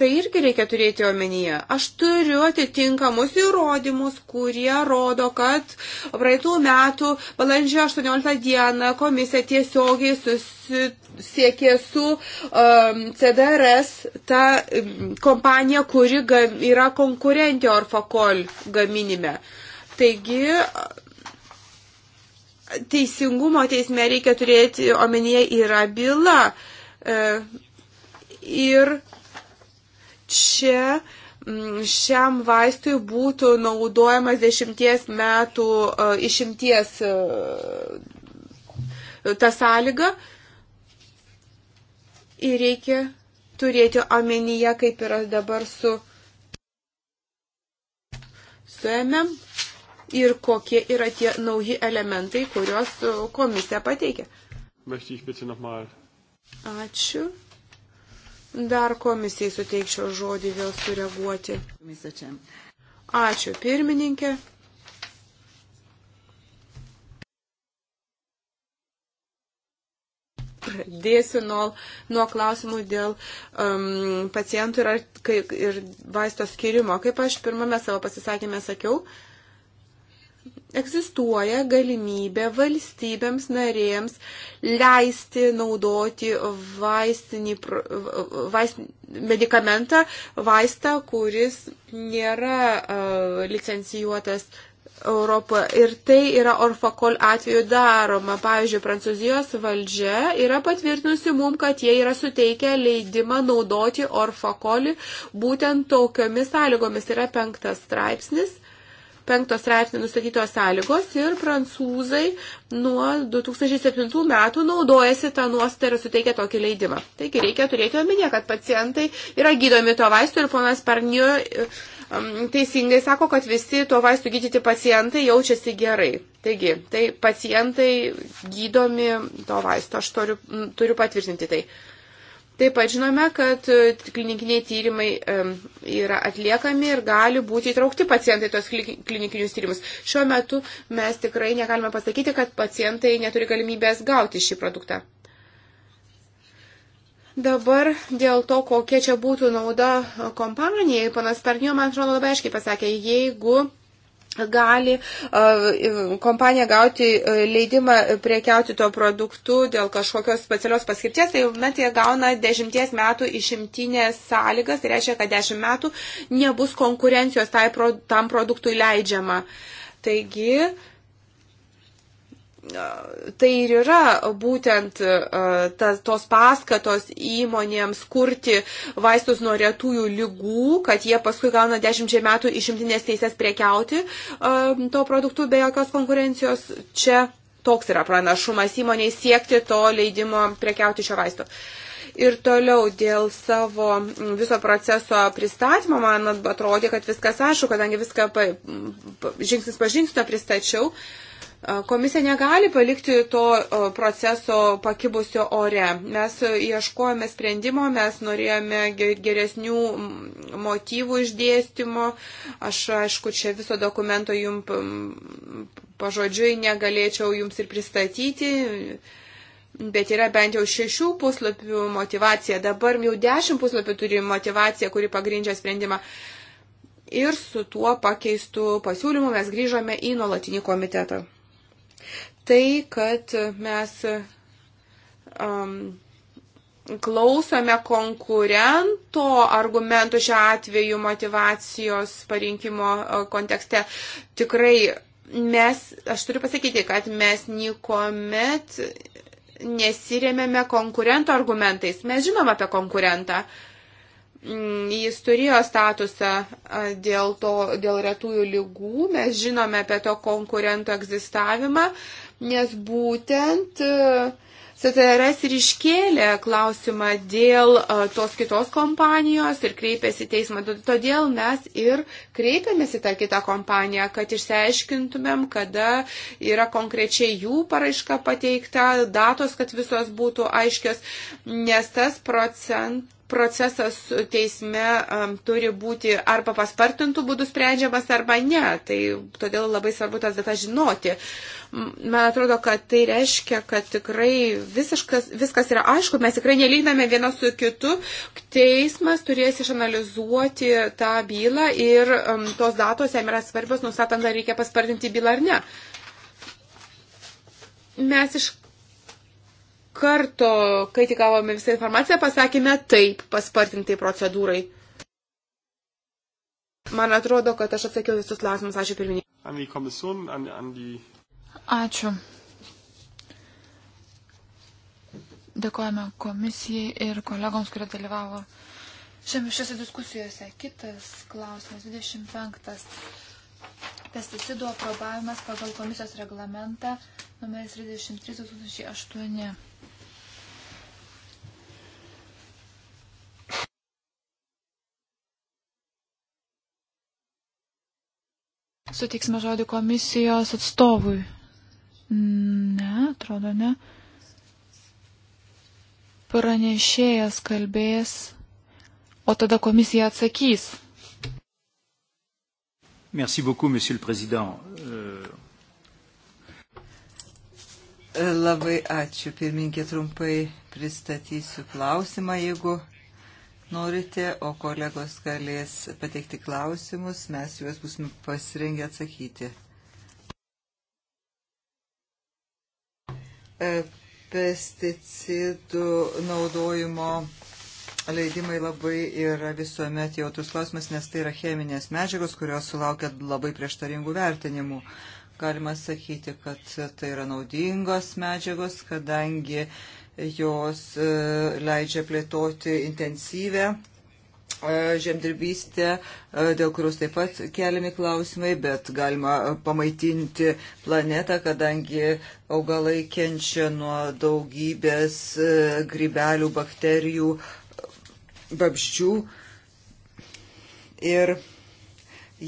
Tai irgi reikia turėti omenyje. Aš turiu atitinkamus įrodymus, kurie rodo, kad praeitų metų balandžio 18 dieną komisija tiesiogiai susisiekė su um, CDRS, ta um, kompanija, kuri gam, yra konkurentė Orfakol gaminime. Taigi, teisingumo teisme reikia turėti omenyje yra byla. E, ir čia mm, šiam vaistui būtų naudojamas dešimties metų e, išimties e, ta sąlyga. Ir reikia turėti omenyje, kaip yra dabar su, su MM ir kokie yra tie nauji elementai, kuriuos e, komisija pateikė. Ačiū. Dar komisijai suteikčiau žodį vėl sureaguoti. Ačiū pirmininkė. Pradėsiu nuo, nuo klausimų dėl um, pacientų ir, ir vaisto skirimo. Kaip aš pirmame savo pasisakymė sakiau, uh, egzistuoja galimybė valstybėms narėms leisti naudoti vaistinį, vaist, medikamentą, vaistą, kuris nėra uh, licencijuotas Europą. Ir tai yra Orfakol atveju daroma. Pavyzdžiui, Prancūzijos valdžia yra patvirtinusi mum, kad jie yra suteikę leidimą naudoti Orfakolį būtent tokiomis sąlygomis. Tai yra penktas straipsnis penkto straipsnio nustatytos sąlygos ir prancūzai nuo 2007 metų naudojasi tą nuostatą ir suteikia tokį leidimą. Taigi reikia turėti omenyje, kad pacientai yra gydomi to vaisto ir ponas Parnio um, teisingai sako, kad visi tuo vaistu gydyti pacientai jaučiasi gerai. Taigi, tai pacientai gydomi to vaisto, aš turiu, turiu patvirtinti tai. Taip pat žinome, kad e, klinikiniai tyrimai e, yra atliekami ir gali būti įtraukti pacientai tos klinikinius tyrimus. Šiuo metu mes tikrai negalime pasakyti, kad pacientai neturi galimybės gauti šį produktą. Dabar dėl to, kokia čia būtų nauda kompanijai, panas Parnio, man atrodo, labai aiškiai pasakė, jeigu gali kompanija gauti leidimą priekiauti tuo produktu dėl kažkokios specialios paskirties, tai met jie gauna dešimties metų išimtinės sąlygas, tai reiškia, kad dešimt metų nebus konkurencijos tai, tam produktui leidžiama. Taigi, tai ir yra būtent tas, tos paskatos įmonėms kurti vaistus nuo retųjų lygų, kad jie paskui gauna dešimčiai metų išimtinės teisės priekiauti to produktų be jokios konkurencijos. Čia toks yra pranašumas įmoniai siekti to leidimo priekiauti šio vaisto. Ir toliau dėl savo viso proceso pristatymo, man atrodė, kad viskas aišku, kadangi viską pa, pa, žingsnis pažingsnio pristačiau. Uh, Komisija negali palikti to proceso pakibusio ore. Mes ieškojame sprendimo, mes norėjome geresnių motyvų išdėstymo. Aš, aišku, čia viso dokumento jums pažodžiui negalėčiau jums ir pristatyti. Bet yra bent jau šešių puslapių motivacija. Dabar jau dešimt puslapių turi motivaciją, kuri pagrindžia sprendimą ir su tuo pakeistu pasiūlymu mes grįžome į nuolatinį komitetą tai, kad mes um, klausome konkurento argumentų šiuo atveju motivacijos parinkimo uh, kontekste, tikrai mes, aš turiu pasakyti, kad mes niekuomet nesiremėme konkurento argumentais. Mes žinom apie konkurentą. Uh, Mm, jis turėjo statusą dėl, to, dėl retųjų lygų, mes žinome apie to konkurento egzistavimą, nes būtent CTRS ir iškėlė klausimą dėl tos kitos kompanijos ir kreipėsi teismą. Todėl mes ir kreipėmės į tą kitą kompaniją, kad išsiaiškintumėm, kada yra konkrečiai jų paraiška pateikta, datos, kad visos būtų aiškios, nes tas procentas procesas teisme um, turi būti arba paspartintų būdų sprendžiamas, arba ne. Tai todėl labai svarbu tas datas žinoti. Man atrodo, kad tai reiškia, kad tikrai visiškas, viskas yra aišku, mes tikrai nelygname vienas su kitu. Teismas turės išanalizuoti tą bylą ir um, tos datos jam yra svarbios, nustatant, ar reikia paspartinti bylą ar ne. Mes iš karto, kai tik gavome visą informaciją, pasakėme taip paspartintai procedūrai. Man atrodo, kad aš atsakiau visus klausimus. Ačiū pirmininkai. Ačiū. Dėkojame komisijai ir kolegoms, kurie dalyvavo šiame šiose diskusijose. Kitas klausimas, 25 pesticidų aprobavimas pagal komisijos reglamentą numeris 33-2008. Suteiksime žodį komisijos atstovui. Ne, atrodo ne. Pranešėjas kalbės, o tada komisija atsakys. Merci beaucoup, Monsieur le Président. Euh, Labai ačiū, pirminkė, trumpai pristatysiu klausimą, jeigu norite, o kolegos galės pateikti klausimus, mes juos būsime pasirengę atsakyti. E, pesticidų naudojimo Leidimai labai yra visuomet jautrus klausimas, nes tai yra cheminės medžiagos, kurios sulaukia labai prieštaringų vertinimų. Galima sakyti, kad tai yra naudingos medžiagos, kadangi jos e, leidžia plėtoti intensyvę e, žemdirbystė, e, dėl kurios taip pat keliami klausimai, bet galima pamaitinti planetą, kadangi augalai kenčia nuo daugybės grybelių, bakterijų, babščių ir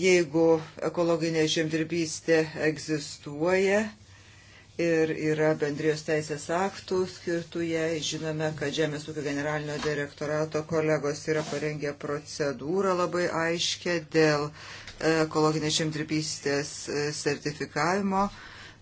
jeigu ekologinė žemdirbystė egzistuoja, ir yra bendrijos teisės aktų skirtų jai. Žinome, kad Žemės ūkio generalinio direktorato kolegos yra parengę procedūrą labai aiškę dėl e, ekologinės žemdirbystės e, sertifikavimo.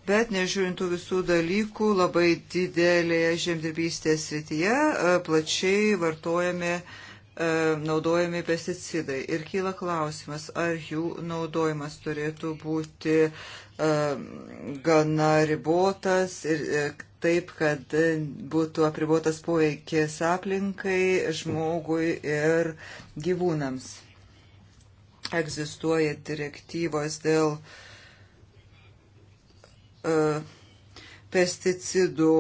Bet nežiūrintų visų dalykų, labai didelėje žemdirbystės srityje e, plačiai vartojame uh, E, naudojami pesticidai. Ir kyla klausimas, ar jų naudojimas turėtų būti e, gana ribotas ir e, taip, kad būtų apribotas poveikis aplinkai, žmogui ir gyvūnams. Egzistuoja direktyvos dėl pesticidų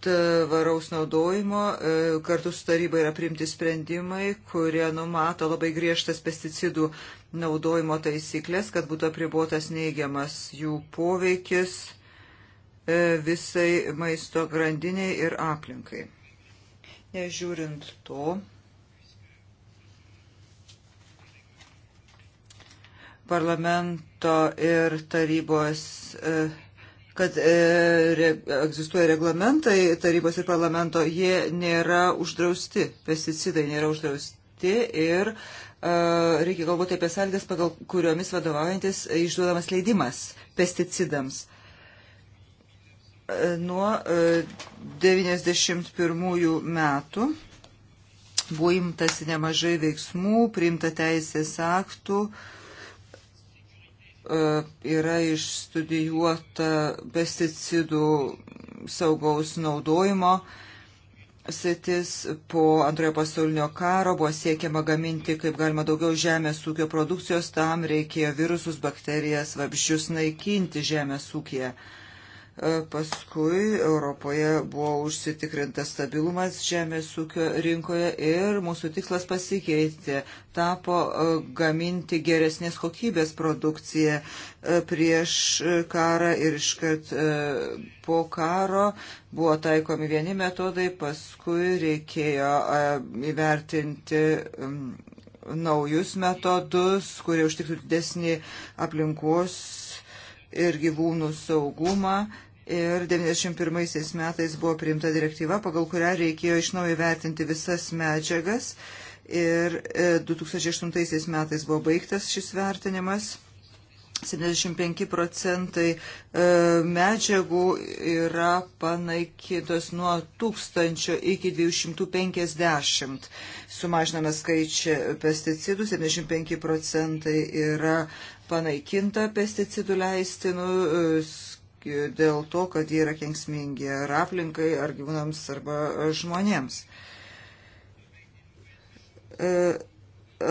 tvaraus naudojimo. E, kartu su taryba yra priimti sprendimai, kurie numato labai griežtas pesticidų naudojimo taisyklės, kad būtų apribotas neigiamas jų poveikis e, visai maisto grandiniai ir aplinkai. Nežiūrint to, parlamento ir tarybos e, kad e, re, egzistuoja reglamentai tarybos ir parlamento, jie nėra uždrausti, pesticidai nėra uždrausti ir e, reikia galvoti apie sąlygas, pagal kuriomis vadovaujantis išduodamas leidimas pesticidams. E, nuo 1991 e, metų buvo imtasi nemažai veiksmų, priimta teisės aktų, e, E, yra išstudijuota pesticidų saugaus naudojimo sritis. Po antrojo pasaulinio karo buvo siekiama gaminti kaip galima daugiau žemės ūkio produkcijos, tam reikėjo virusus, bakterijas, vabzdžius naikinti žemės ūkiją. E, paskui Europoje buvo užsitikrintas stabilumas žemės ūkio rinkoje ir mūsų tikslas pasikeitė. Tapo e, gaminti geresnės kokybės produkciją e, prieš karą ir iškart po karo buvo taikomi vieni metodai, paskui reikėjo įvertinti naujus metodus, kurie užtiktų didesnį aplinkos ir gyvūnų saugumą ir 91 metais buvo priimta direktyva, pagal kurią reikėjo iš naujo vertinti visas medžiagas ir 2008 e, metais buvo baigtas šis vertinimas. 75 procentai e, medžiagų yra panaikytos nuo 1000 iki 250. Sumažiname skaičių pesticidų, 75 procentai yra panaikinta pesticidų leistinų, e, dėl to, kad jie yra kengsmingi ar aplinkai, ar gyvūnams, arba žmonėms. E,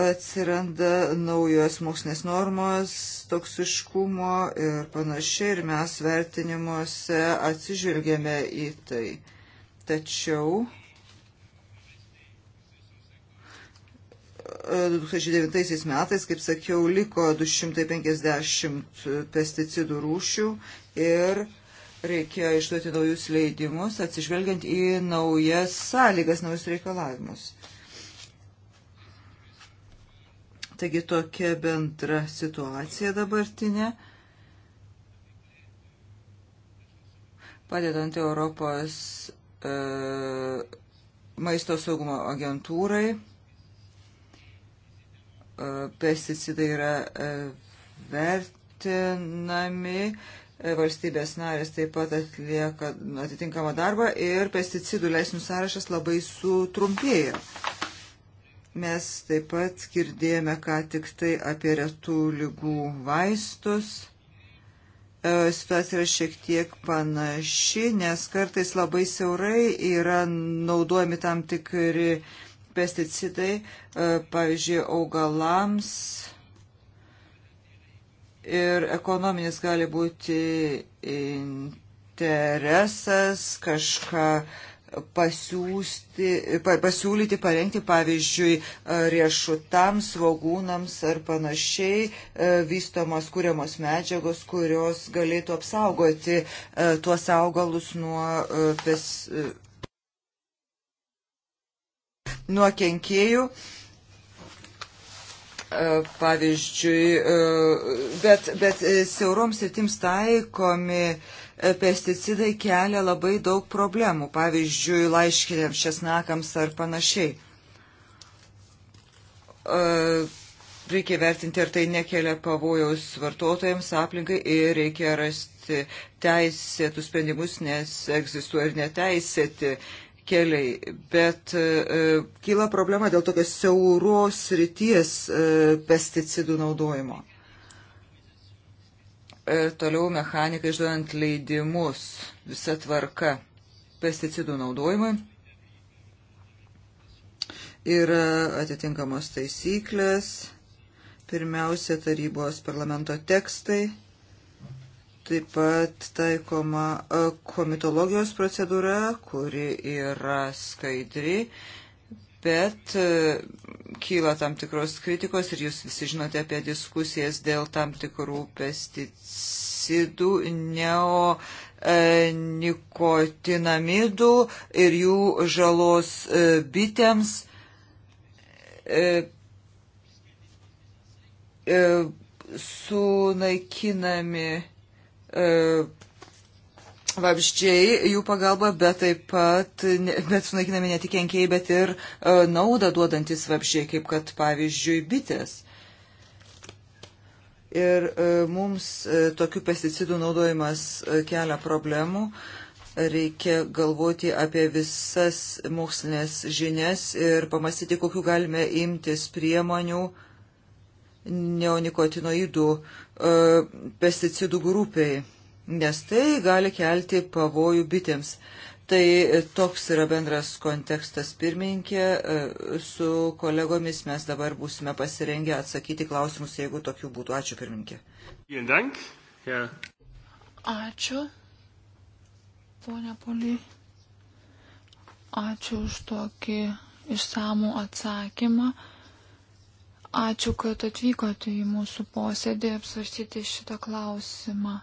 atsiranda naujos mokslinės normos, toksiškumo ir panašiai, ir mes vertinimuose atsižvelgėme į tai. Tačiau 2009 e, metais, kaip sakiau, liko 250 pesticidų rūšių ir reikėjo išduoti naujus leidimus, atsižvelgiant į naujas sąlygas, naujus reikalavimus. Taigi tokia bendra situacija dabartinė. Padedant Europos e, maisto saugumo agentūrai, e, pesticidai yra e, vertinami valstybės narės taip pat atlieka atitinkamą darbą ir pesticidų leisnių sąrašas labai sutrumpėjo. Mes taip pat girdėjome ką tik tai apie retų lygų vaistus. E, situacija yra šiek tiek panaši, nes kartais labai siaurai yra naudojami tam tikri pesticidai, e, pavyzdžiui, augalams ir ekonominis gali būti interesas kažką pasiūsti, pasiūlyti, parengti, pavyzdžiui, riešutams, svogūnams ar panašiai e, vystomos kūriamos medžiagos, kurios galėtų apsaugoti e, tuos augalus nuo, e, pes, nuo kenkėjų. E, pavyzdžiui, e, bet, bet siauroms sritims taikomi e, pesticidai kelia labai daug problemų, pavyzdžiui, laiškiniams česnakams ar panašiai. Reikia vertinti, ar tai nekelia pavojaus vartotojams aplinkai ir reikia rasti teisėtų sprendimus, nes egzistuoja ir neteisėti keliai, bet e, kyla problema dėl tokios siauros ryties e, pesticidų naudojimo. Ir e, toliau mechanikai išduodant leidimus, visa tvarka pesticidų naudojimui. Yra atitinkamos taisyklės, pirmiausia tarybos parlamento tekstai Taip pat taikoma e, komitologijos procedūra, kuri yra skaidri, bet e, kyla tam tikros kritikos ir jūs visi žinote apie diskusijas dėl tam tikrų pesticidų, neonikotinamidų e, ir jų žalos bitėms. Sunaikinami E, vabždžiai, jų pagalba, bet taip pat, bet sunaikinami ne tik kenkėjai, bet ir e, naudą duodantis vabždžiai, kaip kad pavyzdžiui bitės. Ir e, mums tokių pesticidų naudojimas kelia problemų. Reikia galvoti apie visas mokslinės žinias ir pamastyti, kokiu galime imtis priemonių neonikotinoidų uh, E, pesticidų grupiai, nes tai gali kelti pavojų bitėms. Tai toks yra bendras kontekstas pirmininkė. E, su kolegomis mes dabar būsime pasirengę atsakyti klausimus, jeigu tokių būtų. Ačiū pirmininkė. Ačiū, ponia Poli. Ačiū už tokį išsamų atsakymą. Ačiū, kad atvykote į mūsų posėdį apsvarstyti šitą klausimą.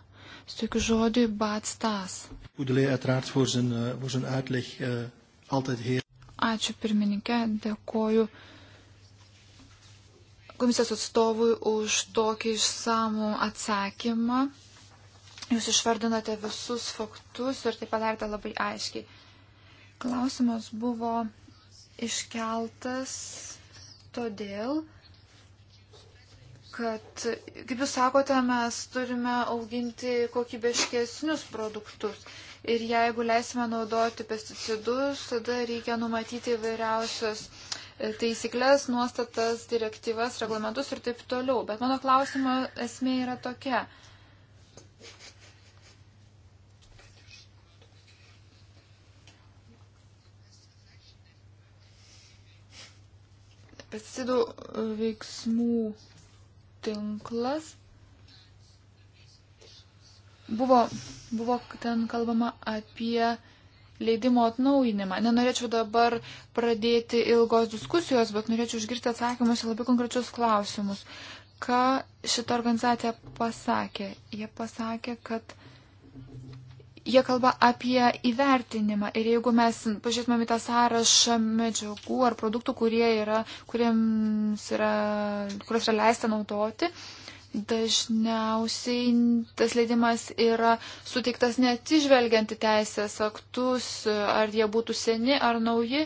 Sutikiu žodį Batstas. Eh, eh, Ačiū pirmininkė, dėkoju komisijos atstovui už tokį išsamų atsakymą. Jūs išvardinote visus faktus ir tai padarėte labai aiškiai. Klausimas buvo iškeltas todėl, kad, kaip jūs sakote, mes turime auginti kokybiškesnius produktus. Ir jeigu leisime naudoti pesticidus, tada reikia numatyti įvairiausias e, taisyklės, nuostatas, direktyvas, reglamentus ir taip toliau. Bet mano klausimo esmė yra tokia. pesticidų e, veiksmų tinklas. Buvo, buvo ten kalbama apie leidimo atnaujinimą. Nenorėčiau dabar pradėti ilgos diskusijos, bet norėčiau išgirti atsakymus į labai konkrečius klausimus. Ką šita organizacija pasakė? Jie pasakė, kad Jie kalba apie įvertinimą ir jeigu mes pažiūrėtumėm į tą sąrašą medžiagų ar produktų, kurie yra, kuriems yra, kurios yra leista naudoti, dažniausiai tas leidimas yra suteiktas neatsižvelgiant į teisės aktus, ar jie būtų seni ar nauji.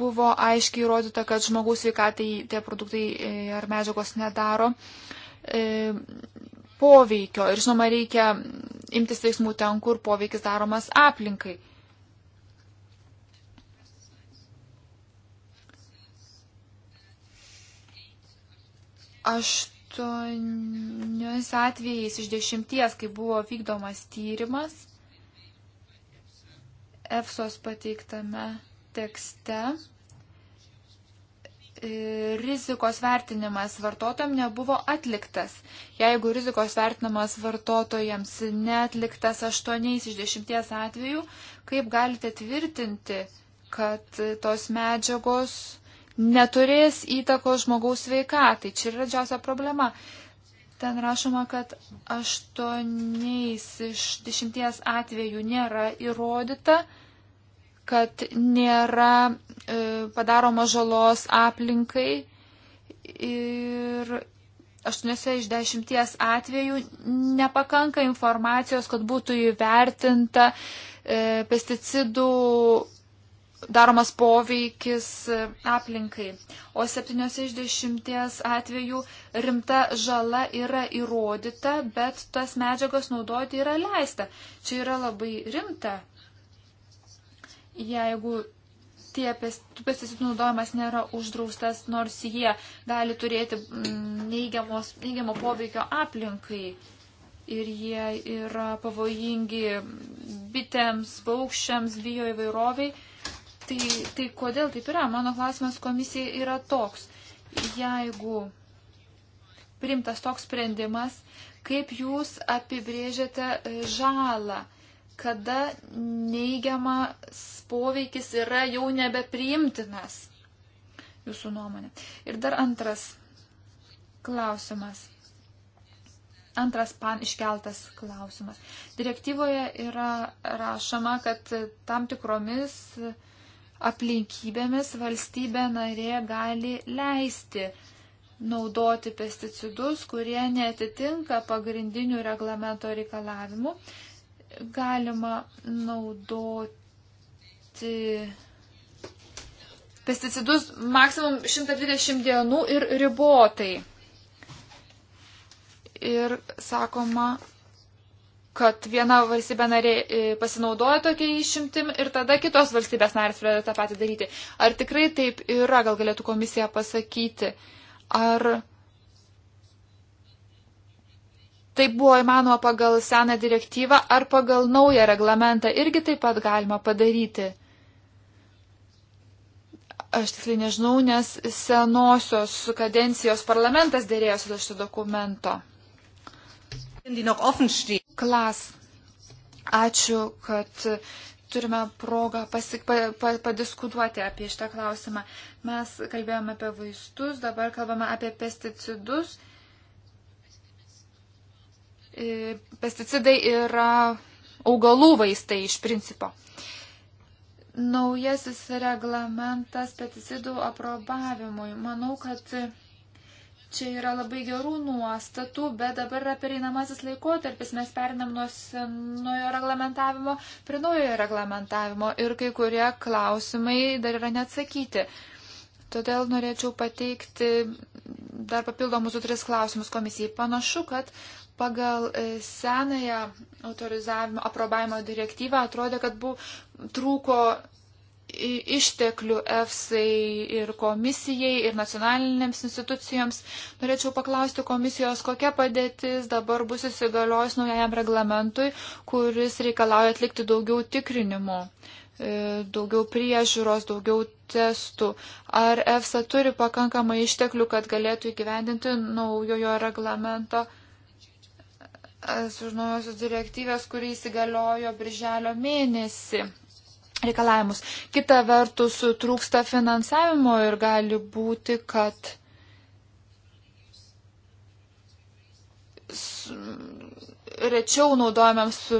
Buvo aiškiai įrodyta, kad žmogaus sveikatai tie produktai ar medžiagos nedaro poveikio ir žinoma reikia imtis veiksmų ten, kur poveikis daromas aplinkai. Aštuoniais atvejais iš dešimties, kai buvo vykdomas tyrimas, EFSOS pateiktame tekste rizikos vertinimas vartotojams nebuvo atliktas. Jeigu rizikos vertinimas vartotojams netliktas 8 iš 10 atvejų, kaip galite tvirtinti, kad tos medžiagos neturės įtakos žmogaus sveikatai? Čia yra didžiausia problema. Ten rašoma, kad 8 iš 10 atvejų nėra įrodyta, kad nėra e, padaroma žalos aplinkai ir 8 iš 10 atvejų nepakanka informacijos, kad būtų įvertinta e, pesticidų daromas poveikis e, aplinkai. O 7 iš 10 atvejų rimta žala yra įrodyta, bet tas medžiagas naudoti yra leista. Čia yra labai rimta jeigu tie pesticidų naudojimas nėra uždraustas, nors jie gali turėti mm, neigiamos, neigiamo poveikio aplinkai ir jie yra pavojingi bitėms, paukščiams, bioįvairoviai. Tai, tai kodėl taip yra? Mano klausimas komisijai yra toks. Jeigu primtas toks sprendimas, kaip jūs apibrėžiate žalą? kada neigiamas poveikis yra jau nebepriimtinas, jūsų nuomonė. Ir dar antras klausimas. Antras pan iškeltas klausimas. Direktyvoje yra rašoma, kad tam tikromis aplinkybėmis valstybė narė gali leisti naudoti pesticidus, kurie netitinka pagrindinių reglamento reikalavimų galima naudoti pesticidus maksimum 120 dienų ir ribotai. Ir sakoma, kad viena valstybė narė e, pasinaudoja tokia išimtim ir tada kitos valstybės narės pradeda tą patį daryti. Ar tikrai taip yra, gal galėtų komisija pasakyti, ar Tai buvo įmanoma pagal seną direktyvą ar pagal naują reglamentą irgi taip pat galima padaryti. Aš tiksliai nežinau, nes senosios kadencijos parlamentas dėrėjosi dėl šito dokumento. Klas. Ačiū, kad turime progą pasik, pa, pa, padiskutuoti apie šitą klausimą. Mes kalbėjome apie vaistus, dabar kalbame apie pesticidus. E, pesticidai yra augalų vaistai iš principo. Naujasis reglamentas pesticidų aprobavimui. Manau, kad čia yra labai gerų nuostatų, bet dabar yra pereinamasis laikotarpis. Mes perinam nuo senojo reglamentavimo prie naujojo reglamentavimo ir kai kurie klausimai dar yra neatsakyti. Todėl norėčiau pateikti dar papildomus du tris klausimus komisijai. Panašu, kad pagal e, senąją autorizavimo aprobavimo direktyvą atrodė, kad buvo trūko išteklių EFSAI ir komisijai ir nacionalinėms institucijoms. Norėčiau paklausti komisijos, kokia padėtis dabar bus įsigaliojus naujajam reglamentui, kuris reikalauja atlikti daugiau tikrinimų. E, daugiau priežiūros, daugiau testų. Ar EFSA turi pakankamai išteklių, kad galėtų įgyvendinti naujojo reglamento e, sužinojosios direktyvės, kurį įsigaliojo birželio mėnesį reikalavimus. Kita vertus, trūksta finansavimo ir gali būti, kad rečiau naudojamiams e,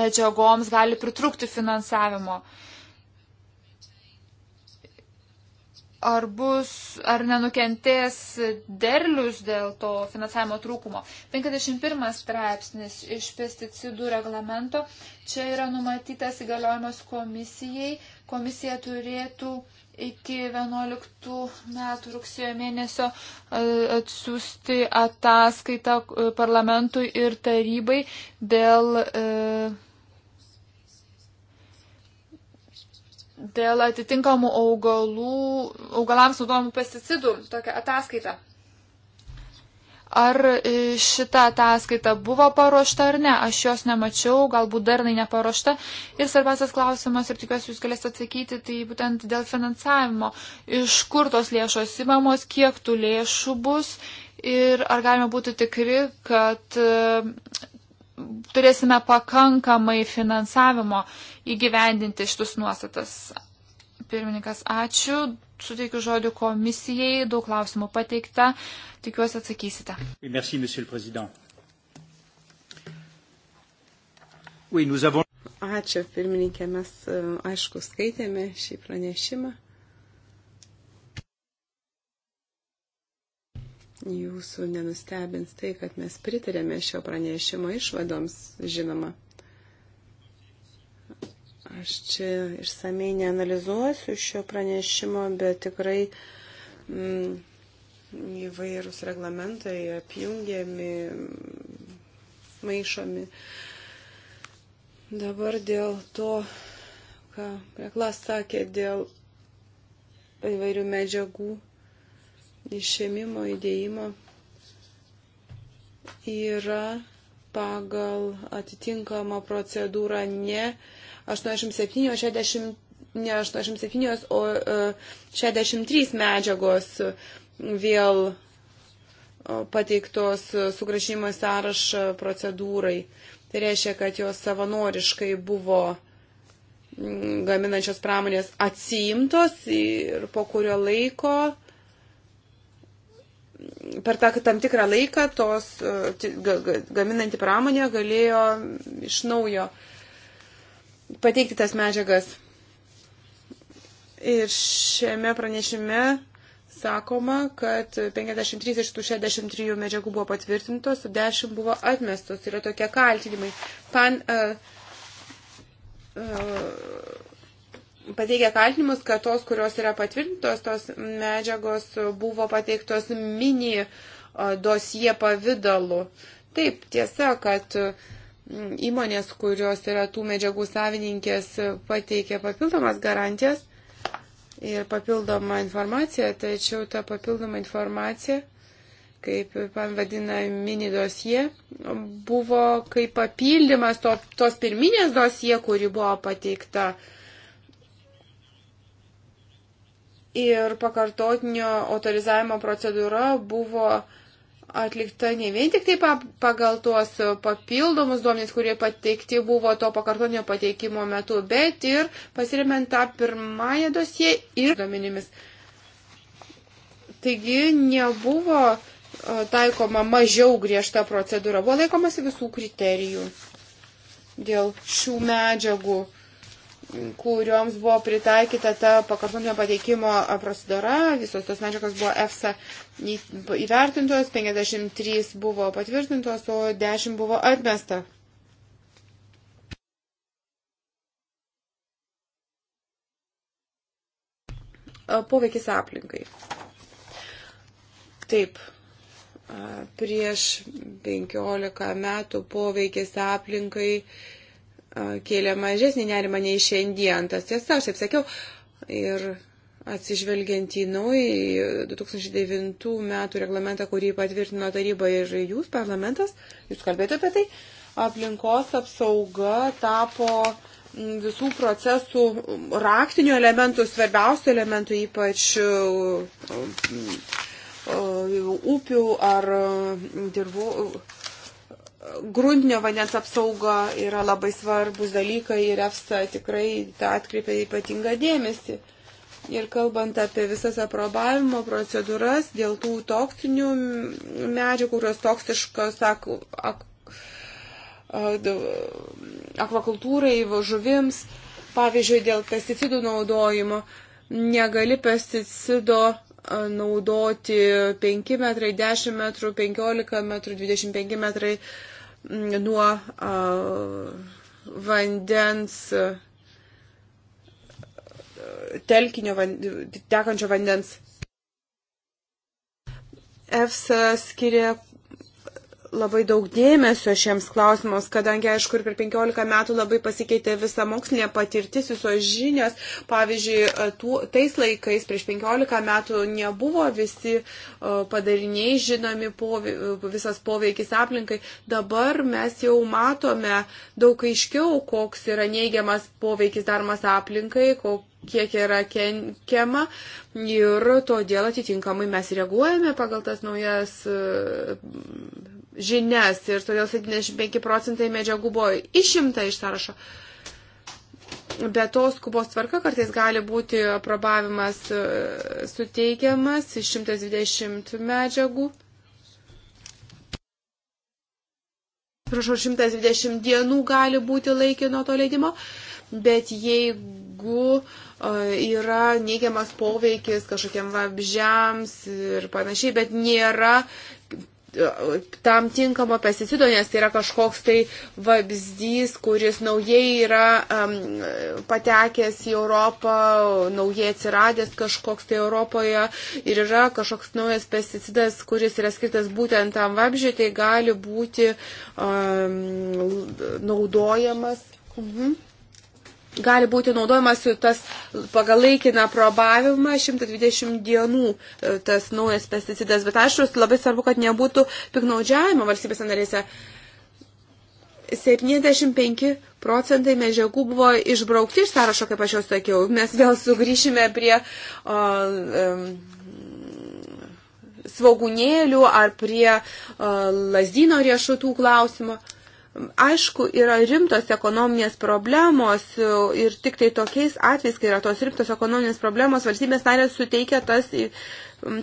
medžiagoms gali pritrūkti finansavimo. Ar bus, ar nenukentės derlius dėl to finansavimo trūkumo. 51 straipsnis iš pesticidų reglamento. Čia yra numatytas įgaliojimas komisijai. Komisija turėtų uh, iki 11 metų rugsėjo mėnesio e, atsiųsti ataskaitą e, parlamentui ir tarybai dėl, e, dėl atitinkamų augalų, augalams naudojamų pesticidų. Tokią ataskaitą ar e, šita ataskaita buvo paruošta ar ne. Aš jos nemačiau, galbūt dar jinai neparuošta. Ir svarbiausias klausimas, ir tikiuosi jūs galės atsakyti, tai būtent dėl finansavimo. Iš kur tos lėšos įmamos, kiek tų lėšų bus ir ar galime būti tikri, kad e, turėsime pakankamai finansavimo įgyvendinti šitus nuostatas. Pirmininkas, ačiū suteikiu žodį komisijai, daug klausimų pateikta, tikiuosi atsakysite. Merci, oui, avons... Ačiū, pirmininkė, mes e, aišku skaitėme šį pranešimą. Jūsų nenustebins tai, kad mes pritarėme šio pranešimo išvadoms, žinoma. Aš čia išsamei neanalizuosiu šio pranešimo, bet tikrai mm, įvairūs reglamentai apjungiami, maišomi. Dabar dėl to, ką Reklas sakė, dėl įvairių medžiagų išėmimo, įdėjimo yra pagal atitinkamą procedūrą ne 87, ne 87, o 63 medžiagos vėl pateiktos sugražinimo sąrašą procedūrai. Tai reiškia, kad jos savanoriškai buvo mm, gaminančios pramonės atsiimtos ir po kurio laiko, mm, per tą tam tikrą laiką, tos e, gaminanti pramonė galėjo iš naujo uh, pateikti tas medžiagas. Ir šiame pranešime sakoma, kad 53 iš tų 63 medžiagų buvo patvirtintos, 10 buvo atmestos. Yra tokie kaltinimai. Pan uh, uh, pateikia kaltinimus, kad tos, kurios yra patvirtintos, tos medžiagos buvo pateiktos mini uh, dosie pavydalu. Taip, tiesa, kad uh, įmonės, kurios yra tų medžiagų savininkės, pateikė papildomas garantijas ir papildomą informaciją, tačiau ta papildoma informacija, kaip man vadina mini dosie, buvo kaip papildymas to, tos pirminės dosie, kuri buvo pateikta. Ir pakartotinio autorizavimo procedūra buvo uh, atlikta ne vien tik tai pagal tuos papildomus duomenys, kurie pateikti buvo to pakartotinio pateikimo metu, bet ir pasiremiant tą pirmąją dosiją ir duomenimis. Taigi nebuvo e, taikoma mažiau griežta procedūra, buvo laikomasi visų kriterijų dėl šių medžiagų kurioms buvo pritaikyta ta pakartotinio pateikimo procedūra, visos tos medžiagos buvo EFSA įvertintos, 53 buvo patvirtintos, o 10 buvo atmesta. Poveikis aplinkai. Taip, prieš 15 metų poveikis aplinkai kėlė mažesnį nerimą nei šiandien. Tas tiesa, aš taip sakiau. Ir atsižvelgiant į naują 2009 metų reglamentą, kurį patvirtino taryba ir jūs, parlamentas, jūs kalbėjote apie tai, aplinkos apsauga tapo visų procesų raktinių elementų, svarbiausių elementų, ypač upių ar dirbų gruntinio vandens apsauga yra labai svarbus dalykai ir EFSA tikrai tą atkreipia ypatingą dėmesį. Ir kalbant apie visas aprobavimo procedūras dėl tų toksinių medžiagų, kurios toksiškos ak, ak, akvakultūrai, žuvims, pavyzdžiui, dėl pesticidų naudojimo, negali pesticido naudoti 5 metrai, 10 metrų, 15 metrų, 25 metrai nuo a, vandens telkinio tekančio vandens. EFSA skiria labai daug dėmesio šiems klausimams, kadangi, aišku, ir per 15 metų labai pasikeitė visa mokslinė patirtis, visos žinios. Pavyzdžiui, tų, tais laikais, prieš 15 metų, nebuvo visi padariniai žinomi, povė, visas poveikis aplinkai. Dabar mes jau matome daug aiškiau, koks yra neigiamas poveikis daromas aplinkai, kok, kiek yra kenkiama ir todėl atitinkamai mes reaguojame pagal tas naujas žinias ir todėl 75 procentai medžiagų buvo išimta iš sąrašo. Be to, skubos tvarka kartais gali būti aprobavimas e, suteikiamas iš 120 medžiagų. Prašau, 120 dienų gali būti laikino to leidimo, bet jeigu uh, yra neigiamas poveikis kažkokiam vabžiams ir panašiai, bet nėra tam tinkamo pesticido, nes tai yra kažkoks tai vabzdys, kuris naujai yra um, patekęs į Europą, naujai atsiradęs kažkoks tai Europoje ir yra kažkoks naujas pesticidas, kuris yra skirtas būtent tam vabžiui, tai gali būti um, naudojamas. Mhm. Gali būti naudojamas tas pagal laikiną probavimą 120 dienų e, tas naujas pesticidas, bet aišku, labai svarbu, kad nebūtų piknaudžiavimo valstybės narėse. 75 procentai medžiagų buvo išbraukti iš sąrašo, kaip aš jau sakiau. Mes vėl sugrįšime prie o, um, svaugunėlių ar prie o, lazdyno riešutų klausimo. Aišku, yra rimtos ekonominės problemos ir tik tai tokiais atvejais, kai yra tos rimtos ekonominės problemos, valstybės narės suteikia tas,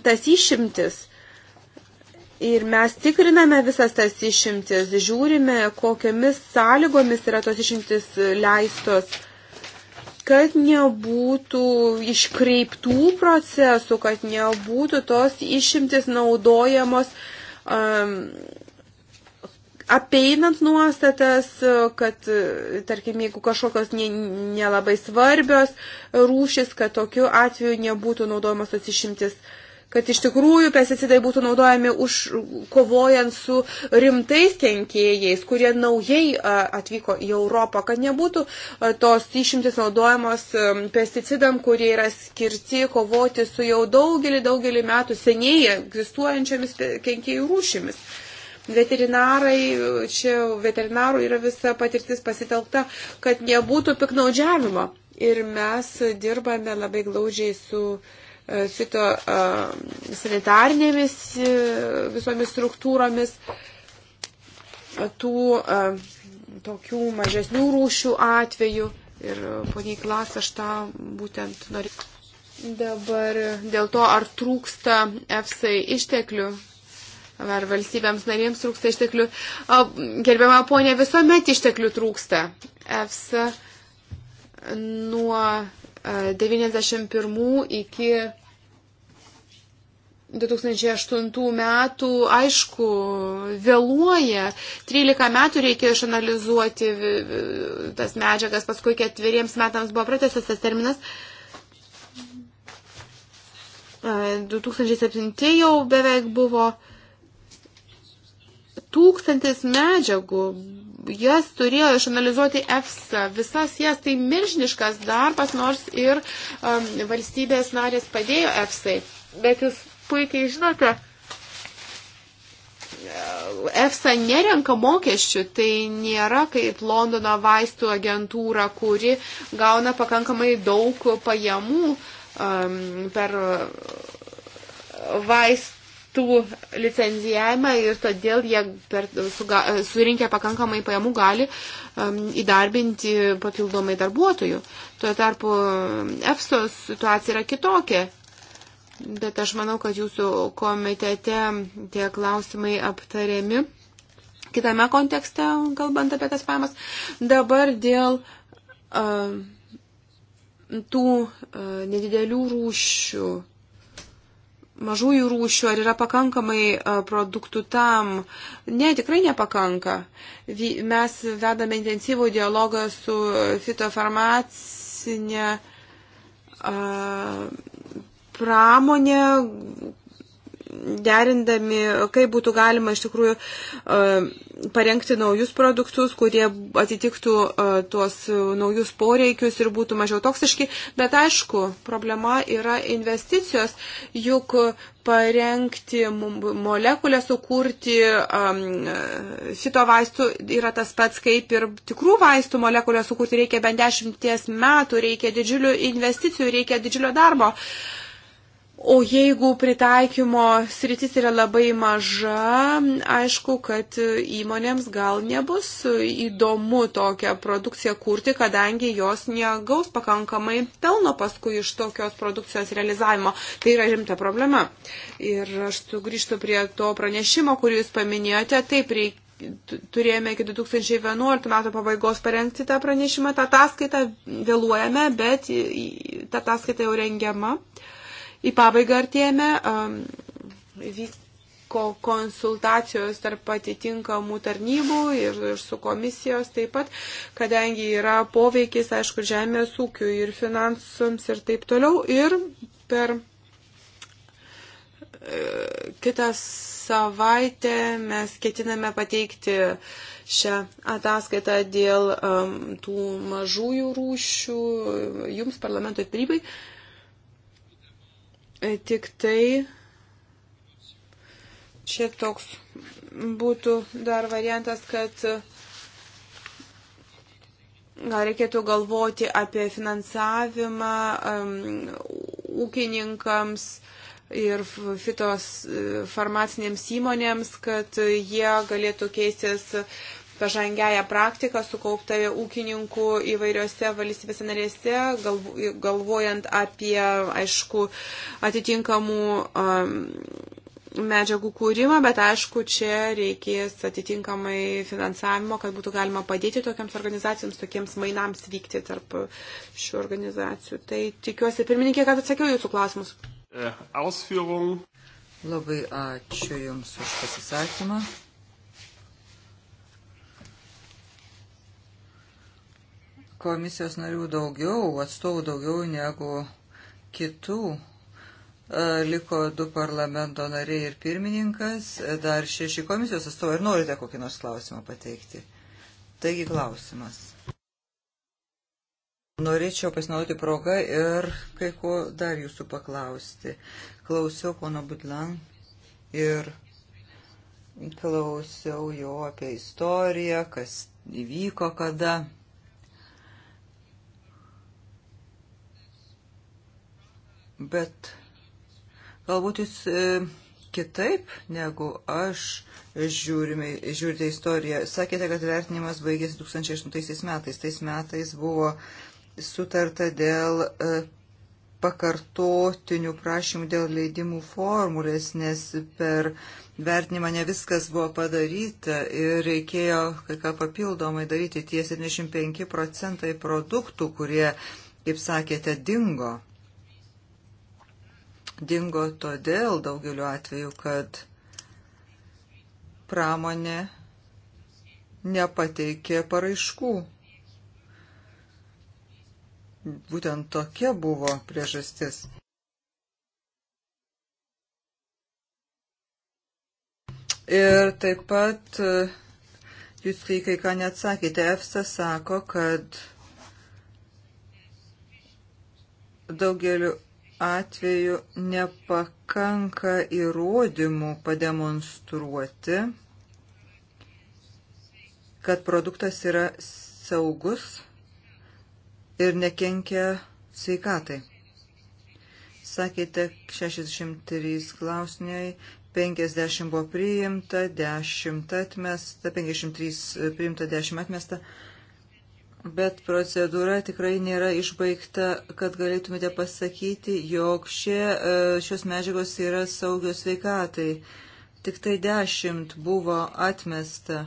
tas išimtis. Ir mes tikriname visas tas išimtis, žiūrime, kokiamis sąlygomis yra tos išimtis leistos, kad nebūtų iškreiptų procesų, kad nebūtų tos išimtis naudojamos um, apeinant nuostatas, kad, tarkim, jeigu kažkokios nelabai ne svarbios rūšis, kad tokiu atveju nebūtų naudojamas tos išimtis kad iš tikrųjų pesticidai būtų naudojami už kovojant su rimtais kenkėjais, kurie naujai atvyko į Europą, kad nebūtų tos išimtis naudojamos pesticidam, kurie yra skirti kovoti su jau daugelį, daugelį metų seniai egzistuojančiomis kenkėjų rūšimis. Veterinarai, čia veterinarų yra visa patirtis pasitelkta, kad nebūtų piknaudžiavimo. Ir mes dirbame labai glaudžiai su e, fito e, sanitarnėmis e, visomis struktūromis tų tokių mažesnių rūšių atveju. Ir poniai klas aš tą būtent noriu. Dabar dėl to, ar trūksta EFSA išteklių, ar valstybėms narėms trūksta išteklių. O, gerbiama ponė, visuomet išteklių trūksta. EFSA nuo 91 e, iki 2008 metų, aišku, vėluoja. 13 metų reikėjo išanalizuoti tas medžiagas, paskui ketveriems metams buvo pratęstas tas terminas. 2007 e, jau beveik buvo tūkstantis medžiagų. Jas turėjo išanalizuoti EFSA, visas jas tai milžiniškas darbas, nors ir um, valstybės narės padėjo EFSA. Bet jūs puikiai žinote, EFSA nerenka mokesčių, tai nėra kaip Londono vaistų agentūra, kuri gauna pakankamai daug pajamų um, per vaistų tų licenzijavimą ir todėl jie per, suga, surinkę pakankamai pajamų gali um, įdarbinti papildomai darbuotojų. Tuo tarpu um, EFSOS situacija yra kitokia. Bet aš manau, kad jūsų komitete tie klausimai aptariami kitame kontekste, kalbant apie tas pajamas. Dabar dėl uh, tų uh, nedidelių rūšių mažųjų rūšių, ar yra pakankamai e, produktų tam. Ne, tikrai nepakanka. Mes vedame intensyvų dialogą su fitofarmacinė e, pramonė, derindami, kaip būtų galima iš tikrųjų e, parengti naujus produktus, kurie atitiktų e, tuos naujus poreikius ir būtų mažiau toksiški. Bet aišku, problema yra investicijos, juk parengti molekulę, sukurti um, šito vaistų yra tas pats kaip ir tikrų vaistų molekulę sukurti reikia bent dešimties metų, reikia didžiulių investicijų, reikia didžiulio darbo. Uh, O jeigu pritaikymo sritis yra labai maža, aišku, kad įmonėms gal nebus įdomu tokią produkciją kurti, kadangi jos negaus pakankamai pelno paskui iš tokios produkcijos realizavimo. Tai yra rimta problema. Ir aš sugrįžtu prie to pranešimo, kurį jūs paminėjote. Taip, reikia turėjome iki 2011 metų pabaigos parengti tą pranešimą, tą ataskaitą vėluojame, bet ta ataskaita jau rengiama. Uh, Į pabaigą artėjame. Vyko konsultacijos tarp atitinkamų tarnybų ir, ir su komisijos taip pat, kadangi yra poveikis, aišku, žemės ūkiui ir finansams ir taip toliau. Ir per e, kitą savaitę mes ketiname pateikti šią ataskaitą dėl um, tų mažųjų rūšių jums parlamento tarybai. Uh, E, tik tai čia toks būtų dar variantas, kad e, gal reikėtų galvoti apie finansavimą um, ūkininkams ir fitos e, farmacinėms įmonėms, kad jie galėtų keistis pažangiają praktiką sukauptą ūkininkų įvairiose valstybėse narėse, galvojant apie, aišku, atitinkamų um, medžiagų kūrimą, bet aišku, čia reikės atitinkamai finansavimo, kad būtų galima padėti tokiams organizacijoms, tokiems mainams vykti tarp šių organizacijų. Tai tikiuosi, pirmininkė, kad atsakiau jūsų klausimus. Ausführung. Labai ačiū Jums už pasisakymą. komisijos narių daugiau, atstovų daugiau negu kitų. E, liko du parlamento nariai ir pirmininkas, e, dar šeši komisijos atstovai. Ar norite kokį nors klausimą pateikti? Taigi klausimas. Norėčiau pasinaudoti progą ir kai ko dar jūsų paklausti. Klausiau pono Budlan ir klausiau jo apie istoriją, kas įvyko kada. bet galbūt jūs e, kitaip negu aš žiūrime, žiūrite istoriją. Sakėte, kad vertinimas baigėsi 2008 metais. Tais metais buvo sutarta dėl e, pakartotinių prašymų dėl leidimų formulės, nes per vertinimą ne viskas buvo padaryta ir reikėjo kai ką papildomai daryti. Tie 75 procentai produktų, kurie, kaip sakėte, dingo dingo todėl daugeliu atveju, kad pramonė nepateikė paraiškų. Būtent tokia buvo priežastis. Ir taip pat e, jūs kai kai ką neatsakėte, EFSA sako, kad daugeliu atveju nepakanka įrodymų pademonstruoti, kad produktas yra saugus ir nekenkia sveikatai. Sakėte, 63 klausimai, 50 buvo priimta, 10 atmesta, 53 priimta, 10 atmesta bet procedūra tikrai nėra išbaigta, kad galėtumėte pasakyti, jog šie, e, šios medžiagos yra saugios sveikatai. Tik tai dešimt buvo atmesta.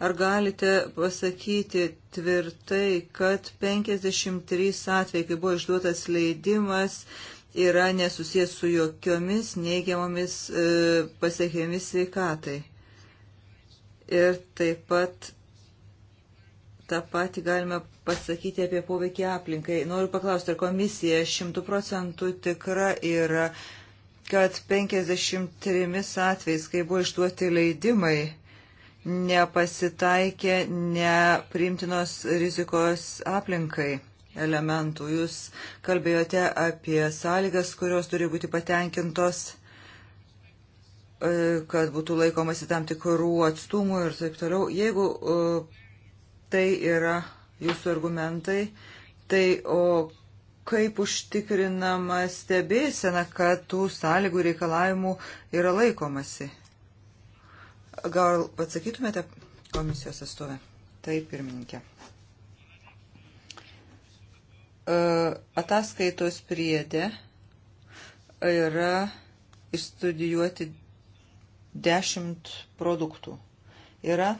Ar galite pasakyti tvirtai, kad 53 atvejai, kai buvo išduotas leidimas, yra nesusijęs su jokiomis neigiamomis e, pasiekėmis sveikatai? Ir taip pat tą patį galime pasakyti apie poveikį aplinkai. Noriu paklausti, ar komisija šimtų procentų tikra yra, kad 53 atvejais, kai buvo išduoti leidimai, nepasitaikė neprimtinos rizikos aplinkai elementų. Jūs kalbėjote apie sąlygas, kurios turi būti patenkintos, e, kad būtų laikomasi tam tikrų atstumų ir taip toliau. Jeigu e, tai yra jūsų argumentai. Tai o kaip užtikrinama stebėsena, kad tų sąlygų reikalavimų yra laikomasi? Gal atsakytumėte komisijos atstovę? Taip, pirmininkė. E, ataskaitos priedė yra išstudijuoti 10 produktų. Yra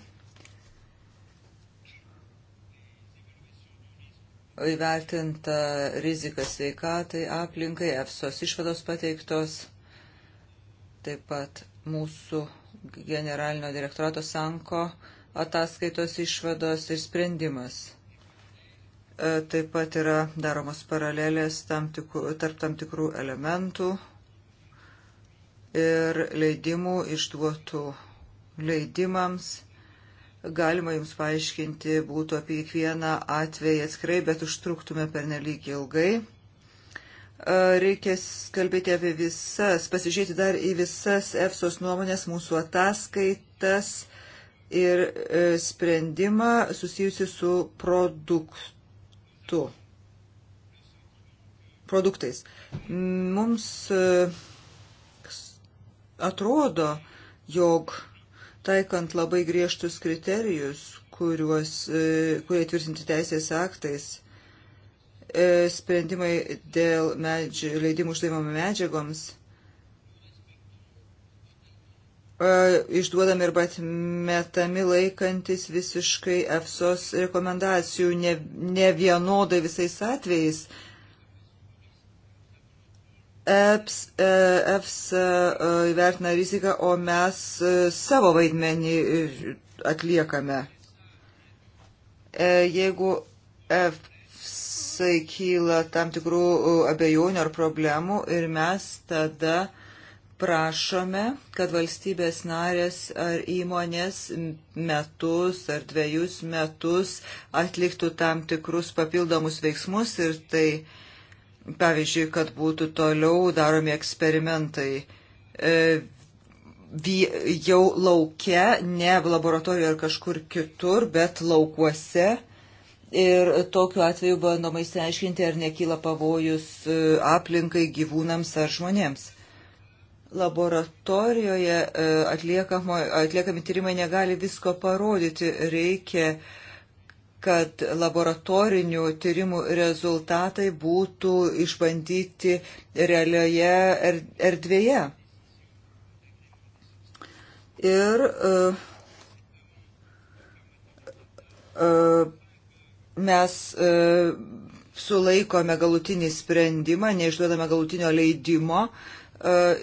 įvertinta rizika sveikatai, aplinkai, EFSOS išvados pateiktos, taip pat mūsų generalinio direktorato Sanko ataskaitos išvados ir sprendimas. E, taip pat yra daromos paralelės tam tikrų, tarp tam tikrų elementų ir leidimų išduotų leidimams galima jums paaiškinti būtų apie kiekvieną atvejį atskrai, bet užtruktume per nelik ilgai. E, reikia kalbėti apie visas, pasižiūrėti dar į visas EFSOS nuomonės, mūsų ataskaitas ir e, sprendimą susijusi su produktu. Produktais. Mums e, atrodo, jog taikant labai griežtus kriterijus, kuriuos, e, kurie tvirtinti teisės aktais, e, sprendimai dėl medži, leidimų uždaimamo medžiagoms e, išduodami arba atmetami laikantis visiškai EFSOS rekomendacijų ne, ne vienodai visais atvejais. EPS, EPS e, įvertina riziką, o mes e, savo vaidmenį e, atliekame. Jeigu EPSai kyla tam tikrų abejonių ar problemų ir mes tada prašome, kad valstybės narės ar įmonės metus ar dviejus metus atliktų tam tikrus papildomus veiksmus ir tai uh, pavyzdžiui, kad būtų toliau daromi eksperimentai e, jau laukia, ne laboratorijoje ar kažkur kitur, bet laukuose. Ir tokiu atveju bandoma įsiaiškinti, ar nekyla pavojus e, aplinkai, gyvūnams ar žmonėms. Laboratorijoje e, atliekami tyrimai negali visko parodyti, reikia uh, kad laboratorinių tyrimų rezultatai būtų išbandyti realioje er-, erdvėje. Ir uh, uh, mes uh, sulaikome galutinį sprendimą, neišduodame galutinio leidimo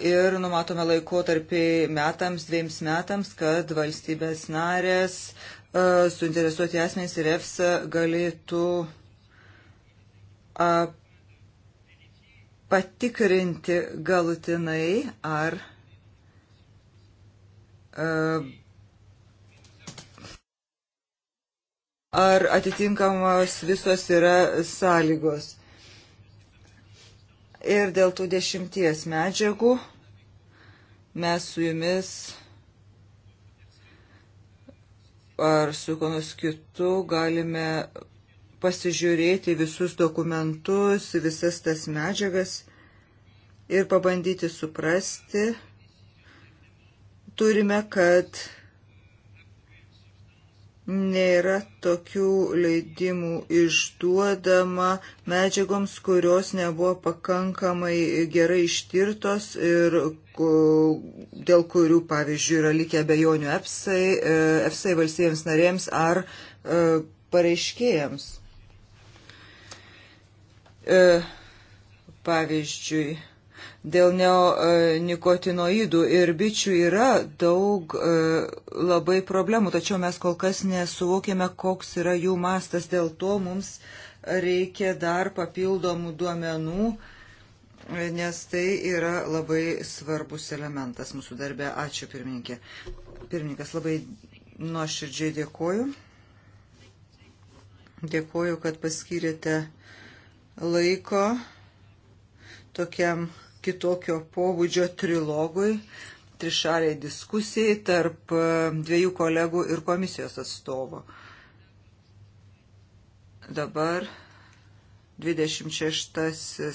ir numatome laikotarpį metams, dviems metams, kad valstybės narės uh, E, suinteresuoti asmenys ir EFSA galėtų patikrinti galutinai, ar e, ar atitinkamos visos yra sąlygos. Ir dėl tų dešimties medžiagų mes su jumis ar su kuo nors kitu galime pasižiūrėti visus dokumentus, visas tas medžiagas ir pabandyti suprasti. Turime, kad nėra tokių leidimų išduodama medžiagoms, kurios nebuvo pakankamai gerai ištirtos ir dėl kurių, pavyzdžiui, yra likę bejonių EFSA, e, EFSA valstybėms narėms ar e, pareiškėjams. E, pavyzdžiui, dėl neonikotinoidų ir bičių yra daug e, labai problemų, tačiau mes kol kas nesuvokėme, koks yra jų mastas, dėl to mums reikia dar papildomų duomenų, e, nes tai yra labai svarbus elementas mūsų darbe. Ačiū pirmininkė. Pirmininkas, labai nuoširdžiai dėkoju. Dėkoju, kad paskyrėte laiko tokiam kitokio pobūdžio trilogui, trišaliai diskusijai tarp e, dviejų kolegų ir komisijos atstovo. Dabar 26 e,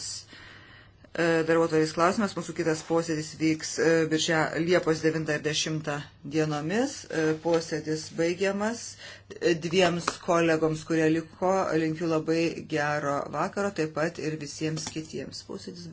darbuotojas klausimas. Mūsų kitas posėdis vyks e, biržia Liepos 9 ir 10 dienomis. Posėdis baigiamas. Dviems kolegoms, kurie liko, linkiu labai gero vakaro, taip pat ir visiems kitiems posėdis.